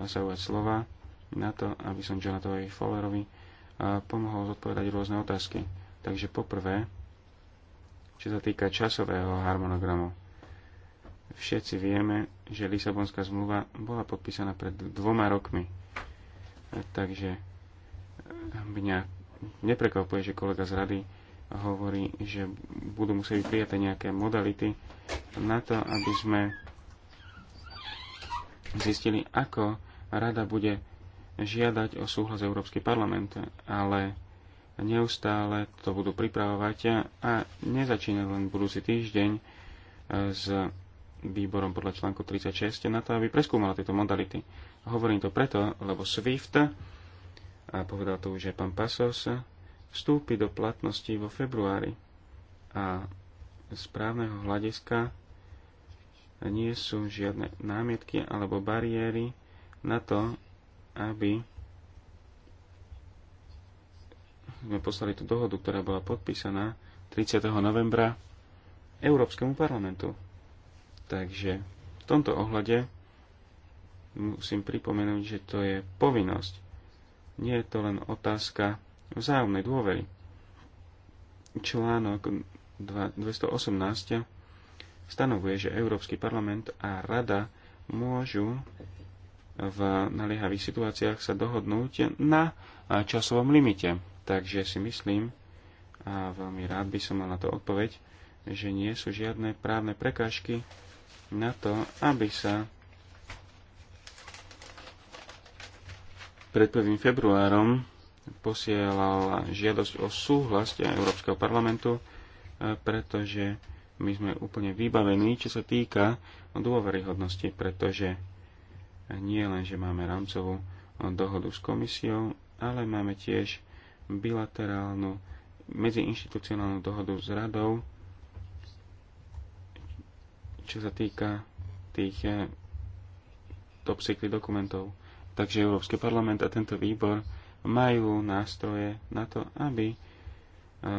zasahovať slova na to, aby som Jonathanovi follerovi pomohol zodpovedať rôzne otázky. Takže poprvé, čo sa týka časového harmonogramu. Všetci vieme, že Lisabonská zmluva bola podpísaná pred dvoma rokmi. Takže e, mňa neprekvapuje, že kolega z rady hovorí, že budú musieť byť prijaté nejaké modality na to, aby sme zistili, ako rada bude žiadať o súhlas Európsky parlament, ale neustále to budú pripravovať a nezačína len budúci týždeň e, s výborom podľa článku 36 na to, aby preskúmala tieto modality. Hovorím to preto, lebo SWIFT, a povedal to už aj pán Pasos, vstúpi do platnosti vo februári a z právneho hľadiska nie sú žiadne námietky alebo bariéry na to, aby sme poslali tú dohodu, ktorá bola podpísaná 30. novembra Európskemu parlamentu. Takže v tomto ohľade musím pripomenúť, že to je povinnosť. Nie je to len otázka vzájomnej dôvery. Článok 218 stanovuje, že Európsky parlament a Rada môžu v naliehavých situáciách sa dohodnúť na časovom limite. Takže si myslím, a veľmi rád by som mal na to odpoveď, že nie sú žiadne právne prekážky na to, aby sa pred 1. februárom posielala žiadosť o súhlas Európskeho parlamentu, e, pretože my sme úplne vybavení, čo sa týka dôveryhodnosti, pretože nie len, že máme rámcovú dohodu s komisiou, ale máme tiež bilaterálnu medziinstitucionálnu dohodu s radou čo sa týka tých eh, top secret dokumentov. Takže Európsky parlament a tento výbor majú nástroje na to, aby eh,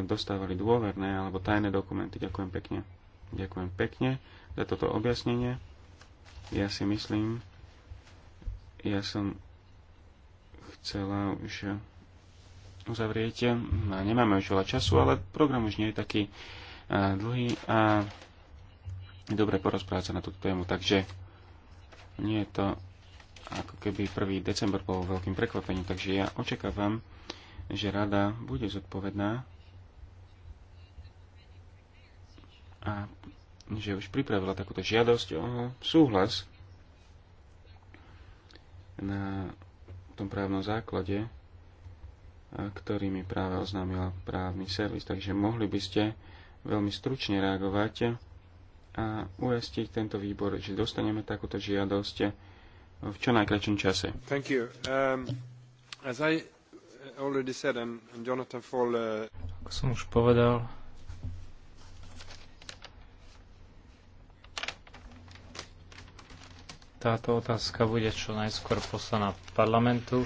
dostávali dôverné alebo tajné dokumenty. Ďakujem pekne. Ďakujem pekne za toto objasnenie. Ja si myslím, ja som chcela už uzavrieť. No, nemáme už veľa času, ale program už nie je taký dlhý a je dobre porozprávať sa na túto tému, takže nie je to ako keby 1. december bol veľkým prekvapením, takže ja očakávam, že rada bude zodpovedná a že už pripravila takúto žiadosť o súhlas na tom právnom základe, ktorý mi práve oznámil právny servis. Takže mohli by ste veľmi stručne reagovať a uistiť tento výbor, že dostaneme takúto žiadosť v čo najkračom čase. Thank you. Um, as I already said, I'm, I'm Jonathan Fall. Uh... Ako som už povedal, táto otázka bude čo najskôr poslaná parlamentu.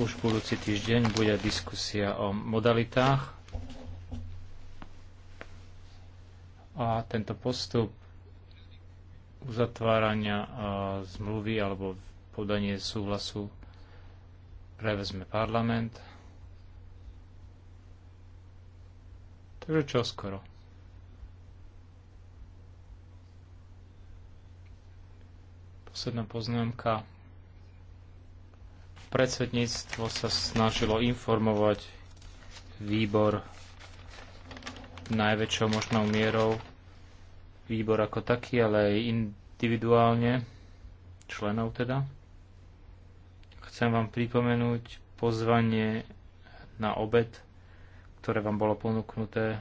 Už budúci týždeň bude diskusia o modalitách a tento postup uzatvárania zmluvy alebo podanie súhlasu prevezme parlament. Takže čo skoro. Posledná poznámka. Predsedníctvo sa snažilo informovať výbor najväčšou možnou mierou výbor ako taký, ale aj individuálne, členov teda. Chcem vám pripomenúť pozvanie na obed, ktoré vám bolo ponúknuté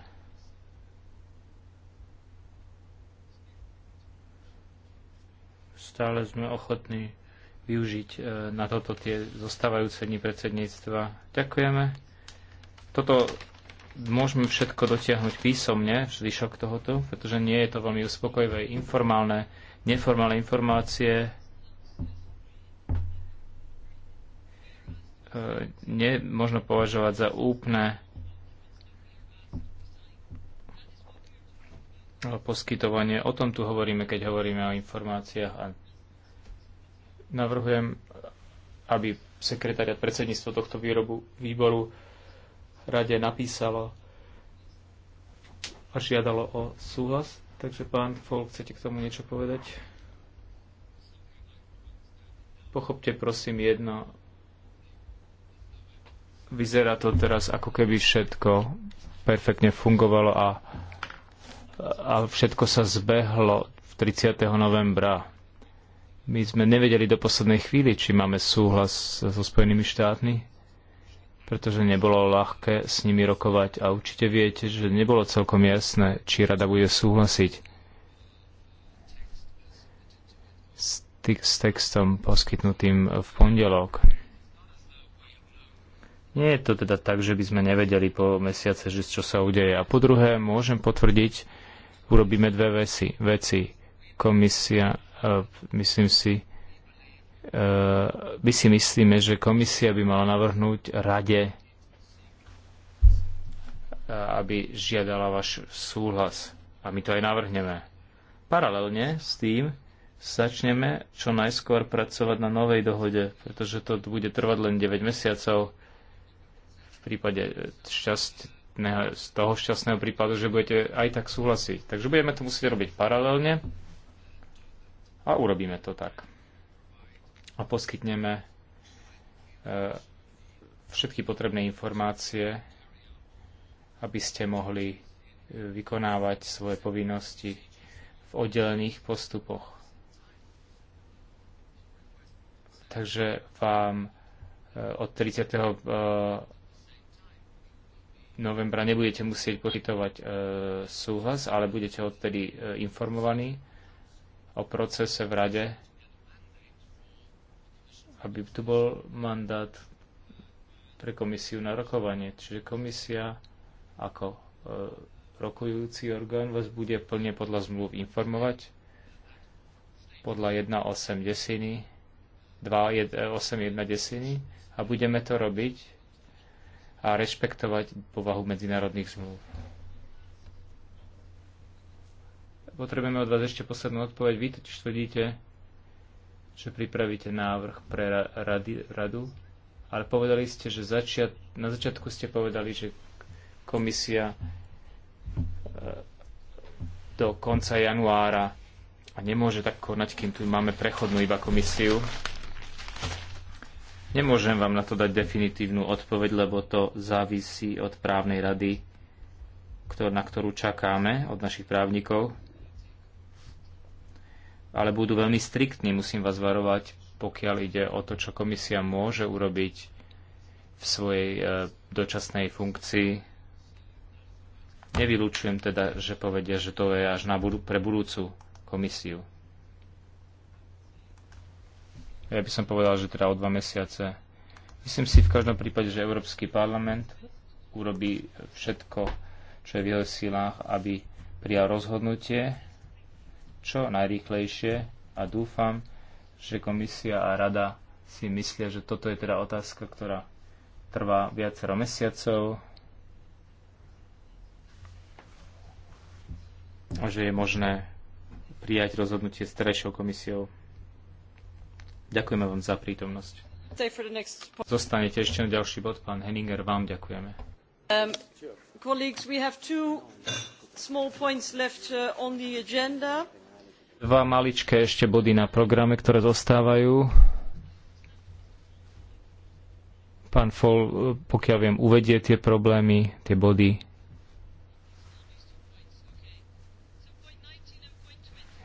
stále sme ochotní využiť e, na toto tie zostávajúce dni predsedníctva. Ďakujeme. Toto môžeme všetko dotiahnuť písomne, zvyšok tohoto, pretože nie je to veľmi uspokojivé. Informálne, neformálne informácie e, nie možno považovať za úplne poskytovanie. O tom tu hovoríme, keď hovoríme o informáciách a navrhujem, aby sekretariat predsedníctvo tohto výrobu, výboru rade napísalo a žiadalo o súhlas. Takže pán Folk, chcete k tomu niečo povedať? Pochopte prosím jedno. Vyzerá to teraz, ako keby všetko perfektne fungovalo a, a všetko sa zbehlo 30. novembra. My sme nevedeli do poslednej chvíli, či máme súhlas so Spojenými štátmi pretože nebolo ľahké s nimi rokovať a určite viete, že nebolo celkom jasné, či rada bude súhlasiť s, s textom poskytnutým v pondelok. Nie je to teda tak, že by sme nevedeli po mesiace, že čo sa udeje. A po druhé, môžem potvrdiť, urobíme dve veci. veci. Komisia, e, myslím si, my si myslíme, že komisia by mala navrhnúť rade, eh, aby žiadala váš súhlas. A my to aj navrhneme. Paralelne s tým začneme čo najskôr pracovať na novej dohode, pretože to bude trvať len 9 mesiacov v prípade eh, šťastného, z toho šťastného prípadu, že budete aj tak súhlasiť. Takže budeme to musieť robiť paralelne a urobíme to tak a poskytneme e, všetky potrebné informácie, aby ste mohli e, vykonávať svoje povinnosti v oddelených postupoch. Takže vám e, od 30. novembra nebudete musieť poskytovať súhlas, ale budete odtedy informovaní o procese v rade aby tu bol mandát pre komisiu na rokovanie. Čiže komisia ako e, rokujúci orgán vás bude plne podľa zmluv informovať podľa 1,8 desiny 2,8,1 desiny a budeme to robiť a rešpektovať povahu medzinárodných zmluv. Potrebujeme od vás ešte poslednú odpoveď. Vy totiž tvrdíte, že pripravíte návrh pre rady, radu, ale povedali ste, že začiat, na začiatku ste povedali, že komisia e, do konca januára a nemôže tak konať, kým tu máme prechodnú iba komisiu. Nemôžem vám na to dať definitívnu odpoveď, lebo to závisí od právnej rady, na ktorú čakáme, od našich právnikov ale budú veľmi striktní, musím vás varovať, pokiaľ ide o to, čo komisia môže urobiť v svojej e, dočasnej funkcii. Nevylučujem teda, že povedia, že to je až na budu- pre budúcu komisiu. Ja by som povedal, že teda o dva mesiace. Myslím si v každom prípade, že Európsky parlament urobí všetko, čo je v jeho silách, aby prijal rozhodnutie, čo najrýchlejšie a dúfam, že komisia a rada si myslia, že toto je teda otázka, ktorá trvá viacero mesiacov a že je možné prijať rozhodnutie s terajšou komisiou. Ďakujeme vám za prítomnosť. Zostanete ešte na ďalší bod, pán Henninger, vám ďakujeme. Um, we have two small points left uh, on the agenda. Dva maličké ešte body na programe, ktoré zostávajú. Pán Fol, pokiaľ viem, uvedie tie problémy, tie body.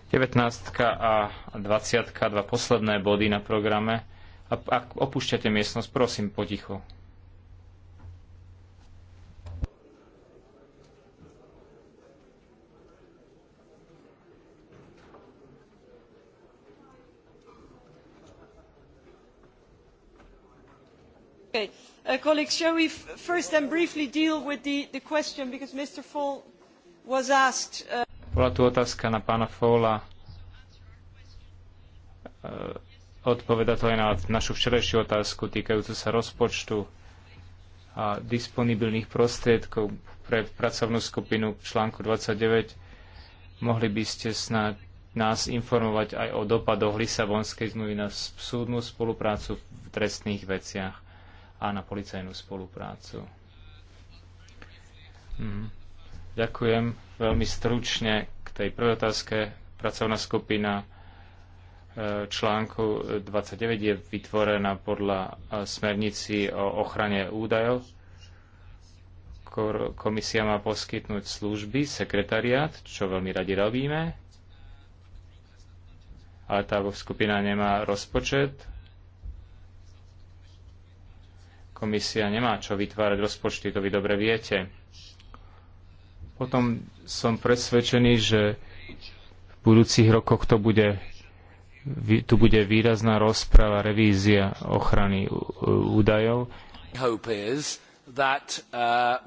Devetnáctka a dvaciatka, dva posledné body na programe. A ak opúšťate miestnosť, prosím potichu. Uh, colleagues, shall we first and briefly deal with the, the question because Mr. Fall was asked. Uh... Bola tu otázka na pána Fola. Uh, odpoveda to aj na našu včerajšiu otázku týkajúcu sa rozpočtu a disponibilných prostriedkov pre pracovnú skupinu v článku 29. Mohli by ste snáď nás informovať aj o dopadoch Lisabonskej zmluvy na súdnu spoluprácu v trestných veciach a na policajnú spoluprácu. Hm. Ďakujem veľmi stručne k tej prvej otázke. Pracovná skupina e, článku 29 je vytvorená podľa e, smernici o ochrane údajov. Komisia má poskytnúť služby, sekretariát, čo veľmi radi robíme, ale tá skupina nemá rozpočet, Komisia nemá čo vytvárať rozpočty, to vy dobre viete. Potom som presvedčený, že v budúcich rokoch to bude, tu bude výrazná rozprava, revízia ochrany údajov. Uh,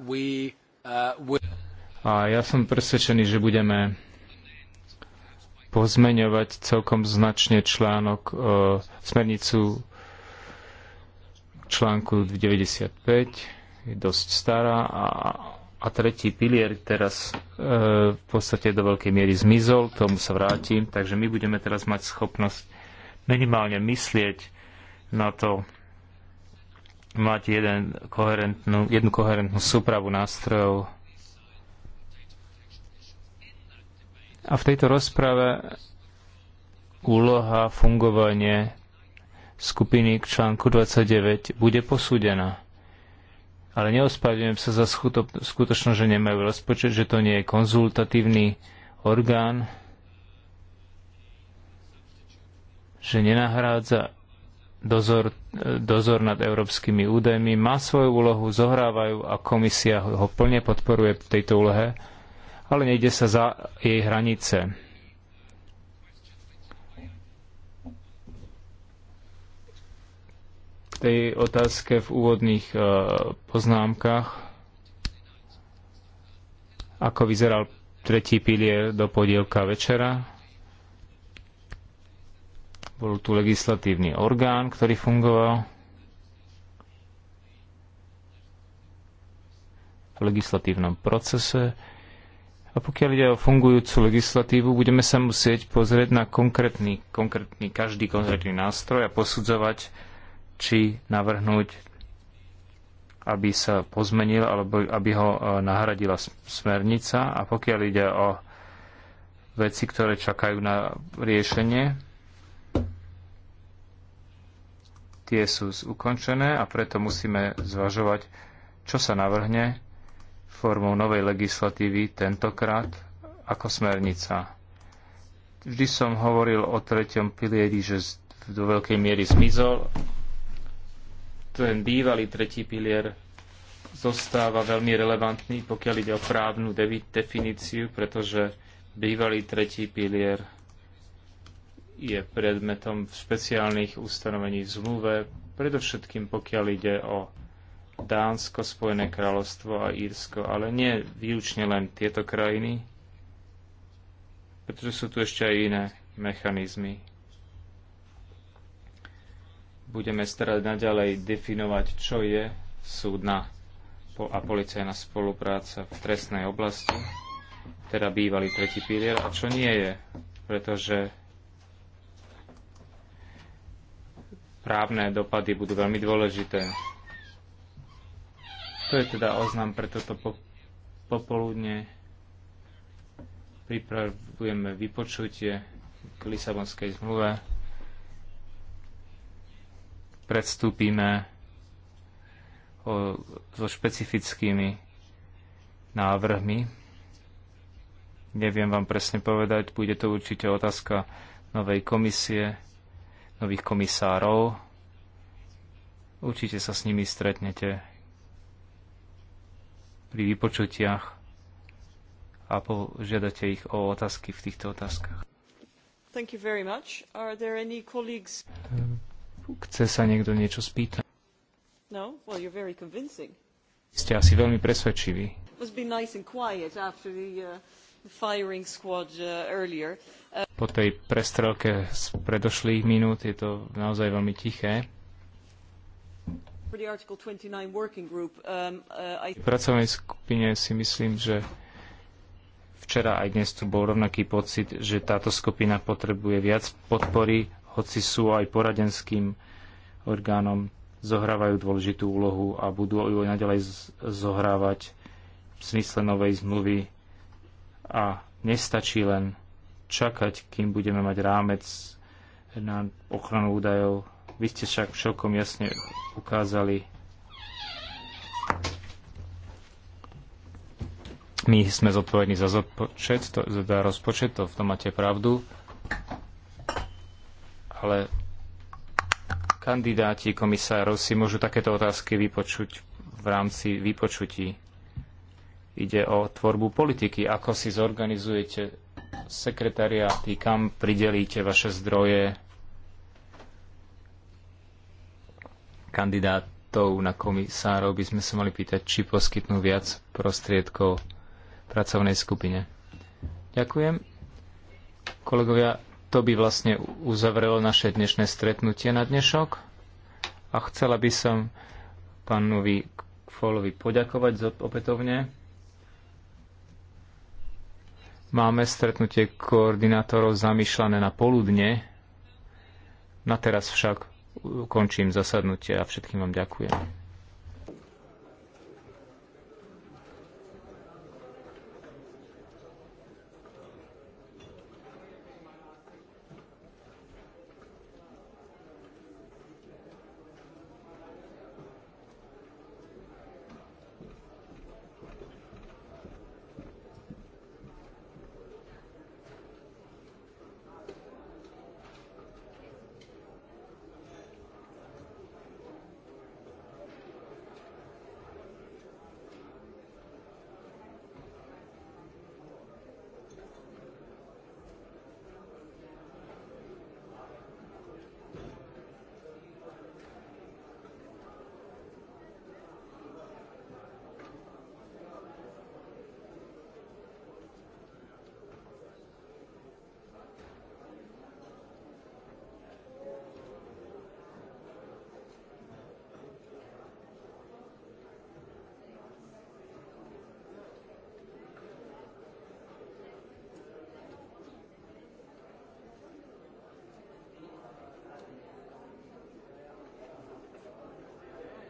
uh, A ja som presvedčený, že budeme pozmeňovať celkom značne článok e, smernicu článku 95, je dosť stará a, a tretí pilier teraz e, v podstate do veľkej miery zmizol, tomu sa vrátim, takže my budeme teraz mať schopnosť minimálne myslieť na to, mať jeden koherentnú, jednu koherentnú súpravu nástrojov. A v tejto rozprave úloha, fungovanie skupiny k článku 29 bude posúdená. Ale neospravedlňujem sa za skutočnosť, že nemajú rozpočet, že to nie je konzultatívny orgán, že nenahrádza dozor, dozor nad európskymi údajmi, má svoju úlohu, zohrávajú a komisia ho plne podporuje v tejto úlohe, ale nejde sa za jej hranice tej otázke v úvodných e, poznámkach, ako vyzeral tretí pilier do podielka večera. Bol tu legislatívny orgán, ktorý fungoval. v legislatívnom procese. A pokiaľ ide o fungujúcu legislatívu, budeme sa musieť pozrieť na konkrétny, konkrétny každý konkrétny nástroj a posudzovať, či navrhnúť, aby sa pozmenil alebo aby ho e, nahradila smernica. A pokiaľ ide o veci, ktoré čakajú na riešenie, tie sú ukončené a preto musíme zvažovať, čo sa navrhne formou novej legislatívy tentokrát ako smernica. Vždy som hovoril o treťom pilieri, že do veľkej miery zmizol ten bývalý tretí pilier zostáva veľmi relevantný, pokiaľ ide o právnu definíciu, pretože bývalý tretí pilier je predmetom špeciálnych ustanovení v zmluve, predovšetkým pokiaľ ide o Dánsko, Spojené kráľovstvo a Írsko, ale nie výlučne len tieto krajiny, pretože sú tu ešte aj iné mechanizmy budeme starať naďalej definovať, čo je súdna a policajná spolupráca v trestnej oblasti, teda bývalý tretí pilier, a čo nie je, pretože právne dopady budú veľmi dôležité. To je teda oznam pre toto po- popoludne. Pripravujeme vypočutie k Lisabonskej zmluve predstúpime o, so špecifickými návrhmi. Neviem vám presne povedať, bude to určite otázka novej komisie, nových komisárov. Určite sa s nimi stretnete pri vypočutiach a požiadate ich o otázky v týchto otázkach. Thank you very much. Are there any colleagues? Ehm, Chce sa niekto niečo spýtať? No? Well, you're very convincing. Ste asi veľmi presvedčiví. Uh, uh, uh, po tej prestrelke z predošlých minút je to naozaj veľmi tiché. Um, v pracovnej skupine si myslím, že včera aj dnes tu bol rovnaký pocit, že táto skupina potrebuje viac podpory hoci sú aj poradenským orgánom, zohrávajú dôležitú úlohu a budú ju aj naďalej zohrávať v smysle novej zmluvy a nestačí len čakať, kým budeme mať rámec na ochranu údajov. Vy ste však všelkom jasne ukázali. My sme zodpovední za, zodpočet, to, za rozpočet, to v tom máte pravdu ale kandidáti komisárov si môžu takéto otázky vypočuť v rámci vypočutí. Ide o tvorbu politiky, ako si zorganizujete sekretariáty, kam pridelíte vaše zdroje kandidátov na komisárov, by sme sa mali pýtať, či poskytnú viac prostriedkov pracovnej skupine. Ďakujem. Kolegovia, to by vlastne uzavrelo naše dnešné stretnutie na dnešok. A chcela by som pánovi Folovi poďakovať opätovne. Máme stretnutie koordinátorov zamýšľané na poludne. Na teraz však končím zasadnutie a všetkým vám ďakujem.